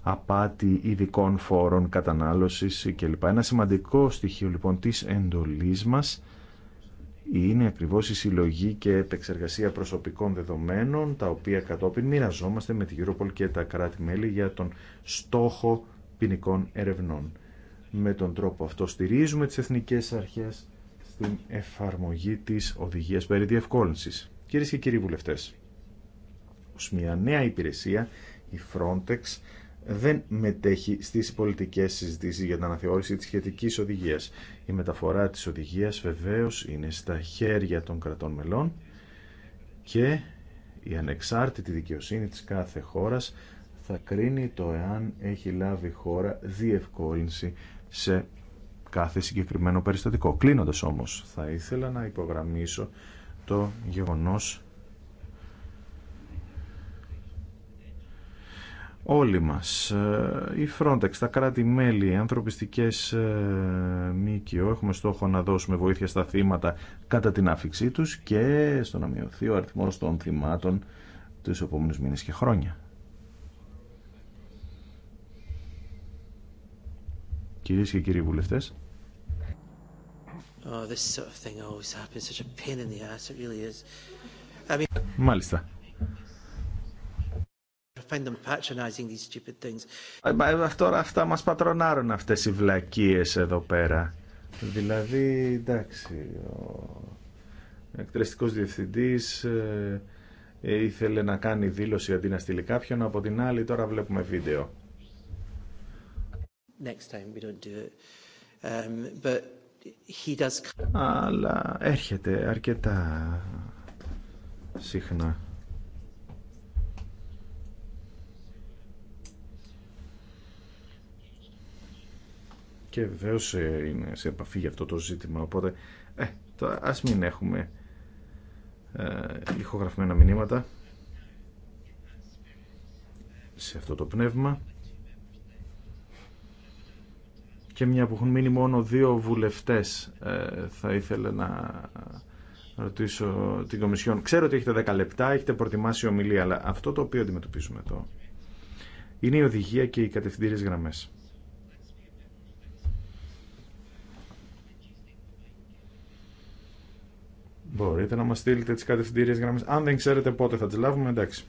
απάτη ειδικών φόρων κατανάλωσης κλπ. Ένα σημαντικό στοιχείο λοιπόν της εντολής μας είναι ακριβώς η συλλογή και επεξεργασία προσωπικών δεδομένων τα οποία κατόπιν μοιραζόμαστε με τη Europol και τα κράτη-μέλη για τον στόχο ποινικών ερευνών με τον τρόπο αυτό στηρίζουμε τις εθνικές αρχές στην εφαρμογή της οδηγίας περί διευκόλυνσης. Κυρίε και κύριοι βουλευτές, ως μια νέα υπηρεσία η Frontex δεν μετέχει στις πολιτικές συζητήσεις για την αναθεώρηση της σχετικής οδηγίας. Η μεταφορά της οδηγίας βεβαίως είναι στα χέρια των κρατών μελών και η ανεξάρτητη δικαιοσύνη της κάθε χώρας θα κρίνει το εάν έχει λάβει χώρα διευκόλυνση σε κάθε συγκεκριμένο περιστατικό. Κλείνοντας όμως, θα ήθελα να υπογραμμίσω το γεγονός όλοι μας, ε, η Frontex, τα κράτη-μέλη, οι ανθρωπιστικές ε, μήκυο, έχουμε στόχο να δώσουμε βοήθεια στα θύματα κατά την άφηξή τους και στο να μειωθεί ο αριθμός των θυμάτων τους επόμενους μήνες και χρόνια. Κυρίε και κύριοι βουλευτέ. Oh, Μάλιστα. Τώρα ε, ε, αυτά μας πατρονάρουν αυτές οι βλακίες εδώ πέρα. Δηλαδή, εντάξει, ο εκτελεστικός διευθυντής ε, ήθελε να κάνει δήλωση αντί να στείλει κάποιον, από την άλλη τώρα βλέπουμε βίντεο next time we don't um, Αλλά έρχεται αρκετά συχνά. Και βεβαίω ε, είναι σε επαφή για αυτό το ζήτημα. Οπότε ε, το, ας μην έχουμε ε, ηχογραφημένα μηνύματα σε αυτό το πνεύμα. και μια που έχουν μείνει μόνο δύο βουλευτές ε, θα ήθελα να ρωτήσω την Κομισιόν. Ξέρω ότι έχετε 10 λεπτά, έχετε προετοιμάσει ομιλία, αλλά αυτό το οποίο αντιμετωπίζουμε εδώ είναι η οδηγία και οι κατευθυντήριες γραμμές. Μπορείτε να μας στείλετε τις κατευθυντήριες γραμμές. Αν δεν ξέρετε πότε θα τις λάβουμε, εντάξει.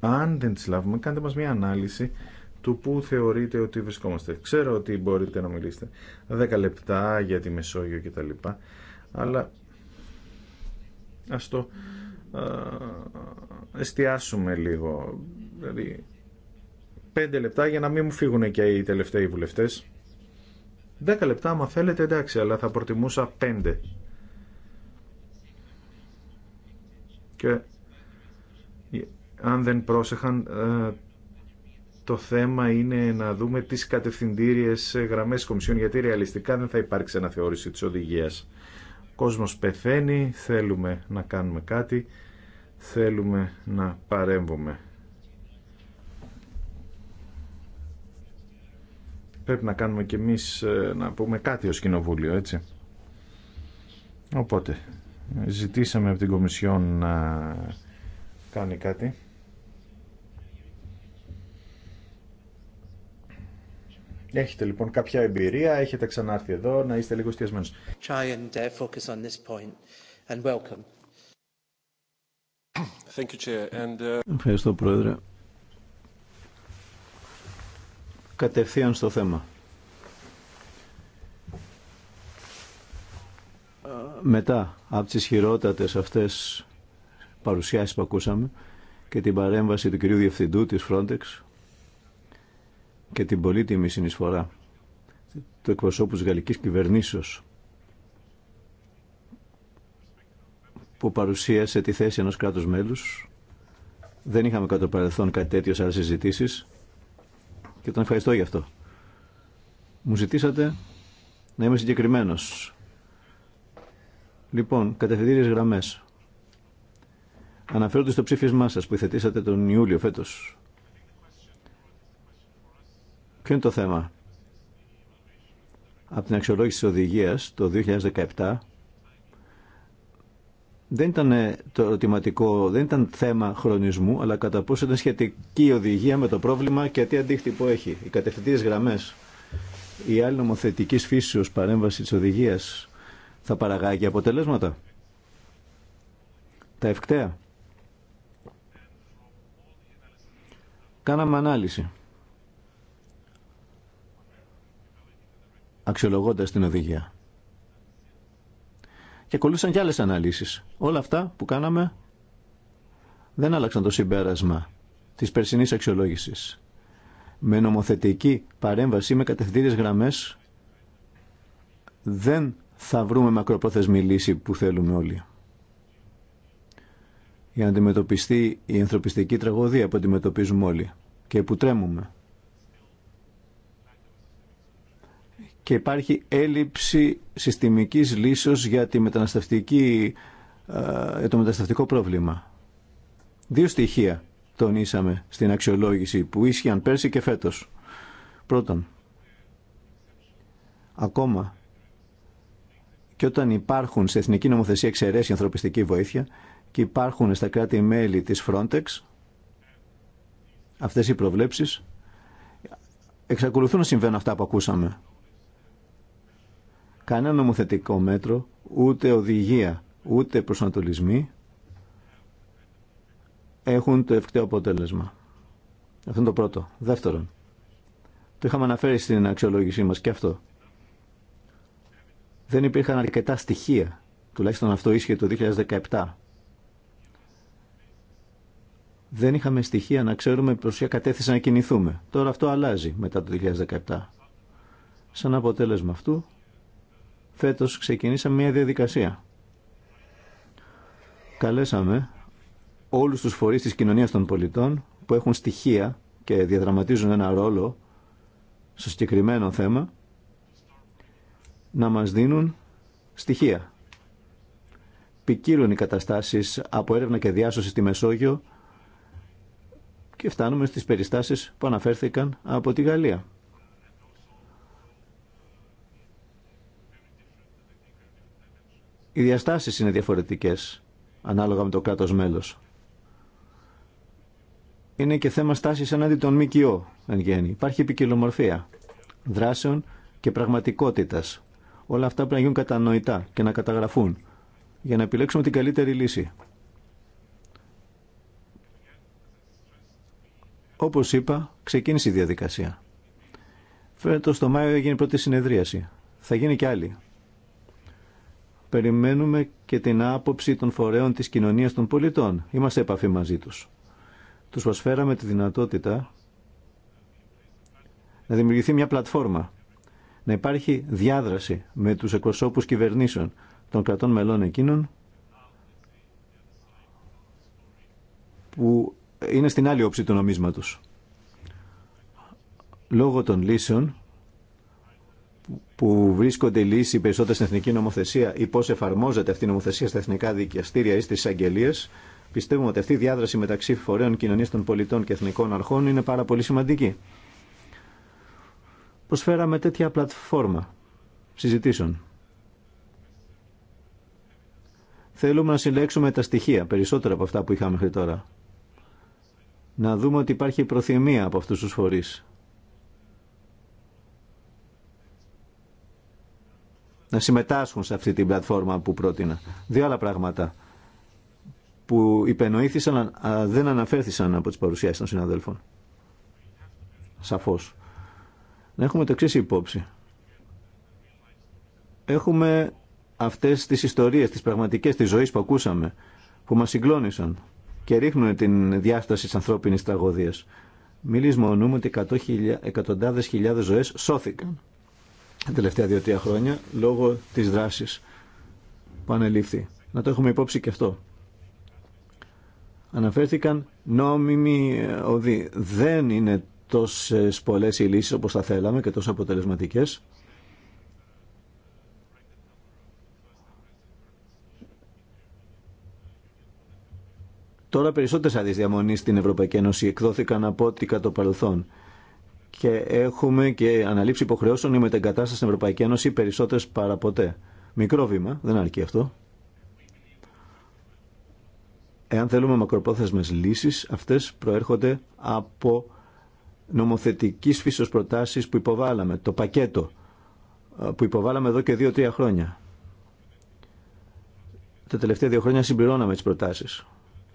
Αν δεν τις λάβουμε, κάντε μας μια ανάλυση του που θεωρείτε ότι βρισκόμαστε. Ξέρω ότι μπορείτε να μιλήσετε 10 λεπτά για τη Μεσόγειο λοιπά... Αλλά ας το εστιάσουμε λίγο. Δηλαδή, 5 λεπτά για να μην μου φύγουν και οι τελευταίοι βουλευτές. 10 λεπτά άμα θέλετε εντάξει, αλλά θα προτιμούσα 5. Και ε, αν δεν πρόσεχαν ε, το θέμα είναι να δούμε τις κατευθυντήριες γραμμές κομισιών, γιατί ρεαλιστικά δεν θα υπάρξει αναθεώρηση της οδηγίας. Ο κόσμος πεθαίνει, θέλουμε να κάνουμε κάτι, θέλουμε να παρέμβουμε. Πρέπει να κάνουμε κι εμείς ε, να πούμε κάτι ως Κοινοβούλιο, έτσι. Οπότε, ζητήσαμε από την Κομισιόν να κάνει κάτι. Έχετε λοιπόν κάποια εμπειρία, έχετε ξανάρθει εδώ, να είστε λίγο στιασμένους. Try and uh, focus on this point and welcome. Thank you, Chair. And, uh, Ευχαριστώ Πρόεδρε. Κατευθείαν στο θέμα. Μετά από τις χειρότατες αυτές παρουσιάσεις που ακούσαμε και την παρέμβαση του κυρίου Διευθυντού της Frontex και την πολύτιμη συνεισφορά του εκπροσώπου της γαλλικής κυβερνήσεως που παρουσίασε τη θέση ενός κράτους μέλους. Δεν είχαμε κατά το παρελθόν κάτι τέτοιο σε άλλες συζητήσεις και τον ευχαριστώ γι' αυτό. Μου ζητήσατε να είμαι συγκεκριμένο. Λοιπόν, κατευθυντήριες γραμμές. Αναφέρονται στο ψήφισμά σας που θετήσατε τον Ιούλιο φέτος. Ποιο είναι το θέμα. Από την αξιολόγηση της οδηγίας το 2017 δεν ήταν ε, το ερωτηματικό, δεν ήταν θέμα χρονισμού, αλλά κατά πόσο ήταν σχετική η οδηγία με το πρόβλημα και τι αντίκτυπο έχει. Οι κατευθυντήριες γραμμές, η άλλη νομοθετική φύσεως παρέμβαση της οδηγίας θα παραγάγει αποτελέσματα. Τα ευκταία. Κάναμε ανάλυση αξιολογώντα την οδηγία. Και ακολούθησαν και άλλε αναλύσεις. Όλα αυτά που κάναμε δεν άλλαξαν το συμπέρασμα της περσινής αξιολόγησης. Με νομοθετική παρέμβαση, με κατευθυντήριες γραμμές, δεν θα βρούμε μακροπρόθεσμη λύση που θέλουμε όλοι. Για να αντιμετωπιστεί η ανθρωπιστική τραγωδία που αντιμετωπίζουμε όλοι και που τρέμουμε. και υπάρχει έλλειψη συστημικής λύσεως για τη μεταναστευτική, ε, το μεταναστευτικό πρόβλημα. Δύο στοιχεία τονίσαμε στην αξιολόγηση που ίσχυαν πέρσι και φέτος. Πρώτον, ακόμα και όταν υπάρχουν σε εθνική νομοθεσία εξαιρέσει ανθρωπιστική βοήθεια και υπάρχουν στα κράτη-μέλη της Frontex αυτές οι προβλέψεις, εξακολουθούν να συμβαίνουν αυτά που ακούσαμε. Κανένα νομοθετικό μέτρο, ούτε οδηγία, ούτε προσανατολισμοί έχουν το ευκταίο αποτέλεσμα. Αυτό είναι το πρώτο. Δεύτερον, το είχαμε αναφέρει στην αξιολόγησή μας και αυτό. Δεν υπήρχαν αρκετά στοιχεία, τουλάχιστον αυτό ίσχυε το 2017. Δεν είχαμε στοιχεία να ξέρουμε προς ποια κατεύθυνση να κινηθούμε. Τώρα αυτό αλλάζει μετά το 2017. Σαν αποτέλεσμα αυτού φέτος ξεκινήσαμε μια διαδικασία. Καλέσαμε όλους τους φορείς της κοινωνίας των πολιτών που έχουν στοιχεία και διαδραματίζουν ένα ρόλο στο συγκεκριμένο θέμα να μας δίνουν στοιχεία. Ποικίλουν οι καταστάσεις από έρευνα και διάσωση στη Μεσόγειο και φτάνουμε στις περιστάσεις που αναφέρθηκαν από τη Γαλλία. οι διαστάσεις είναι διαφορετικές ανάλογα με το κράτος μέλος. Είναι και θέμα στάσης έναντι των ΜΚΟ εν γέννη. Υπάρχει επικοινομορφία δράσεων και πραγματικότητας. Όλα αυτά πρέπει να γίνουν κατανοητά και να καταγραφούν για να επιλέξουμε την καλύτερη λύση. Όπως είπα, ξεκίνησε η διαδικασία. Φέτος το Μάιο έγινε η πρώτη συνεδρίαση. Θα γίνει και άλλη περιμένουμε και την άποψη των φορέων της κοινωνίας των πολιτών. Είμαστε επαφή μαζί τους. Τους προσφέραμε τη δυνατότητα να δημιουργηθεί μια πλατφόρμα, να υπάρχει διάδραση με τους εκπροσώπους κυβερνήσεων των κρατών μελών εκείνων που είναι στην άλλη όψη του νομίσματος. Λόγω των λύσεων που βρίσκονται λύση περισσότερο στην εθνική νομοθεσία ή πώς εφαρμόζεται αυτή η νομοθεσία στα εθνικά δικαστήρια ή στις αγγελίες, πιστεύουμε ότι αυτή η διάδραση η στις εισαγγελιε πιστευουμε φορέων κοινωνία των πολιτών και εθνικών αρχών είναι πάρα πολύ σημαντική. Προσφέραμε τέτοια πλατφόρμα συζητήσεων. Θέλουμε να συλλέξουμε τα στοιχεία, περισσότερα από αυτά που είχαμε μέχρι τώρα. Να δούμε ότι υπάρχει προθυμία από αυτού του φορείς να συμμετάσχουν σε αυτή την πλατφόρμα που πρότεινα. Δύο άλλα πράγματα που υπενοήθησαν, αλλά δεν αναφέρθησαν από τις παρουσιάσει των συναδέλφων. Σαφώς. Να έχουμε το εξή υπόψη. Έχουμε αυτές τις ιστορίες, τις πραγματικές τη ζωή που ακούσαμε, που μα συγκλώνησαν και ρίχνουν την διάσταση της ανθρώπινης τραγωδίας. μου ότι εκατοντάδε χιλιάδε ζωές σώθηκαν τα τελευταία δύο-τρία χρόνια λόγω της δράσης που ανελήφθη. Να το έχουμε υπόψη και αυτό. Αναφέρθηκαν νόμιμοι οδοί. Δεν είναι τόσες πολλές οι λύσεις όπως θα θέλαμε και τόσο αποτελεσματικές. Τώρα περισσότερες άδειες διαμονής στην Ευρωπαϊκή Ένωση εκδόθηκαν από ό,τι κατά το παρελθόν και έχουμε και αναλήψει υποχρεώσεων η μετεγκατάσταση στην Ευρωπαϊκή Ένωση περισσότερες παρά ποτέ. Μικρό βήμα, δεν αρκεί αυτό. Εάν θέλουμε μακροπρόθεσμες λύσεις, αυτές προέρχονται από νομοθετικής φύσεως προτάσεις που υποβάλαμε, το πακέτο ε, που υποβάλαμε εδώ και δύο-τρία χρόνια. Τα τελευταία δύο χρόνια συμπληρώναμε τις προτάσεις.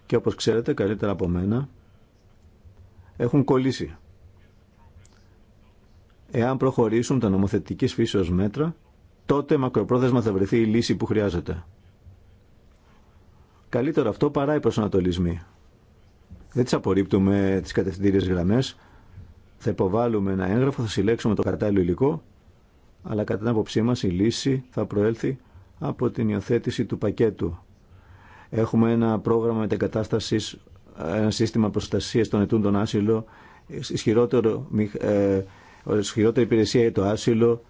Και όπως ξέρετε, καλύτερα από μένα, έχουν κολλήσει. Εάν προχωρήσουν τα νομοθετική φύσεως μέτρα, τότε μακροπρόθεσμα θα βρεθεί η λύση που χρειάζεται. Καλύτερο αυτό παρά οι προσανατολισμοί. Δεν τι απορρίπτουμε τι κατευθυντήριε γραμμέ. Θα υποβάλουμε ένα έγγραφο, θα συλλέξουμε το κατάλληλο υλικό, αλλά κατά την άποψή μα η λύση θα προέλθει από την υιοθέτηση του πακέτου. Έχουμε ένα πρόγραμμα μετεγκατάσταση, ένα σύστημα προστασία των ετούντων άσυλο, ισχυρότερο ε, ισχυρότερη υπηρεσία για το άσυλο.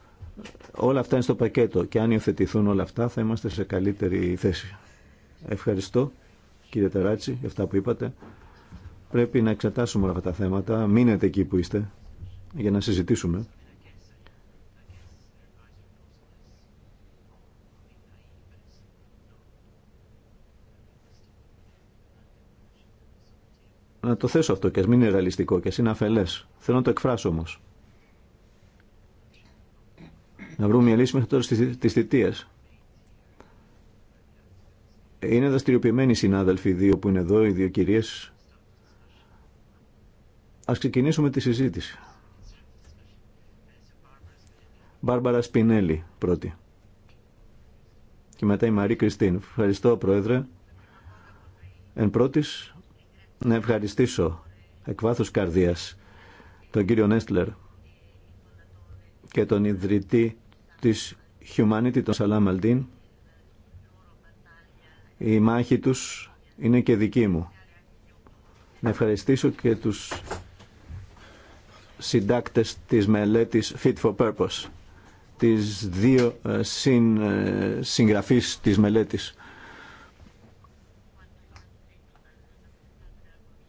Όλα αυτά είναι στο πακέτο και αν υιοθετηθούν όλα αυτά θα είμαστε σε καλύτερη θέση. Ευχαριστώ κύριε Τεράτσι για αυτά που είπατε. Πρέπει να εξετάσουμε όλα αυτά τα θέματα. Μείνετε εκεί που είστε για να συζητήσουμε. Να το θέσω αυτό και α μην είναι ρεαλιστικό και α είναι αφελέ. Θέλω να το εκφράσω όμω να βρούμε μια λύση μέχρι τώρα της θητεία. Είναι δραστηριοποιημένοι οι συνάδελφοι οι δύο που είναι εδώ, οι δύο κυρίες. Ας ξεκινήσουμε τη συζήτηση. Μπάρμπαρα Σπινέλη πρώτη. Και μετά η Μαρή Κριστίν. Ευχαριστώ Πρόεδρε. Εν πρώτη να ευχαριστήσω εκ βάθους καρδίας τον κύριο Νέστλερ και τον ιδρυτή της Humanity των Σαλάμ Αλτίν. Η μάχη τους είναι και δική μου. Να ευχαριστήσω και τους συντάκτες της μελέτης Fit for Purpose, τις δύο ε, συν, ε, συγγραφείς της μελέτης.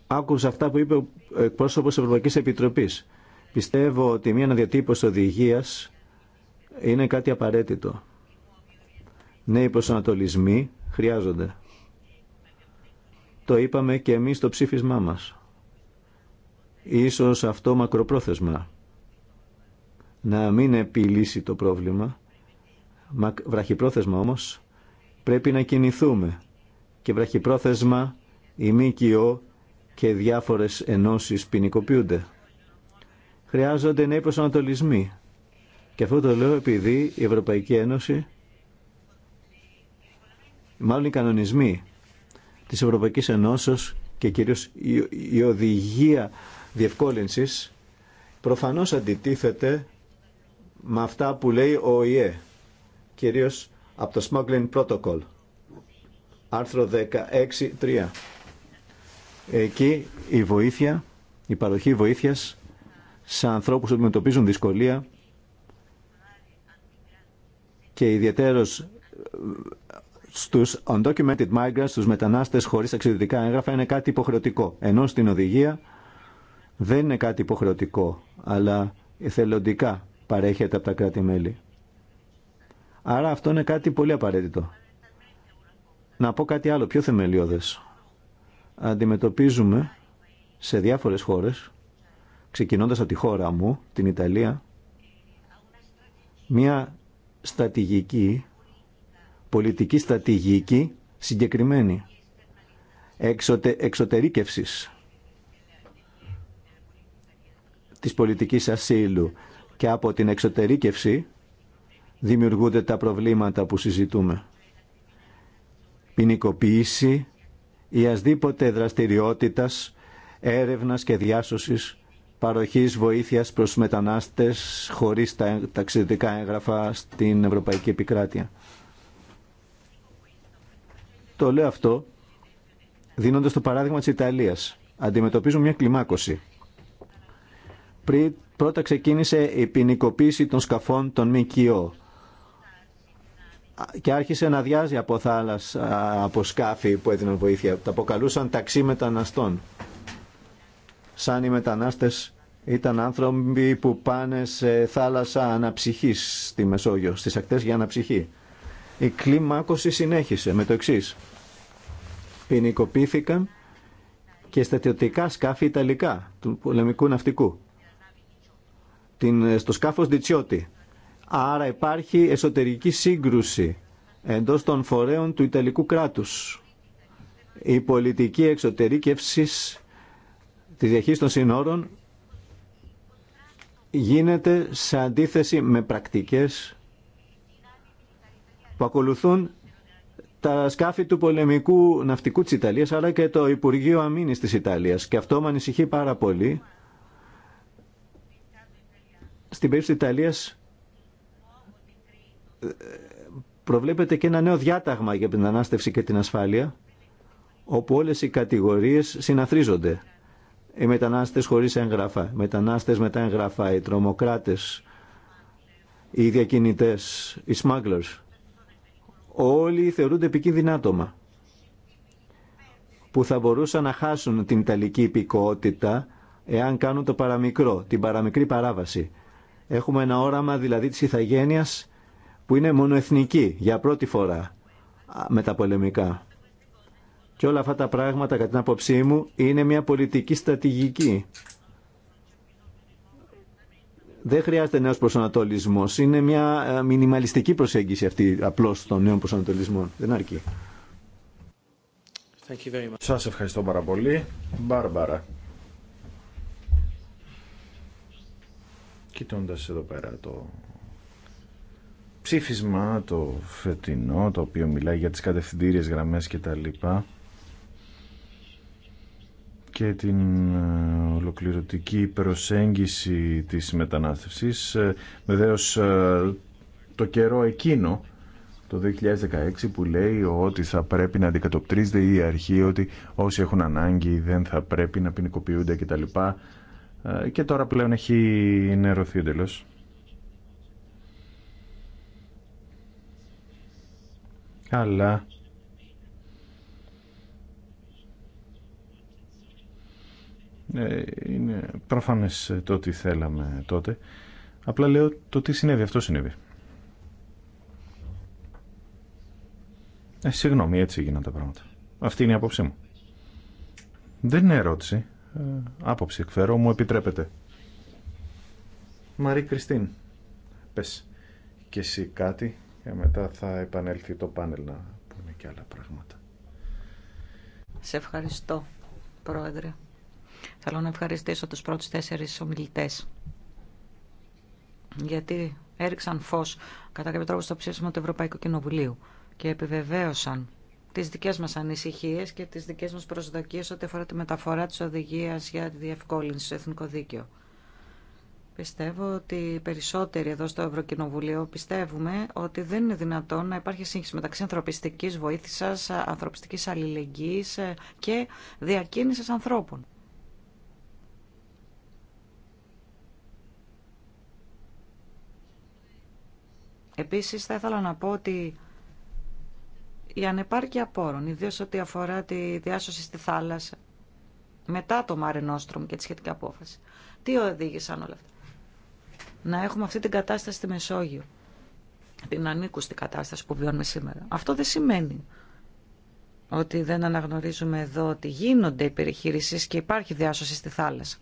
Άκουσα αυτά που είπε ο εκπρόσωπος της Ευρωπαϊκής Επιτροπής. Πιστεύω ότι μια αναδιατύπωση οδηγίας είναι κάτι απαραίτητο. Νέοι προσανατολισμοί χρειάζονται. Το είπαμε και εμείς στο ψήφισμά μας. Ίσως αυτό μακροπρόθεσμα να μην επιλύσει το πρόβλημα. Βραχυπρόθεσμα όμως πρέπει να κινηθούμε και βραχυπρόθεσμα η ΜΚΟ και διάφορες ενώσεις ποινικοποιούνται. Χρειάζονται νέοι προσανατολισμοί και αυτό το λέω επειδή η Ευρωπαϊκή Ένωση, μάλλον οι κανονισμοί της Ευρωπαϊκής Ενώσεως και κυρίως η οδηγία διευκόλυνσης προφανώς αντιτίθεται με αυτά που λέει ο ΟΗΕ, κυρίως από το Smuggling Protocol, άρθρο 16.3. Εκεί η βοήθεια, η παροχή βοήθειας σε ανθρώπους που αντιμετωπίζουν δυσκολία και ιδιαίτερος στους undocumented migrants, στους μετανάστες χωρίς αξιδιωτικά έγγραφα είναι κάτι υποχρεωτικό. Ενώ στην οδηγία δεν είναι κάτι υποχρεωτικό, αλλά εθελοντικά παρέχεται από τα κράτη-μέλη. Άρα αυτό είναι κάτι πολύ απαραίτητο. Να πω κάτι άλλο, πιο θεμελιώδες. Αντιμετωπίζουμε σε διάφορες χώρες, ξεκινώντας από τη χώρα μου, την Ιταλία, μια πολιτική στρατηγική συγκεκριμένη εξωτε, εξωτερήκευσης της πολιτικής ασύλου και από την εξωτερήκευση δημιουργούνται τα προβλήματα που συζητούμε. Ποινικοποίηση ή ασδήποτε δραστηριότητας έρευνας και διάσωσης παροχής βοήθειας προς μετανάστες χωρίς τα ταξιδιτικά έγγραφα στην Ευρωπαϊκή Επικράτεια. Το λέω αυτό δίνοντας το παράδειγμα της Ιταλίας. Αντιμετωπίζουν μια κλιμάκωση. Πριν, πρώτα ξεκίνησε η ποινικοποίηση των σκαφών των ΜΚΟ και άρχισε να διάζει από θάλασσα, από σκάφη που έδιναν βοήθεια. Τα αποκαλούσαν ταξί μεταναστών σαν οι μετανάστες ήταν άνθρωποι που πάνε σε θάλασσα αναψυχής στη Μεσόγειο, στις ακτές για αναψυχή. Η κλίμακωση συνέχισε με το εξή. Ποινικοποιήθηκαν και στατιωτικά σκάφη Ιταλικά του πολεμικού ναυτικού. Την, στο σκάφος Διτσιώτη. Άρα υπάρχει εσωτερική σύγκρουση εντός των φορέων του Ιταλικού κράτους. Η πολιτική εξωτερήκευσης τη διαχείριση των συνόρων γίνεται σε αντίθεση με πρακτικές που ακολουθούν τα σκάφη του πολεμικού ναυτικού της Ιταλίας αλλά και το Υπουργείο Αμήνης της Ιταλίας και αυτό με ανησυχεί πάρα πολύ στην περίπτωση της Ιταλίας προβλέπεται και ένα νέο διάταγμα για την ανάστευση και την ασφάλεια όπου όλες οι κατηγορίες συναθρίζονται οι μετανάστες χωρίς έγγραφα, μετανάστες μετά έγγραφα, οι τρομοκράτες, οι διακινητές, οι smugglers. Όλοι θεωρούνται επικίνδυνα άτομα που θα μπορούσαν να χάσουν την Ιταλική υπηκότητα εάν κάνουν το παραμικρό, την παραμικρή παράβαση. Έχουμε ένα όραμα δηλαδή της ηθαγένειας που είναι μονοεθνική για πρώτη φορά με τα πολεμικά. Και όλα αυτά τα πράγματα, κατά την άποψή μου, είναι μια πολιτική στρατηγική. Δεν χρειάζεται νέος προσανατολισμός. Είναι μια ε, μινιμαλιστική προσέγγιση αυτή απλώς των νέων προσανατολισμών. Δεν αρκεί. Σας ευχαριστώ πάρα πολύ. Μπάρμπαρα. Κοιτώντας εδώ πέρα το ψήφισμα, το φετινό, το οποίο μιλάει για τις κατευθυντήριες γραμμές κτλ., και την ε, ολοκληρωτική προσέγγιση της μετανάστευσης. Ε, βεβαίως ε, το καιρό εκείνο, το 2016, που λέει ότι θα πρέπει να αντικατοπτρίζεται η αρχή ότι όσοι έχουν ανάγκη δεν θα πρέπει να ποινικοποιούνται κτλ. Και τώρα πλέον έχει νερωθεί εντελώς. Αλλά Ε, είναι προφανές το ότι θέλαμε τότε. Απλά λέω το τι συνέβη. Αυτό συνέβη. Ε, συγγνώμη, έτσι έγιναν τα πράγματα. Αυτή είναι η άποψή μου. Δεν είναι ερώτηση. Ε, άποψη εκφέρω, μου επιτρέπετε. Μαρή Κριστίν, πες και εσύ κάτι και μετά θα επανέλθει το πάνελ να πούνε και άλλα πράγματα. Σε ευχαριστώ, Πρόεδρε. Θέλω να ευχαριστήσω τους πρώτους τέσσερις ομιλητές γιατί έριξαν φως κατά κάποιο τρόπο στο ψήφισμα του Ευρωπαϊκού Κοινοβουλίου και επιβεβαίωσαν τις δικές μας ανησυχίες και τις δικές μας προσδοκίες ό,τι αφορά τη μεταφορά της οδηγίας για τη διευκόλυνση στο εθνικό δίκαιο. Πιστεύω ότι περισσότεροι εδώ στο Ευρωκοινοβουλίο πιστεύουμε ότι δεν είναι δυνατόν να υπάρχει σύγχυση μεταξύ ανθρωπιστικής βοήθησας, ανθρωπιστικής αλληλεγγύης και διακίνησης ανθρώπων. Επίσης θα ήθελα να πω ότι η ανεπάρκεια πόρων, ιδίω ό,τι αφορά τη διάσωση στη θάλασσα, μετά το Μαρενόστρομ Νόστρομ και τη σχετική απόφαση, τι οδήγησαν όλα αυτά. Να έχουμε αυτή την κατάσταση στη Μεσόγειο, την ανήκουστη κατάσταση που βιώνουμε σήμερα. Αυτό δεν σημαίνει ότι δεν αναγνωρίζουμε εδώ ότι γίνονται οι και υπάρχει διάσωση στη θάλασσα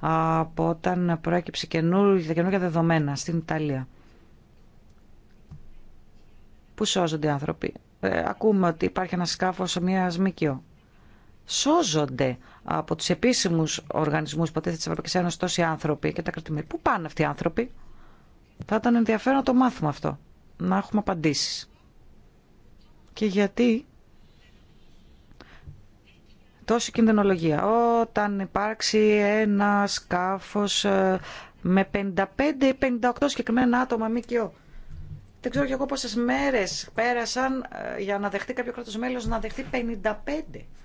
από όταν προέκυψε καινούργια δεδομένα στην Ιταλία που σώζονται οι άνθρωποι. Ε, ακούμε ότι υπάρχει ένα σκάφος μια ΜΚΟ. Σώζονται από τους επίσημους οργανισμούς ποτέ τη Ευρωπαϊκή Ένωση τόσοι άνθρωποι και τα κρατημέρια. Πού πάνε αυτοί οι άνθρωποι. Θα ήταν ενδιαφέρον να το μάθουμε αυτό. Να έχουμε απαντήσει. Και γιατί τόση κινδυνολογία. Όταν υπάρξει ένα σκάφος ε, με 55 ή 58 συγκεκριμένα άτομα ΜΚΟ δεν ξέρω και εγώ πόσε μέρε πέρασαν ε, για να δεχτεί κάποιο κράτος μέλο να δεχτεί 55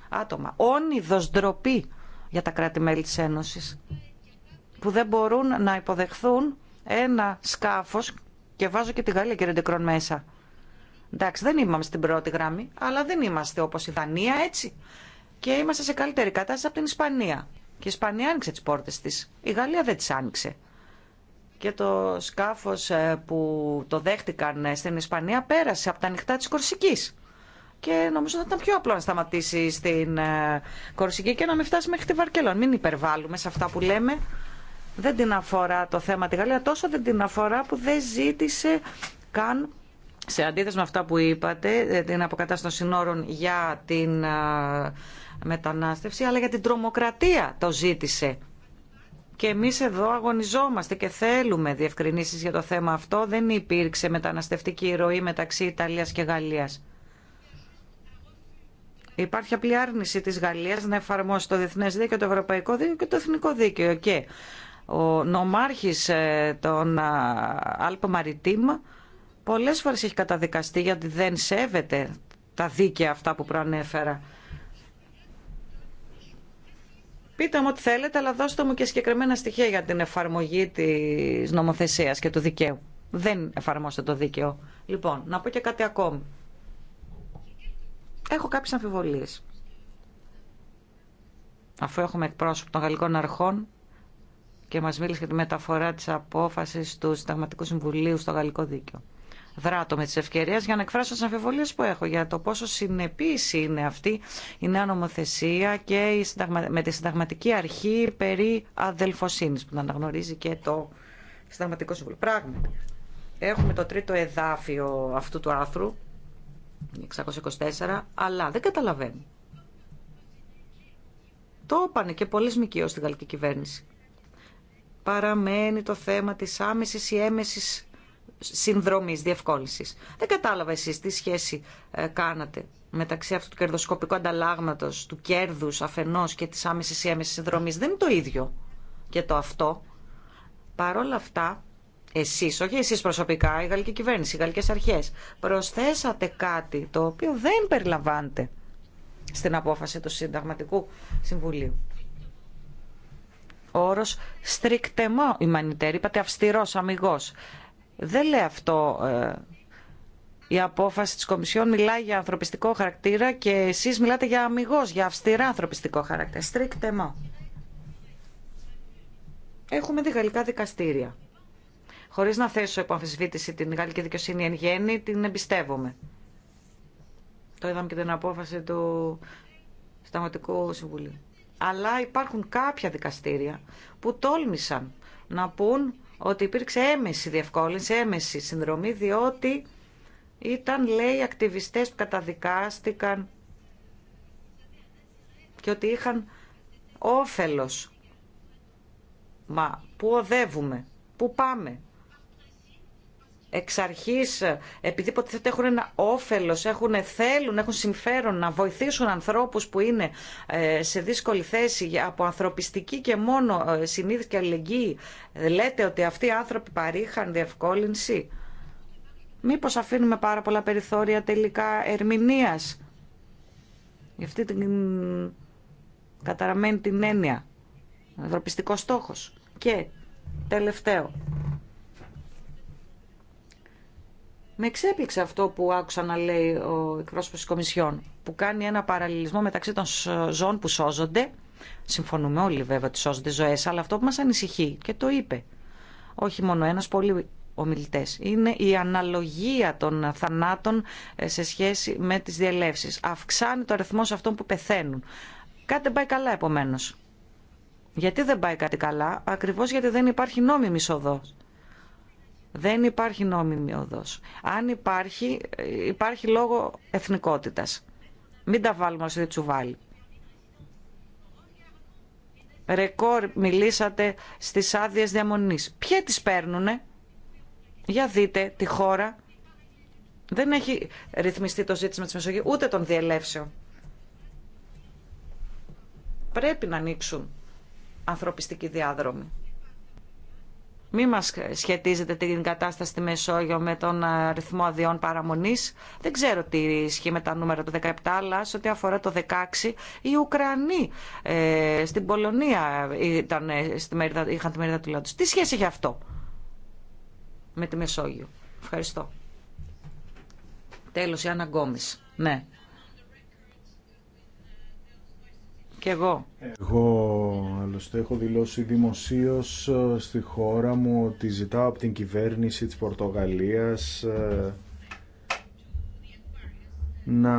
άτομα. Όνειδο ντροπή για τα κράτη-μέλη της Ένωσης που δεν μπορούν να υποδεχθούν ένα σκάφο και βάζω και τη Γαλλία κύριε Ντεκρόν μέσα. Εντάξει, δεν είμαστε στην πρώτη γραμμή, αλλά δεν είμαστε όπω η Δανία, έτσι. Και είμαστε σε καλύτερη κατάσταση από την Ισπανία. Και η Ισπανία άνοιξε τι πόρτε τη. Η Γαλλία δεν τι άνοιξε και το σκάφος ε, που το δέχτηκαν ε, στην Ισπανία πέρασε από τα νυχτά της Κορσικής. Και νομίζω θα ήταν πιο απλό να σταματήσει στην ε, Κορσική και να μην φτάσει μέχρι τη Βαρκελόν. Μην υπερβάλλουμε σε αυτά που λέμε. Δεν την αφορά το θέμα τη Γαλλία, τόσο δεν την αφορά που δεν ζήτησε καν σε αντίθεση με αυτά που είπατε, την αποκατάσταση των συνόρων για την μετανάστευση, αλλά για την τρομοκρατία το ζήτησε. Και εμείς εδώ αγωνιζόμαστε και θέλουμε διευκρινήσεις για το θέμα αυτό. Δεν υπήρξε μεταναστευτική ροή μεταξύ Ιταλίας και Γαλλίας. Υπάρχει απλή άρνηση της Γαλλίας να εφαρμόσει το Διεθνές Δίκαιο, το Ευρωπαϊκό Δίκαιο και το Εθνικό Δίκαιο. Και ο νομάρχης ε, των Αλπ Μαριτήμα πολλές φορές έχει καταδικαστεί γιατί δεν σέβεται τα δίκαια αυτά που προανέφερα. Πείτε μου ό,τι θέλετε, αλλά δώστε μου και συγκεκριμένα στοιχεία για την εφαρμογή της νομοθεσίας και του δικαίου. Δεν εφαρμόσετε το δίκαιο. Λοιπόν, να πω και κάτι ακόμη. Έχω κάποιες αμφιβολίες. Αφού έχουμε εκπρόσωπο των γαλλικών αρχών και μας μίλησε για τη μεταφορά της απόφασης του Συνταγματικού Συμβουλίου στο γαλλικό δίκαιο δράτω με τις ευκαιρίες για να εκφράσω τις αμφιβολίες που έχω για το πόσο συνεπής είναι αυτή η νέα νομοθεσία και με τη συνταγματική αρχή περί αδελφοσύνης που αναγνωρίζει και το Συνταγματικό Συμβούλιο. Πράγματι, έχουμε το τρίτο εδάφιο αυτού του άθρου 624, αλλά δεν καταλαβαίνω. Το είπανε και πολλοί ΜΚΟ στην γαλλική κυβέρνηση. Παραμένει το θέμα της άμεσης ή έμεσης συνδρομής, διευκόλυνσης. Δεν κατάλαβα εσεί τι σχέση ε, κάνατε μεταξύ αυτού του κερδοσκοπικού ανταλλάγματος, του κέρδους αφενός και της άμεση ή έμεση συνδρομής. Δεν είναι το ίδιο και το αυτό. Παρ' όλα αυτά, εσείς, όχι εσείς προσωπικά, η γαλλική κυβέρνηση, οι γαλλικέ αρχές, προσθέσατε κάτι το οποίο δεν περιλαμβάνεται στην απόφαση του Συνταγματικού Συμβουλίου. όρος στρικτεμό μανιτέρη, είπατε αυστηρός, αμυγός. Δεν λέει αυτό ε, η απόφαση της Κομισιόν μιλάει για ανθρωπιστικό χαρακτήρα και εσείς μιλάτε για αμυγός, για αυστηρά ανθρωπιστικό χαρακτήρα. Στρίκτε μα. Έχουμε διγαλικά δικαστήρια. Χωρίς να θέσω υποαμφισβήτηση την γαλλική δικαιοσύνη εν γέννη, την εμπιστεύομαι. Το είδαμε και την απόφαση του Σταματικού Συμβουλίου. Αλλά υπάρχουν κάποια δικαστήρια που τόλμησαν να πούν ότι υπήρξε έμεση διευκόλυνση, έμεση συνδρομή, διότι ήταν, λέει, ακτιβιστές που καταδικάστηκαν και ότι είχαν όφελος. Μα πού οδεύουμε, πού πάμε εξ αρχής, επειδή ποτέ έχουν ένα όφελος, έχουν, θέλουν, έχουν συμφέρον να βοηθήσουν ανθρώπους που είναι ε, σε δύσκολη θέση από ανθρωπιστική και μόνο ε, συνείδηση και αλληλεγγύη, λέτε ότι αυτοί οι άνθρωποι παρήχαν διευκόλυνση. Μήπως αφήνουμε πάρα πολλά περιθώρια τελικά ερμηνεία. για αυτή την καταραμένη την έννοια, ανθρωπιστικό στόχος. Και τελευταίο, Με εξέπληξε αυτό που άκουσα να λέει ο εκπρόσωπο τη Κομισιόν, που κάνει ένα παραλληλισμό μεταξύ των ζώων που σώζονται. Συμφωνούμε όλοι βέβαια ότι σώζονται ζωέ, αλλά αυτό που μα ανησυχεί, και το είπε, όχι μόνο ένα πολύ ομιλητές, είναι η αναλογία των θανάτων ε, σε σχέση με τις διελεύσεις. Αυξάνει το αριθμό σε αυτών που πεθαίνουν. Κάτι δεν πάει καλά επομένως. Γιατί δεν πάει κάτι καλά, ακριβώς γιατί δεν υπάρχει νόμιμη είσοδο δεν υπάρχει νόμιμη οδός. Αν υπάρχει, υπάρχει λόγο εθνικότητας. Μην τα βάλουμε σε τσουβάλι. Ρεκόρ μιλήσατε στις άδειε διαμονής. Ποιες τις παίρνουνε. Για δείτε τη χώρα. Δεν έχει ρυθμιστεί το ζήτημα της Μεσογείου ούτε των διελεύσεων. Πρέπει να ανοίξουν ανθρωπιστικοί διάδρομοι. Μη μας σχετίζετε την κατάσταση στη Μεσόγειο με τον αριθμό αδειών παραμονής. Δεν ξέρω τι ισχύει με τα νούμερα του 17, αλλά σε ό,τι αφορά το 16, οι Ουκρανοί ε, στην Πολωνία ήταν, ε, στη μερίδα, είχαν τη μερίδα του λαού Τι σχέση έχει αυτό με τη Μεσόγειο. Ευχαριστώ. Τέλος, η Άννα Γκόμης. Ναι. Και εγώ. Εγώ άλλωστε έχω δηλώσει δημοσίως ε, στη χώρα μου ότι ζητάω από την κυβέρνηση της Πορτογαλίας ε, να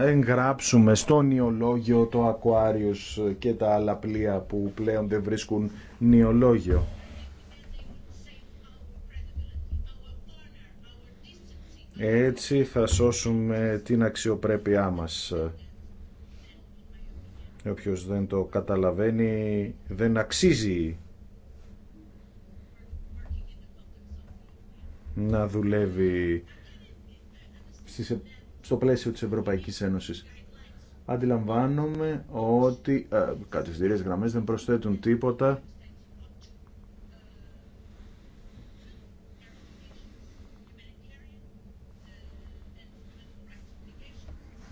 εγγράψουμε στο νιολόγιο το Aquarius και τα άλλα πλοία που πλέον δεν βρίσκουν νιολόγιο. Έτσι θα σώσουμε την αξιοπρέπειά μας. Όποιος δεν το καταλαβαίνει δεν αξίζει να δουλεύει ε, στο πλαίσιο της Ευρωπαϊκής Ένωσης. Αντιλαμβάνομαι ότι οι ε, κατευθυντήριες γραμμές δεν προσθέτουν τίποτα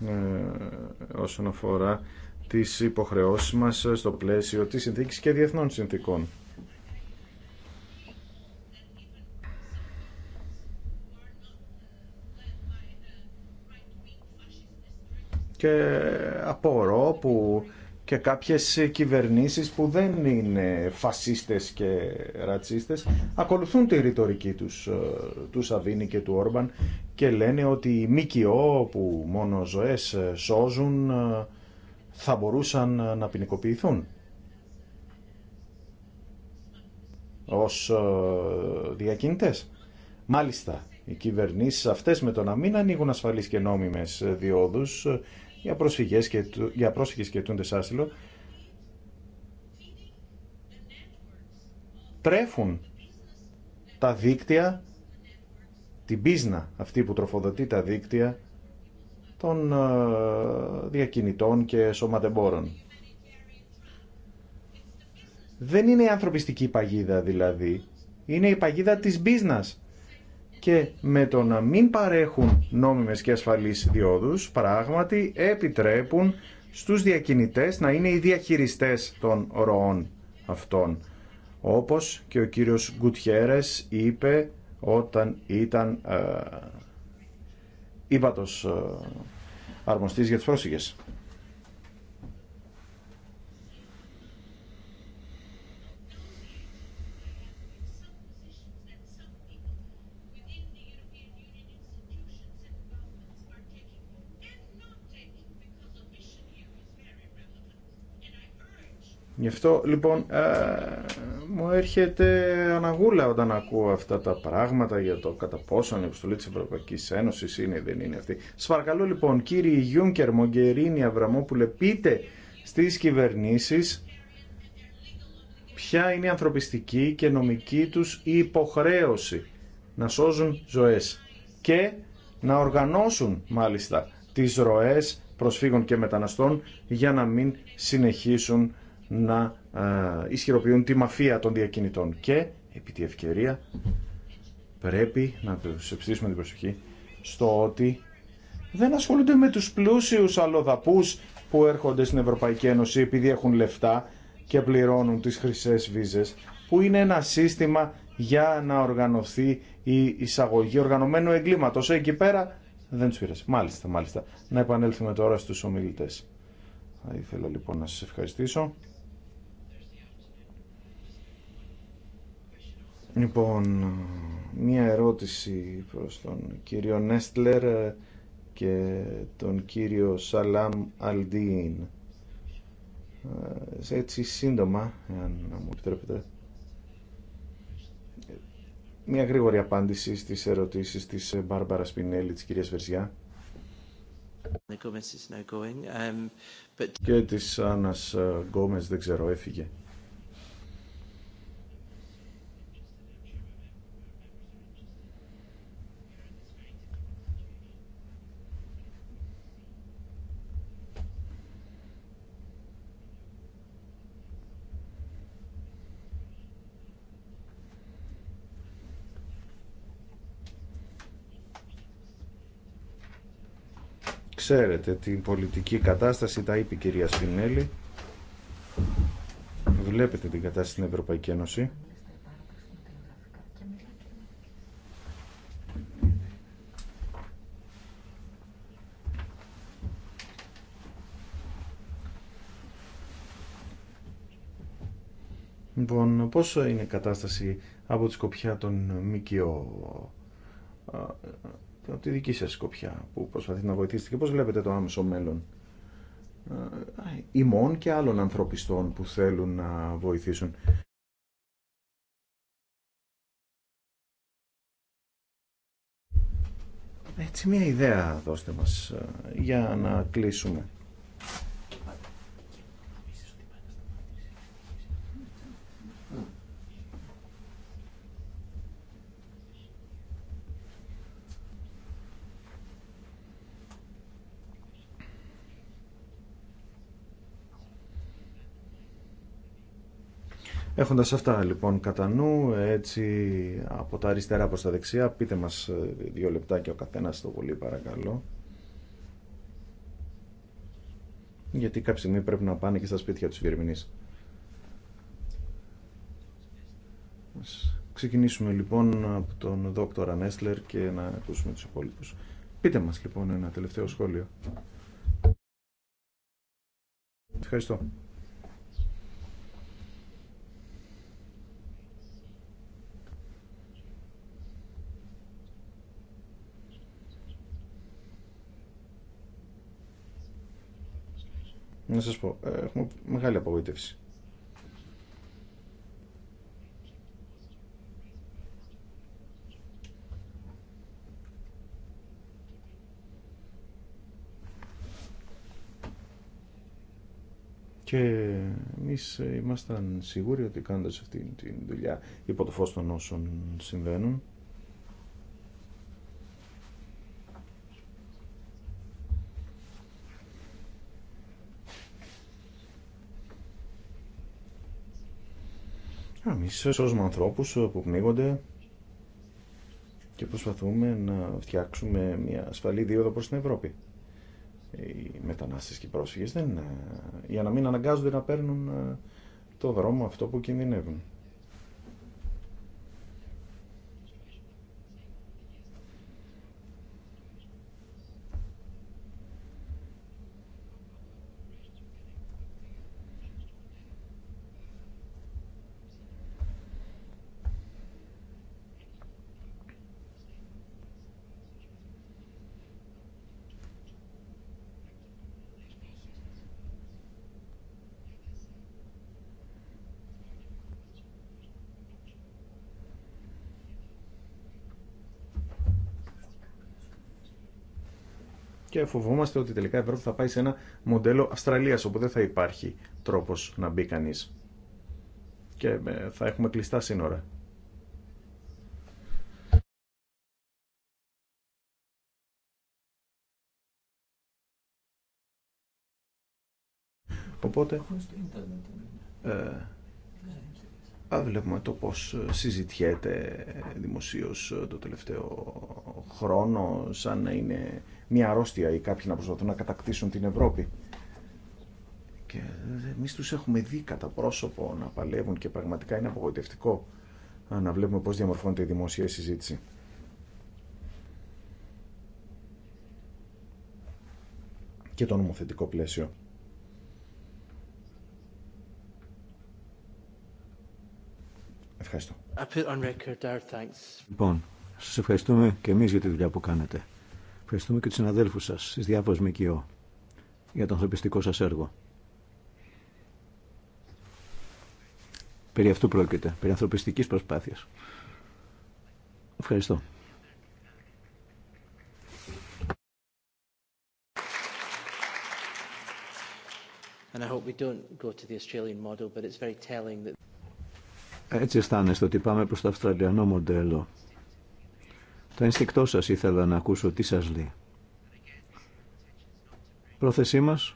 ε, όσον αφορά τις υποχρεώσεις μας στο πλαίσιο της συνθήκης και διεθνών συνθήκων. Και απορώ που και κάποιες κυβερνήσεις που δεν είναι φασίστες και ρατσίστες ακολουθούν τη ρητορική τους, ε, του Σαβίνη και του Όρμπαν και λένε ότι οι ΜΚΟ που μόνο ζωές ε, σώζουν ε, θα μπορούσαν ε, να ποινικοποιηθούν ως ε, διακίνητες. Μάλιστα, οι κυβερνήσεις αυτές με το να μην ανοίγουν ασφαλείς και νόμιμες ε, διόδους για, προσφυγές και, για πρόσφυγες και τούντες άσυλο τρέφουν τα δίκτυα, την πίσνα αυτή που τροφοδοτεί τα δίκτυα των ε, διακινητών και σωματεμπόρων. Δεν είναι η ανθρωπιστική παγίδα δηλαδή, είναι η παγίδα της business. Και με το να μην παρέχουν νόμιμες και ασφαλείς διόδους, πράγματι επιτρέπουν στους διακινητές να είναι οι διαχειριστές των ροών αυτών. Όπως και ο κύριος Γκουτιέρες είπε όταν ήταν ε, ε αρμοστής για τις πρόσφυγες. Γι' αυτό λοιπόν ε, μου έρχεται αναγούλα όταν ακούω αυτά τα πράγματα για το κατά πόσο η επιστολή της Ευρωπαϊκής Ένωσης είναι ή δεν είναι αυτή. Σας παρακαλώ λοιπόν κύριοι Γιούνκερ, Μογκερίνη, Αβραμόπουλε, πείτε στις κυβερνήσεις ποια είναι η ανθρωπιστική και νομική τους υποχρέωση να σώζουν ζωές και να οργανώσουν μάλιστα τις ροές προσφύγων και μεταναστών για να μην συνεχίσουν να ισχυροποιούν τη μαφία των διακινητών. Και, επί τη ευκαιρία, πρέπει να προσευχήσουμε την προσοχή στο ότι δεν ασχολούνται με τους πλούσιους αλλοδαπούς που έρχονται στην Ευρωπαϊκή Ένωση επειδή έχουν λεφτά και πληρώνουν τις χρυσές βίζες, που είναι ένα σύστημα για να οργανωθεί η εισαγωγή οργανωμένου εγκλήματος. Εκεί πέρα δεν του πειράζει. Μάλιστα, μάλιστα. Να επανέλθουμε τώρα στους ομιλητές. Θα ήθελα λοιπόν να σας ευχαριστήσω. Λοιπόν, μία ερώτηση προς τον κύριο Νέστλερ και τον κύριο Σαλάμ Αλντίν. Ε, έτσι σύντομα, αν μου επιτρέπετε. Μία γρήγορη απάντηση στις ερωτήσεις της Μπάρμπαρα Σπινέλη, της κυρίας Βερζιά. Ε, και της Άννας Γκόμες, δεν ξέρω, έφυγε. Ξέρετε την πολιτική κατάσταση, τα είπε η κυρία Σπινέλη. Βλέπετε την κατάσταση στην Ευρωπαϊκή Ένωση. Λοιπόν, πώς είναι η κατάσταση από τη σκοπιά των ΜΚΟ τη δική σας σκοπιά που προσπαθείτε να βοηθήσετε και πώς βλέπετε το άμεσο μέλλον ε, ημών και άλλων ανθρωπιστών που θέλουν να βοηθήσουν. Έτσι μια ιδέα δώστε μας ε, για να κλείσουμε. Έχοντας αυτά λοιπόν κατά νου, έτσι από τα αριστερά προς τα δεξιά, πείτε μας ε, δύο και ο καθένας το πολύ παρακαλώ. Γιατί κάποια στιγμή πρέπει να πάνε και στα σπίτια τους διερμηνείς. ξεκινήσουμε λοιπόν από τον δόκτορα Νέσλερ και να ακούσουμε τους υπόλοιπους. Πείτε μας λοιπόν ένα τελευταίο σχόλιο. Ευχαριστώ. Να σας πω, ε, έχουμε μεγάλη απογοήτευση. Και εμεί ε, ήμασταν σίγουροι ότι κάνοντα αυτή τη δουλειά υπό το φω των όσων συμβαίνουν, Εμείς σώζουμε ανθρώπους που πνίγονται και προσπαθούμε να φτιάξουμε μια ασφαλή δίωδο προς την Ευρώπη. Οι μετανάστες και οι πρόσφυγες δεν, ε, για να μην αναγκάζονται να παίρνουν ε, το δρόμο αυτό που κινδυνεύουν. και φοβόμαστε ότι τελικά η Ευρώπη θα πάει σε ένα μοντέλο Αυστραλίας όπου δεν θα υπάρχει τρόπος να μπει κανείς και ε, θα έχουμε κλειστά σύνορα. Οπότε βλέπουμε το πώς συζητιέται δημοσίως το τελευταίο χρόνο σαν να είναι μια αρρώστια ή κάποιοι να προσπαθούν να κατακτήσουν την Ευρώπη. Και εμείς τους έχουμε δει κατά πρόσωπο να παλεύουν και πραγματικά είναι απογοητευτικό να βλέπουμε πώς διαμορφώνεται η δημοσία συζήτηση. και το νομοθετικό πλαίσιο. Ευχαριστώ. Λοιπόν, σας ευχαριστούμε και εμείς για τη δουλειά που κάνετε. Ευχαριστούμε και τους συναδέλφους σας στις διάφορες ΜΚΟ για το ανθρωπιστικό σας έργο. Περί αυτού πρόκειται, περί ανθρωπιστικής προσπάθειας. Ευχαριστώ. And I hope we don't go to the Australian model, but it's very telling that έτσι αισθάνεστε ότι πάμε προς το αυστραλιανό μοντέλο. Το ένστικτό σας ήθελα να ακούσω τι σας λέει. Πρόθεσή μας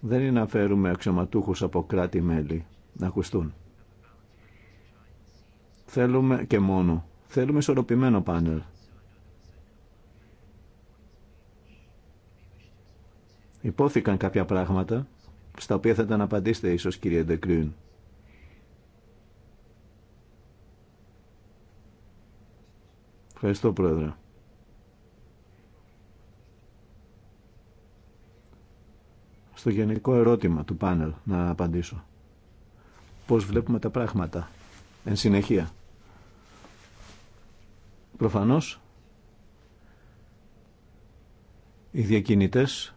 δεν είναι να φέρουμε αξιωματούχους από κράτη-μέλη να ακουστούν. Θέλουμε και μόνο. Θέλουμε ισορροπημένο πάνελ. Υπόθηκαν κάποια πράγματα στα οποία θα να απαντήσετε ίσως κύριε Ντεκρίν. Ευχαριστώ, Πρόεδρε. Στο γενικό ερώτημα του πάνελ να απαντήσω. Πώς βλέπουμε τα πράγματα εν συνεχεία. Προφανώς, οι διακινητές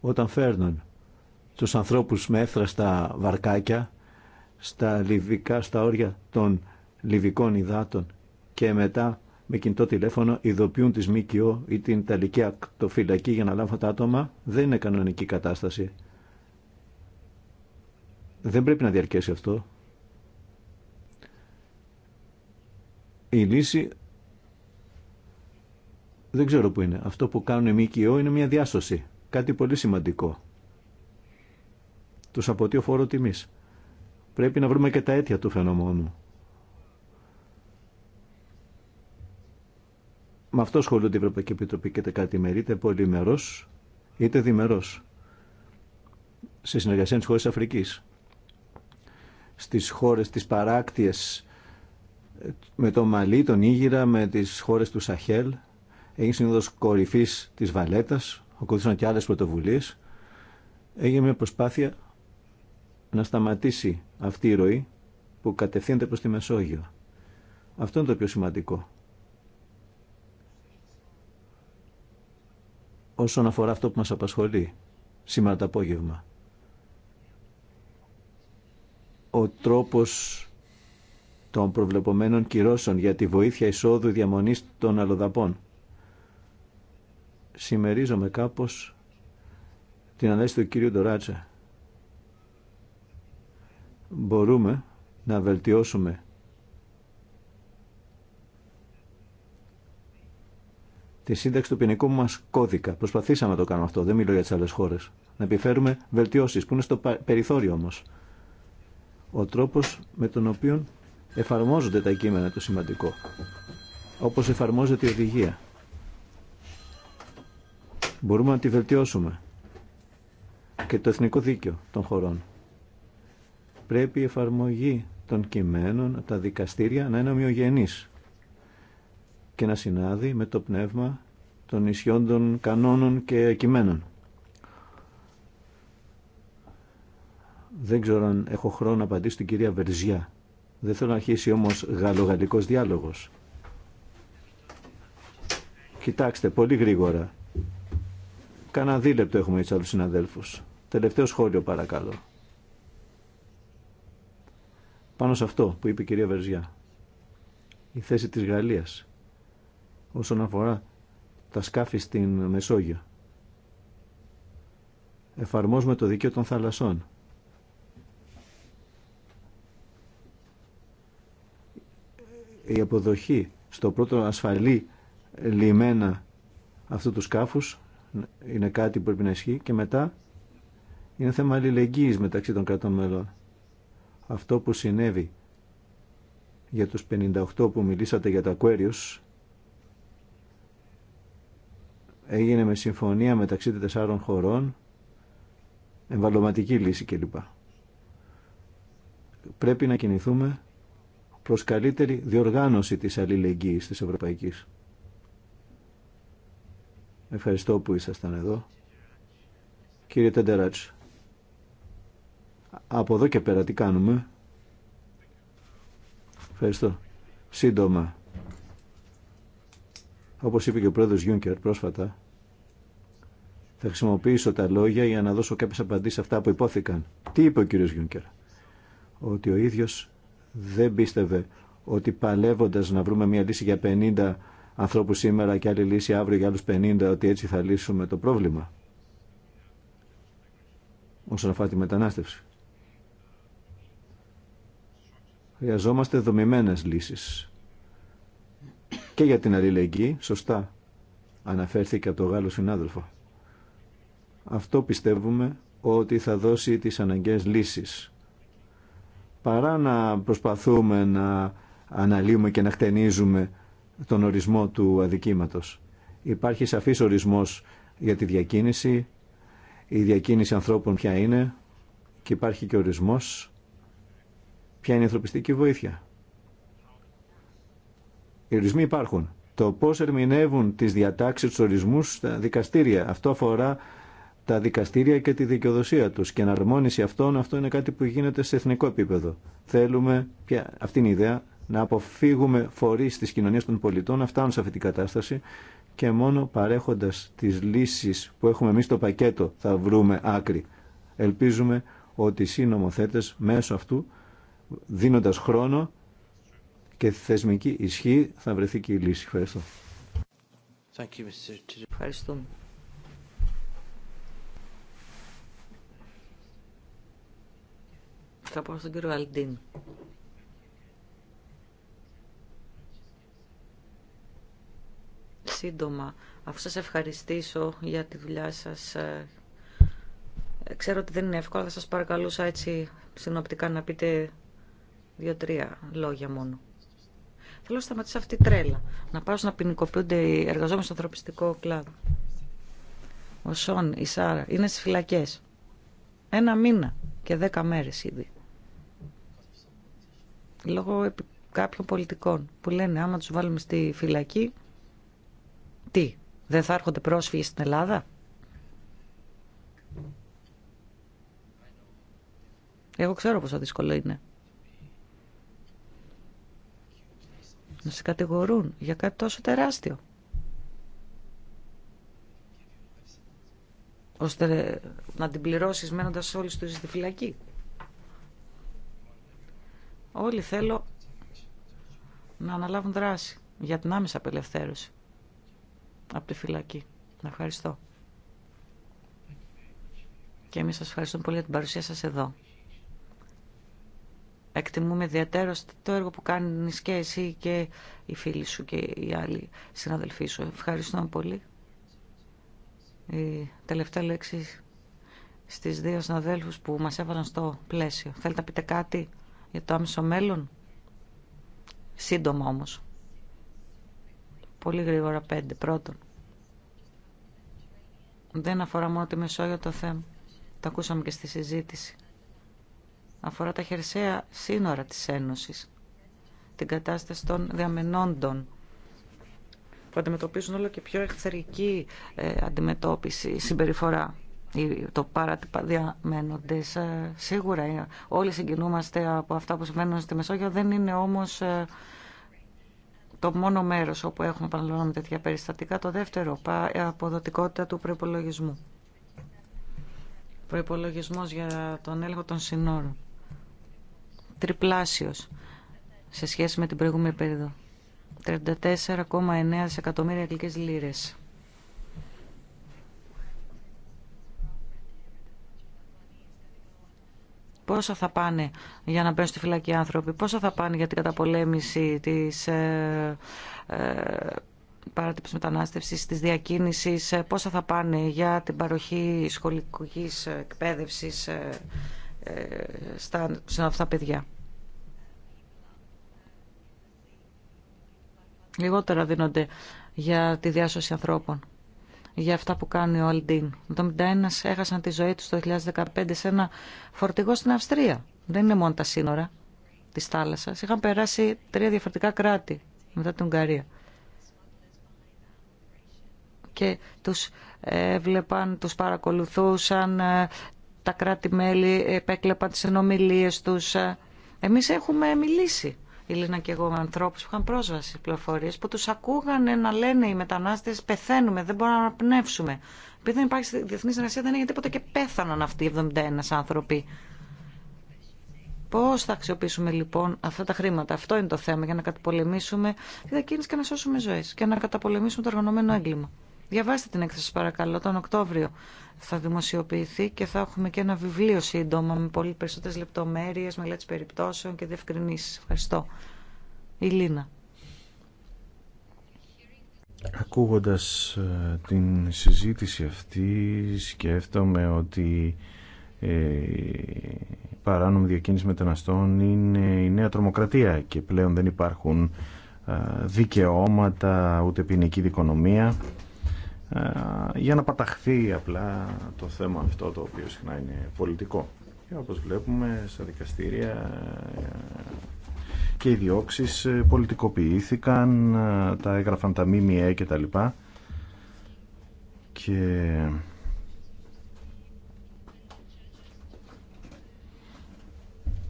όταν φέρνουν τους ανθρώπους με στα βαρκάκια στα λιβικά, στα όρια των λιβικών υδάτων και μετά με κινητό τηλέφωνο ειδοποιούν τις ΜΚΟ ή την Ιταλική ακτοφυλακή για να λάβουν τα άτομα, δεν είναι κανονική κατάσταση. Δεν πρέπει να διαρκέσει αυτό. Η λύση δεν ξέρω που είναι. Αυτό που κάνουν οι ΜΚΟ είναι μια διάσωση. Κάτι πολύ σημαντικό. Τους ο φόρο τιμής. Πρέπει να βρούμε και τα αίτια του φαινομόνου. με αυτό ασχολούνται η Ευρωπαϊκή Επιτροπή και τα κάτι μερή, είτε πολυμερό είτε διμερό σε συνεργασία με τις χώρες Αφρικής, στις χώρες της παράκτιες, με το Μαλί, τον Ήγυρα, με τις χώρες του Σαχέλ, έγινε συνήθω κορυφή της Βαλέτας, ακολούθησαν και άλλε πρωτοβουλίε. έγινε μια προσπάθεια να σταματήσει αυτή η ροή που κατευθύνεται προς τη Μεσόγειο. Αυτό είναι το πιο σημαντικό. όσον αφορά αυτό που μας απασχολεί σήμερα το απόγευμα. Ο τρόπος των προβλεπωμένων κυρώσεων για τη βοήθεια εισόδου διαμονής των αλλοδαπών. Σημερίζομαι κάπως την ανάλυση του κύριου Ντοράτσα. Μπορούμε να βελτιώσουμε τη σύνταξη του ποινικού μα κώδικα. Προσπαθήσαμε να το κάνουμε αυτό, δεν μιλώ για τι άλλε χώρε. Να επιφέρουμε βελτιώσει που είναι στο περιθώριο όμω. Ο τρόπο με τον οποίο εφαρμόζονται τα κείμενα το σημαντικό. Όπω εφαρμόζεται η οδηγία. Μπορούμε να τη βελτιώσουμε. Και το εθνικό δίκαιο των χωρών. Πρέπει η εφαρμογή των κειμένων τα δικαστήρια να είναι ομοιογενής και να συνάδει με το πνεύμα των ισιών των κανόνων και κειμένων. Δεν ξέρω αν έχω χρόνο να απαντήσω την κυρία Βερζιά. Δεν θέλω να αρχίσει όμως γαλογαλικός διάλογος. Κοιτάξτε, πολύ γρήγορα. Κάνα δίλεπτο έχουμε έτσι άλλους συναδέλφους. Τελευταίο σχόλιο παρακαλώ. Πάνω σε αυτό που είπε η κυρία Βερζιά. Η θέση της Γαλλίας όσον αφορά τα σκάφη στην Μεσόγειο. Εφαρμόζουμε το δίκαιο των θαλασσών. Η αποδοχή στο πρώτο ασφαλή λιμένα αυτού του σκάφους είναι κάτι που πρέπει να ισχύει και μετά είναι θέμα αλληλεγγύης μεταξύ των κρατών μελών. Αυτό που συνέβη για τους 58 που μιλήσατε για τα Aquarius έγινε με συμφωνία μεταξύ των τεσσάρων χωρών, εμβαλωματική λύση κλπ. Πρέπει να κινηθούμε προς καλύτερη διοργάνωση της αλληλεγγύης της Ευρωπαϊκής. Ευχαριστώ που ήσασταν εδώ. Κύριε Τεντεράτς, από εδώ και πέρα τι κάνουμε. Ευχαριστώ. Σύντομα. Όπως είπε και ο πρόεδρος Γιούνκερ πρόσφατα, θα χρησιμοποιήσω τα λόγια για να δώσω κάποιες απαντήσεις σε αυτά που υπόθηκαν. Τι είπε ο κύριος Γιούνκερ. Ότι ο ίδιος δεν πίστευε ότι παλεύοντας να βρούμε μια λύση για 50 ανθρώπους σήμερα και άλλη λύση αύριο για άλλους 50, ότι έτσι θα λύσουμε το πρόβλημα. Όσον αφορά τη μετανάστευση. Χρειαζόμαστε δομημένες λύσεις και για την αλληλεγγύη, σωστά αναφέρθηκε από τον Γάλλο συνάδελφο. Αυτό πιστεύουμε ότι θα δώσει τις αναγκαίες λύσεις. Παρά να προσπαθούμε να αναλύουμε και να χτενίζουμε τον ορισμό του αδικήματος. Υπάρχει σαφής ορισμός για τη διακίνηση, η διακίνηση ανθρώπων ποια είναι και υπάρχει και ορισμός ποια είναι η ανθρωπιστική βοήθεια. Οι ορισμοί υπάρχουν. Το πώ ερμηνεύουν τι διατάξει του ορισμού στα δικαστήρια. Αυτό αφορά τα δικαστήρια και τη δικαιοδοσία του. και εναρμόνιση αυτών, αυτό είναι κάτι που γίνεται σε εθνικό επίπεδο. Θέλουμε, πια, αυτή είναι η ιδέα, να αποφύγουμε φορεί τη κοινωνία των πολιτών να φτάνουν σε αυτή την κατάσταση και μόνο παρέχοντα τι λύσει που έχουμε εμεί στο πακέτο θα βρούμε άκρη. Ελπίζουμε ότι οι συνομοθέτες μέσω αυτού, δίνοντας χρόνο, και θεσμική ισχύ θα βρεθεί και η λύση. Ευχαριστώ. Ευχαριστούμε. Θα πάω στον κύριο Αλντίν. Σύντομα, αφού σας ευχαριστήσω για τη δουλειά σας, ε, ξέρω ότι δεν είναι εύκολο, θα σας παρακαλούσα έτσι συνοπτικά να πείτε δύο-τρία λόγια μόνο. Θέλω σταματήσει αυτή η τρέλα. Να πάω να ποινικοποιούνται οι εργαζόμενοι στον ανθρωπιστικό κλάδο. Ο Σόν, η Σάρα, είναι στι φυλακέ. Ένα μήνα και δέκα μέρε ήδη. Λόγω κάποιων πολιτικών που λένε άμα τους βάλουμε στη φυλακή, τι, δεν θα έρχονται πρόσφυγες στην Ελλάδα. Εγώ ξέρω πόσο δύσκολο είναι. να σε κατηγορούν για κάτι τόσο τεράστιο. ώστε να την πληρώσεις μένοντας στους τους στη φυλακή. Όλοι θέλω να αναλάβουν δράση για την άμεσα απελευθέρωση από τη φυλακή. Να ευχαριστώ. Και εμείς σας ευχαριστούμε πολύ για την παρουσία σας εδώ. Εκτιμούμε ιδιαίτερα το έργο που κάνει και εσύ και οι φίλοι σου και οι άλλοι συναδελφοί σου. Ευχαριστώ πολύ. Η τελευταία λέξη στις δύο συναδέλφους που μας έβαλαν στο πλαίσιο. Θέλετε να πείτε κάτι για το άμεσο μέλλον. Σύντομα όμως. Πολύ γρήγορα πέντε. Πρώτον. Δεν αφορά μόνο τη Μεσόγειο το θέμα. Το ακούσαμε και στη συζήτηση αφορά τα χερσαία σύνορα της Ένωσης, την κατάσταση των διαμενόντων που αντιμετωπίζουν όλο και πιο εχθρική ε, αντιμετώπιση, συμπεριφορά το παράτυπα διαμένοντες. Σίγουρα ε, όλοι συγκινούμαστε από αυτά που συμβαίνουν στη Μεσόγειο, δεν είναι όμως ε, το μόνο μέρος όπου έχουμε επαναλαμβάνουμε τέτοια περιστατικά. Το δεύτερο, αποδοτικότητα του προπολογισμού. Προπολογισμό για τον έλεγχο των συνόρων τριπλάσιος σε σχέση με την προηγούμενη περίοδο. 34,9 δισεκατομμύρια αγγλικές λίρες. Πόσα θα πάνε για να μπαίνουν στη φυλακή άνθρωποι, πόσα θα πάνε για την καταπολέμηση της ε, ε, παράτυπης μετανάστευσης, της διακίνησης, ε, πόσα θα πάνε για την παροχή σχολικής εκπαίδευσης ε, στα, σε αυτά τα παιδιά. Λιγότερα δίνονται για τη διάσωση ανθρώπων, για αυτά που κάνει ο Αλντίν. 71 έχασαν τη ζωή του το 2015 σε ένα φορτηγό στην Αυστρία. Δεν είναι μόνο τα σύνορα της θάλασσας. Είχαν περάσει τρία διαφορετικά κράτη μετά την Ουγγαρία. Και τους έβλεπαν, τους παρακολουθούσαν, ε, τα κράτη-μέλη επέκλεπαν τις ενομιλίες τους. Εμείς έχουμε μιλήσει, η Λίνα και εγώ, με ανθρώπους που είχαν πρόσβαση πληροφορίες, που τους ακούγανε να λένε οι μετανάστες πεθαίνουμε, δεν μπορούμε να αναπνεύσουμε. Επειδή δεν υπάρχει διεθνή συνεργασία δεν έγινε τίποτα και πέθαναν αυτοί οι 71 άνθρωποι. Πώ θα αξιοποιήσουμε λοιπόν αυτά τα χρήματα, αυτό είναι το θέμα, για να καταπολεμήσουμε τη διακίνηση και να σώσουμε ζωέ και να καταπολεμήσουμε το οργανωμένο έγκλημα. Διαβάστε την έκθεση παρακαλώ, τον Οκτώβριο θα δημοσιοποιηθεί και θα έχουμε και ένα βιβλίο σύντομα με πολύ περισσότερες λεπτομέρειες, μελέτη περιπτώσεων και διευκρινήσεις. Ευχαριστώ. Η Λίνα. Ακούγοντας ε, την συζήτηση αυτή σκέφτομαι ότι ε, η παράνομη διακίνηση μεταναστών είναι η νέα τρομοκρατία και πλέον δεν υπάρχουν ε, δικαιώματα ούτε ποινική δικονομία ε, για να παταχθεί απλά το θέμα αυτό το οποίο συχνά είναι πολιτικό. Και όπως βλέπουμε στα δικαστήρια ε, και οι διώξεις ε, πολιτικοποιήθηκαν, τα έγραφαν τα ΜΜΕ και τα λοιπά και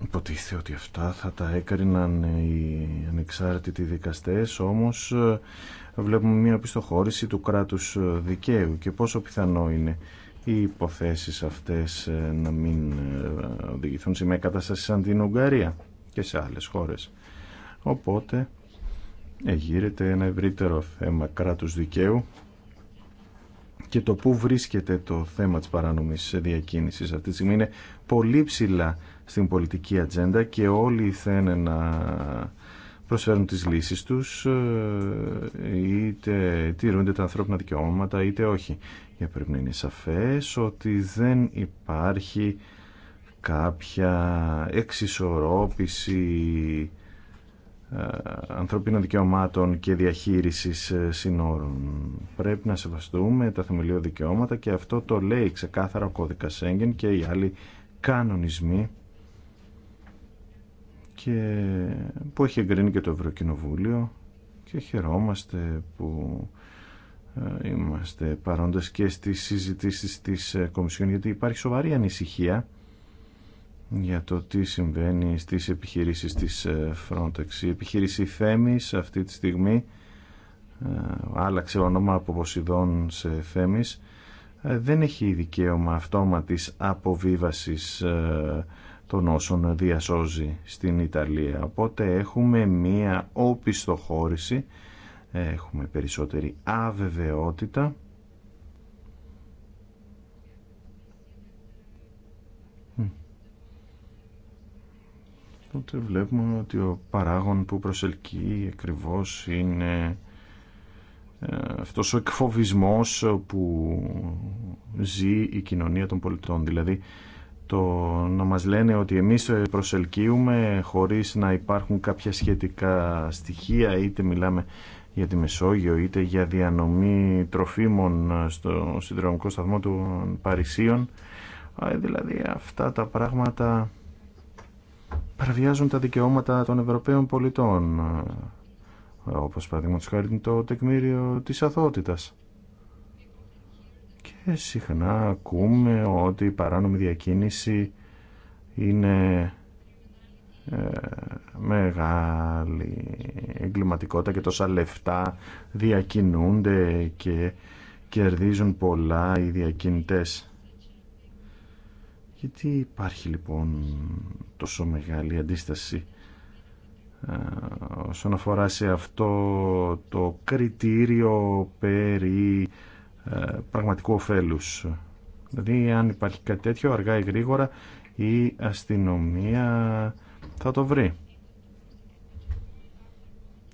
υποτίθεται ότι αυτά θα τα έκριναν οι ανεξάρτητοι δικαστές όμως βλέπουμε μια πιστοχώρηση του κράτους ε, δικαίου και πόσο πιθανό είναι οι υποθέσεις αυτές ε, να μην ε, οδηγηθούν σε μια κατάσταση σαν την Ουγγαρία και σε άλλες χώρες. Οπότε εγείρεται ένα ευρύτερο θέμα κράτους δικαίου και το πού βρίσκεται το θέμα της παράνομης διακίνησης αυτή τη στιγμή είναι πολύ ψηλά στην πολιτική ατζέντα και όλοι θέλουν να προσφέρουν τις λύσεις τους ε, είτε τηρούνται τα ανθρώπινα δικαιώματα είτε όχι. Για πρέπει να είναι σαφές ότι δεν υπάρχει κάποια εξισορρόπηση ε, ανθρωπίνων δικαιωμάτων και διαχείρισης ε, συνόρων. Πρέπει να σεβαστούμε τα θεμελιώδη δικαιώματα και αυτό το λέει ξεκάθαρα ο κώδικας Σέγγεν και οι άλλοι κανονισμοί που έχει εγκρίνει και το Ευρωκοινοβούλιο και χαιρόμαστε που ε, είμαστε παρόντες και στις συζητήσεις της ε, Κομισιόν γιατί υπάρχει σοβαρή ανησυχία για το τι συμβαίνει στις επιχειρήσεις της ε, Frontex. Η επιχείρηση αυτή τη στιγμή άλλαξε όνομα από Ποσειδών σε Θέμης δεν έχει δικαίωμα αυτόματης αποβίβασης των όσων διασώζει στην Ιταλία. Οπότε έχουμε μία οπισθοχώρηση, έχουμε περισσότερη αβεβαιότητα. Οπότε βλέπουμε ότι ο παράγων που προσελκύει ακριβώς είναι ε, αυτός ο εκφοβισμός που ζει η κοινωνία των πολιτών. Δηλαδή το να μας λένε ότι εμείς ε, προσελκύουμε χωρίς να υπάρχουν κάποια σχετικά στοιχεία είτε μιλάμε για τη Μεσόγειο είτε για διανομή τροφίμων ε, στο συνδρομικό σταθμό του Παρισίων ε, δηλαδή αυτά τα πράγματα παραβιάζουν τα δικαιώματα των Ευρωπαίων πολιτών όπως παραδείγματος χάρη το τεκμήριο της αθότητας ε, συχνά ακούμε ότι η παράνομη διακίνηση είναι ε, μεγάλη εγκληματικότητα και τόσα λεφτά διακινούνται και κερδίζουν πολλά οι διακινητές. Γιατί υπάρχει λοιπόν τόσο μεγάλη αντίσταση ε, όσον αφορά σε αυτό το κριτήριο περί ε, πραγματικού ωφέλου. Δηλαδή αν υπάρχει κάτι τέτοιο αργά ή γρήγορα η αστυνομία θα το βρει.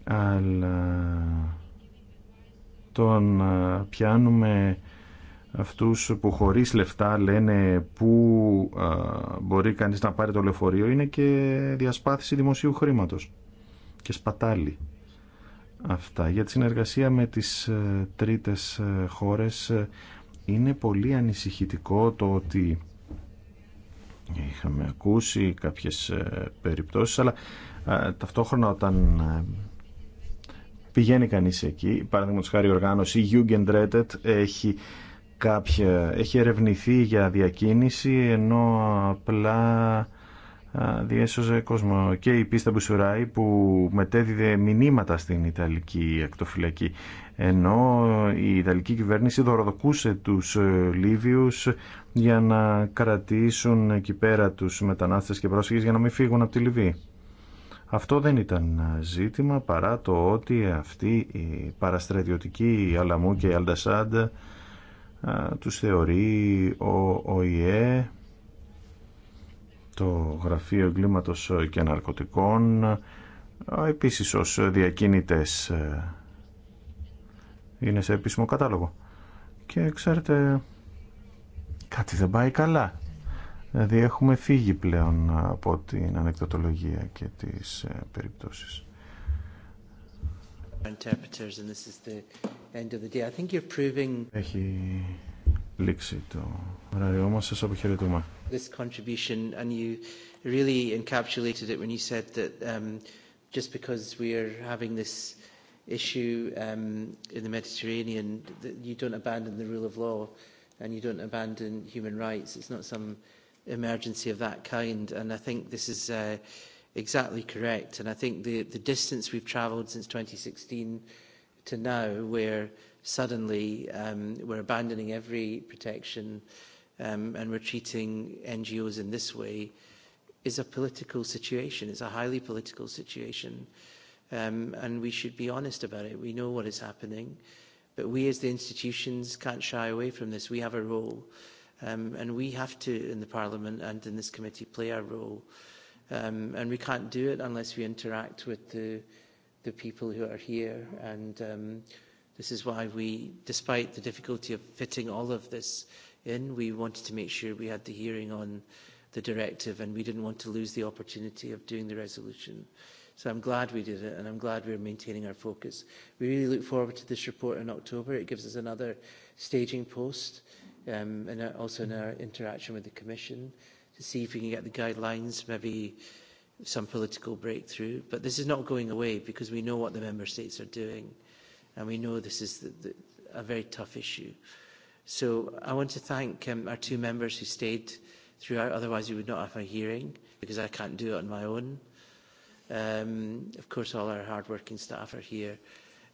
Αλλά τον πιάνουμε αυτούς που χωρίς λεφτά λένε πού μπορεί κανείς να πάρει το λεωφορείο είναι και διασπάθηση δημοσίου χρήματος και σπατάλη αυτά. Για τη συνεργασία με τις ε, τρίτες ε, χώρες ε, είναι πολύ ανησυχητικό το ότι είχαμε ακούσει κάποιες περιπτώσεις αλλά ταυτόχρονα όταν πηγαίνει κανείς εκεί παραδείγματος χάρη η οργάνωση Jugendrettet έχει κάποια έχει ερευνηθεί για διακίνηση ενώ απλά διέσωζε κόσμο και η πίστα Μπουσουράη που μετέδιδε μηνύματα στην Ιταλική ακτοφυλακή ενώ η Ιταλική κυβέρνηση δωροδοκούσε τους ε, Λίβιους για να κρατήσουν εκεί πέρα τους μετανάστες και πρόσφυγες για να μην φύγουν από τη Λιβύη. Αυτό δεν ήταν ζήτημα παρά το ότι αυτή η παραστρατιωτική η Αλαμού και η Αλτασάντα τους θεωρεί ο ΟΗΕ το Γραφείο Εγκλήματος και Ναρκωτικών επίσης ως διακίνητες ε, είναι σε επίσημο κατάλογο και ξέρετε κάτι δεν πάει καλά δηλαδή έχουμε φύγει πλέον από την ανεκδοτολογία και τις ε, περιπτώσεις Έχει λήξει το ωραίο μας, σας αποχαιρετούμε this contribution, and you really encapsulated it when you said that just because we are having this issue in the Mediterranean, that you don't abandon the rule of law and you don't abandon human rights. It's not some emergency of that kind, and I think this is exactly correct. And I think the the distance we've travelled since 2016 to now, where suddenly we're abandoning every protection and we're treating NGOs in this way is a political situation. It's a highly political situation. And we should be honest about it. We know what is happening. But we as the institutions can't shy away from this. We have a role. And we have to, in the Parliament and in this committee, play our role. And we can't do it unless we interact with the the people who are here. And this is why we, despite the difficulty of fitting all of this in. We wanted to make sure we had the hearing on the directive and we didn't want to lose the opportunity of doing the resolution. So I'm glad we did it and I'm glad we're maintaining our focus. We really look forward to this report in October. It gives us another staging post um, and also in our interaction with the Commission to see if we can get the guidelines, maybe some political breakthrough. But this is not going away because we know what the Member States are doing and we know this is the, the, a very tough issue. So I want to thank um, our two members who stayed throughout, otherwise we would not have a hearing because I can't do it on my own. Um, of course, all our hard-working staff are here,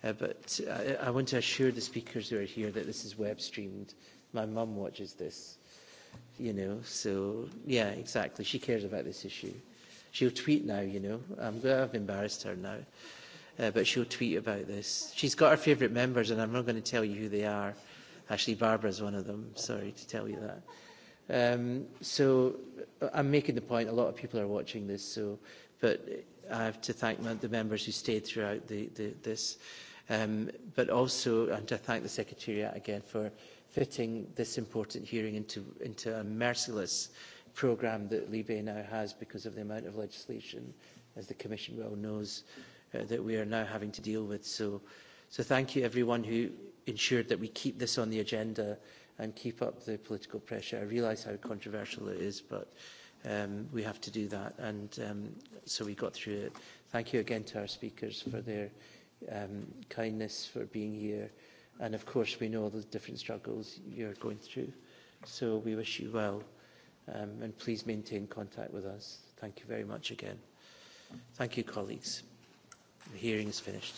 uh, but I, I want to assure the speakers who are here that this is web-streamed. My mum watches this, you know, so yeah, exactly. She cares about this issue. She'll tweet now, you know. I'm, I've embarrassed her now, uh, but she'll tweet about this. She's got her favourite members, and I'm not going to tell you who they are Actually, Barbara is one of them. Sorry to tell you that. Um, so I'm making the point a lot of people are watching this, so, but I have to thank the members who stayed throughout the, the, this, um, but also and to thank the Secretariat again for fitting this important hearing into, into a merciless programme that Libe now has because of the amount of legislation, as the Commission well knows, that we are now having to deal with. So, so thank you everyone who ensured that we keep this on the agenda and keep up the political pressure. I realise how controversial it is, but um, we have to do that, and um, so we got through it. Thank you again to our speakers for their um, kindness, for being here, and of course we know the different struggles you're going through, so we wish you well, um, and please maintain contact with us. Thank you very much again. Thank you, colleagues. The hearing is finished.